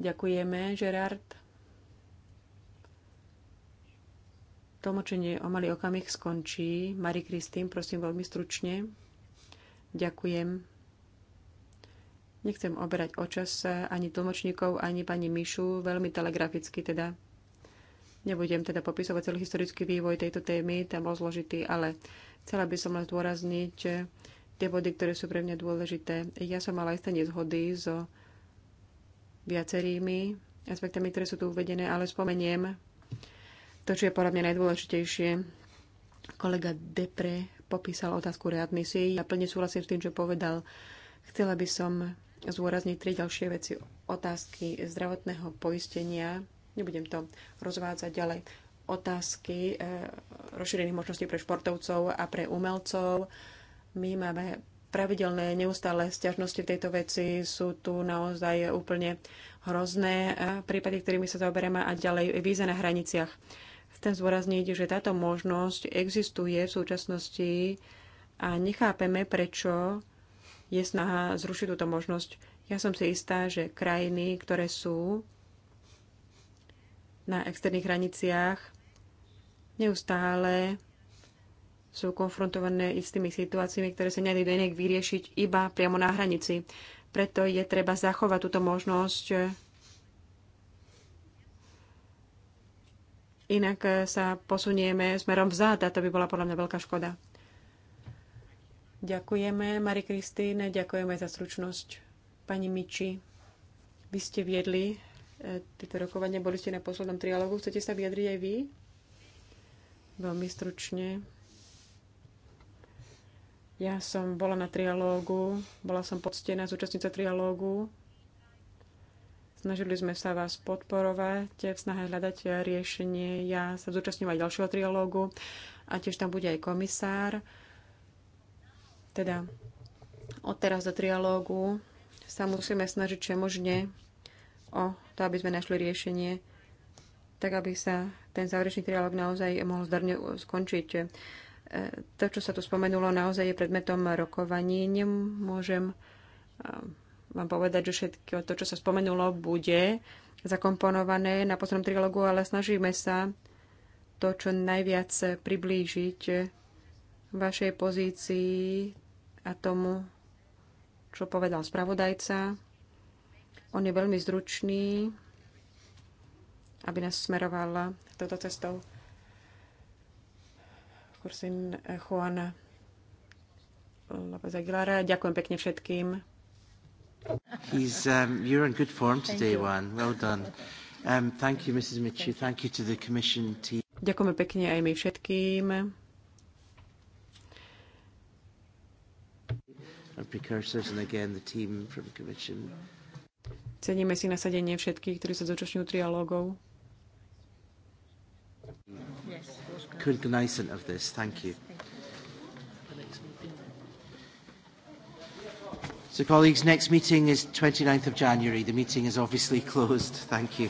Ďakujeme, Gerard. Tlmočenie o malý okamih skončí. Mari Kristín, prosím veľmi stručne. Ďakujem. Nechcem oberať o čas ani tlmočníkov, ani pani Mišu, veľmi telegraficky teda. Nebudem teda popisovať celý historický vývoj tejto témy, tam bol zložitý, ale chcela by som len zdôrazniť tie body, ktoré sú pre mňa dôležité. Ja som mala isté nezhody so viacerými aspektami, ktoré sú tu uvedené, ale spomeniem to, čo je podľa mňa najdôležitejšie, kolega Depre popísal otázku readmisie. Ja plne súhlasím s tým, čo povedal. Chcela by som zúrazniť tri ďalšie veci. Otázky zdravotného poistenia, nebudem to rozvádzať ďalej, otázky e, rozšírených možností pre športovcov a pre umelcov. My máme pravidelné, neustále stiažnosti v tejto veci sú tu naozaj úplne hrozné eh, prípady, ktorými sa zaoberáme a ďalej víza na hraniciach Chcem zvorazniť, že táto možnosť existuje v súčasnosti a nechápeme, prečo je snaha zrušiť túto možnosť. Ja som si istá, že krajiny, ktoré sú na externých hraniciach, neustále sú konfrontované istými situáciami, ktoré sa nedá inak vyriešiť iba priamo na hranici. Preto je treba zachovať túto možnosť Inak e, sa posunieme smerom vzad a to by bola podľa mňa veľká škoda. Ďakujeme, Mari Kristýne, ďakujeme za stručnosť. Pani Miči, vy ste viedli e, tieto rokovania, boli ste na poslednom trialogu. Chcete sa vyjadriť aj vy? Veľmi stručne. Ja som bola na trialógu, bola som poctená z účastnica trialógu Snažili sme sa vás podporovať v snahe hľadať riešenie. Ja sa zúčastňujem aj ďalšieho trialógu a tiež tam bude aj komisár. Teda od teraz do trialógu sa musíme snažiť čo možne o to, aby sme našli riešenie, tak aby sa ten záverečný trialóg naozaj mohol zdarne skončiť. E, to, čo sa tu spomenulo, naozaj je predmetom rokovaní. Nemôžem e, vám povedať, že všetko to, čo sa spomenulo, bude zakomponované na poslednom trilógu, ale snažíme sa to, čo najviac priblížiť vašej pozícii a tomu, čo povedal spravodajca. On je veľmi zručný, aby nás smeroval toto cestou. Kursin eh, Juan López Aguilara. Ďakujem pekne všetkým He's, um, you're in good form today, Juan. Well done. Um, thank you, Mrs. Mitchell. Thank you to the commission team. Ďakujeme pekne aj my všetkým. Ceníme si nasadenie všetkých, ktorí sa zúčastňujú trialógov. Yes. Good of this. Thank you. So colleagues, next meeting is 29th of January. The meeting is obviously closed. Thank you.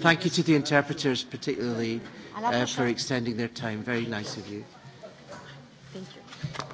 Thank you to the interpreters particularly uh, for extending their time. Very nice of you. Thank you.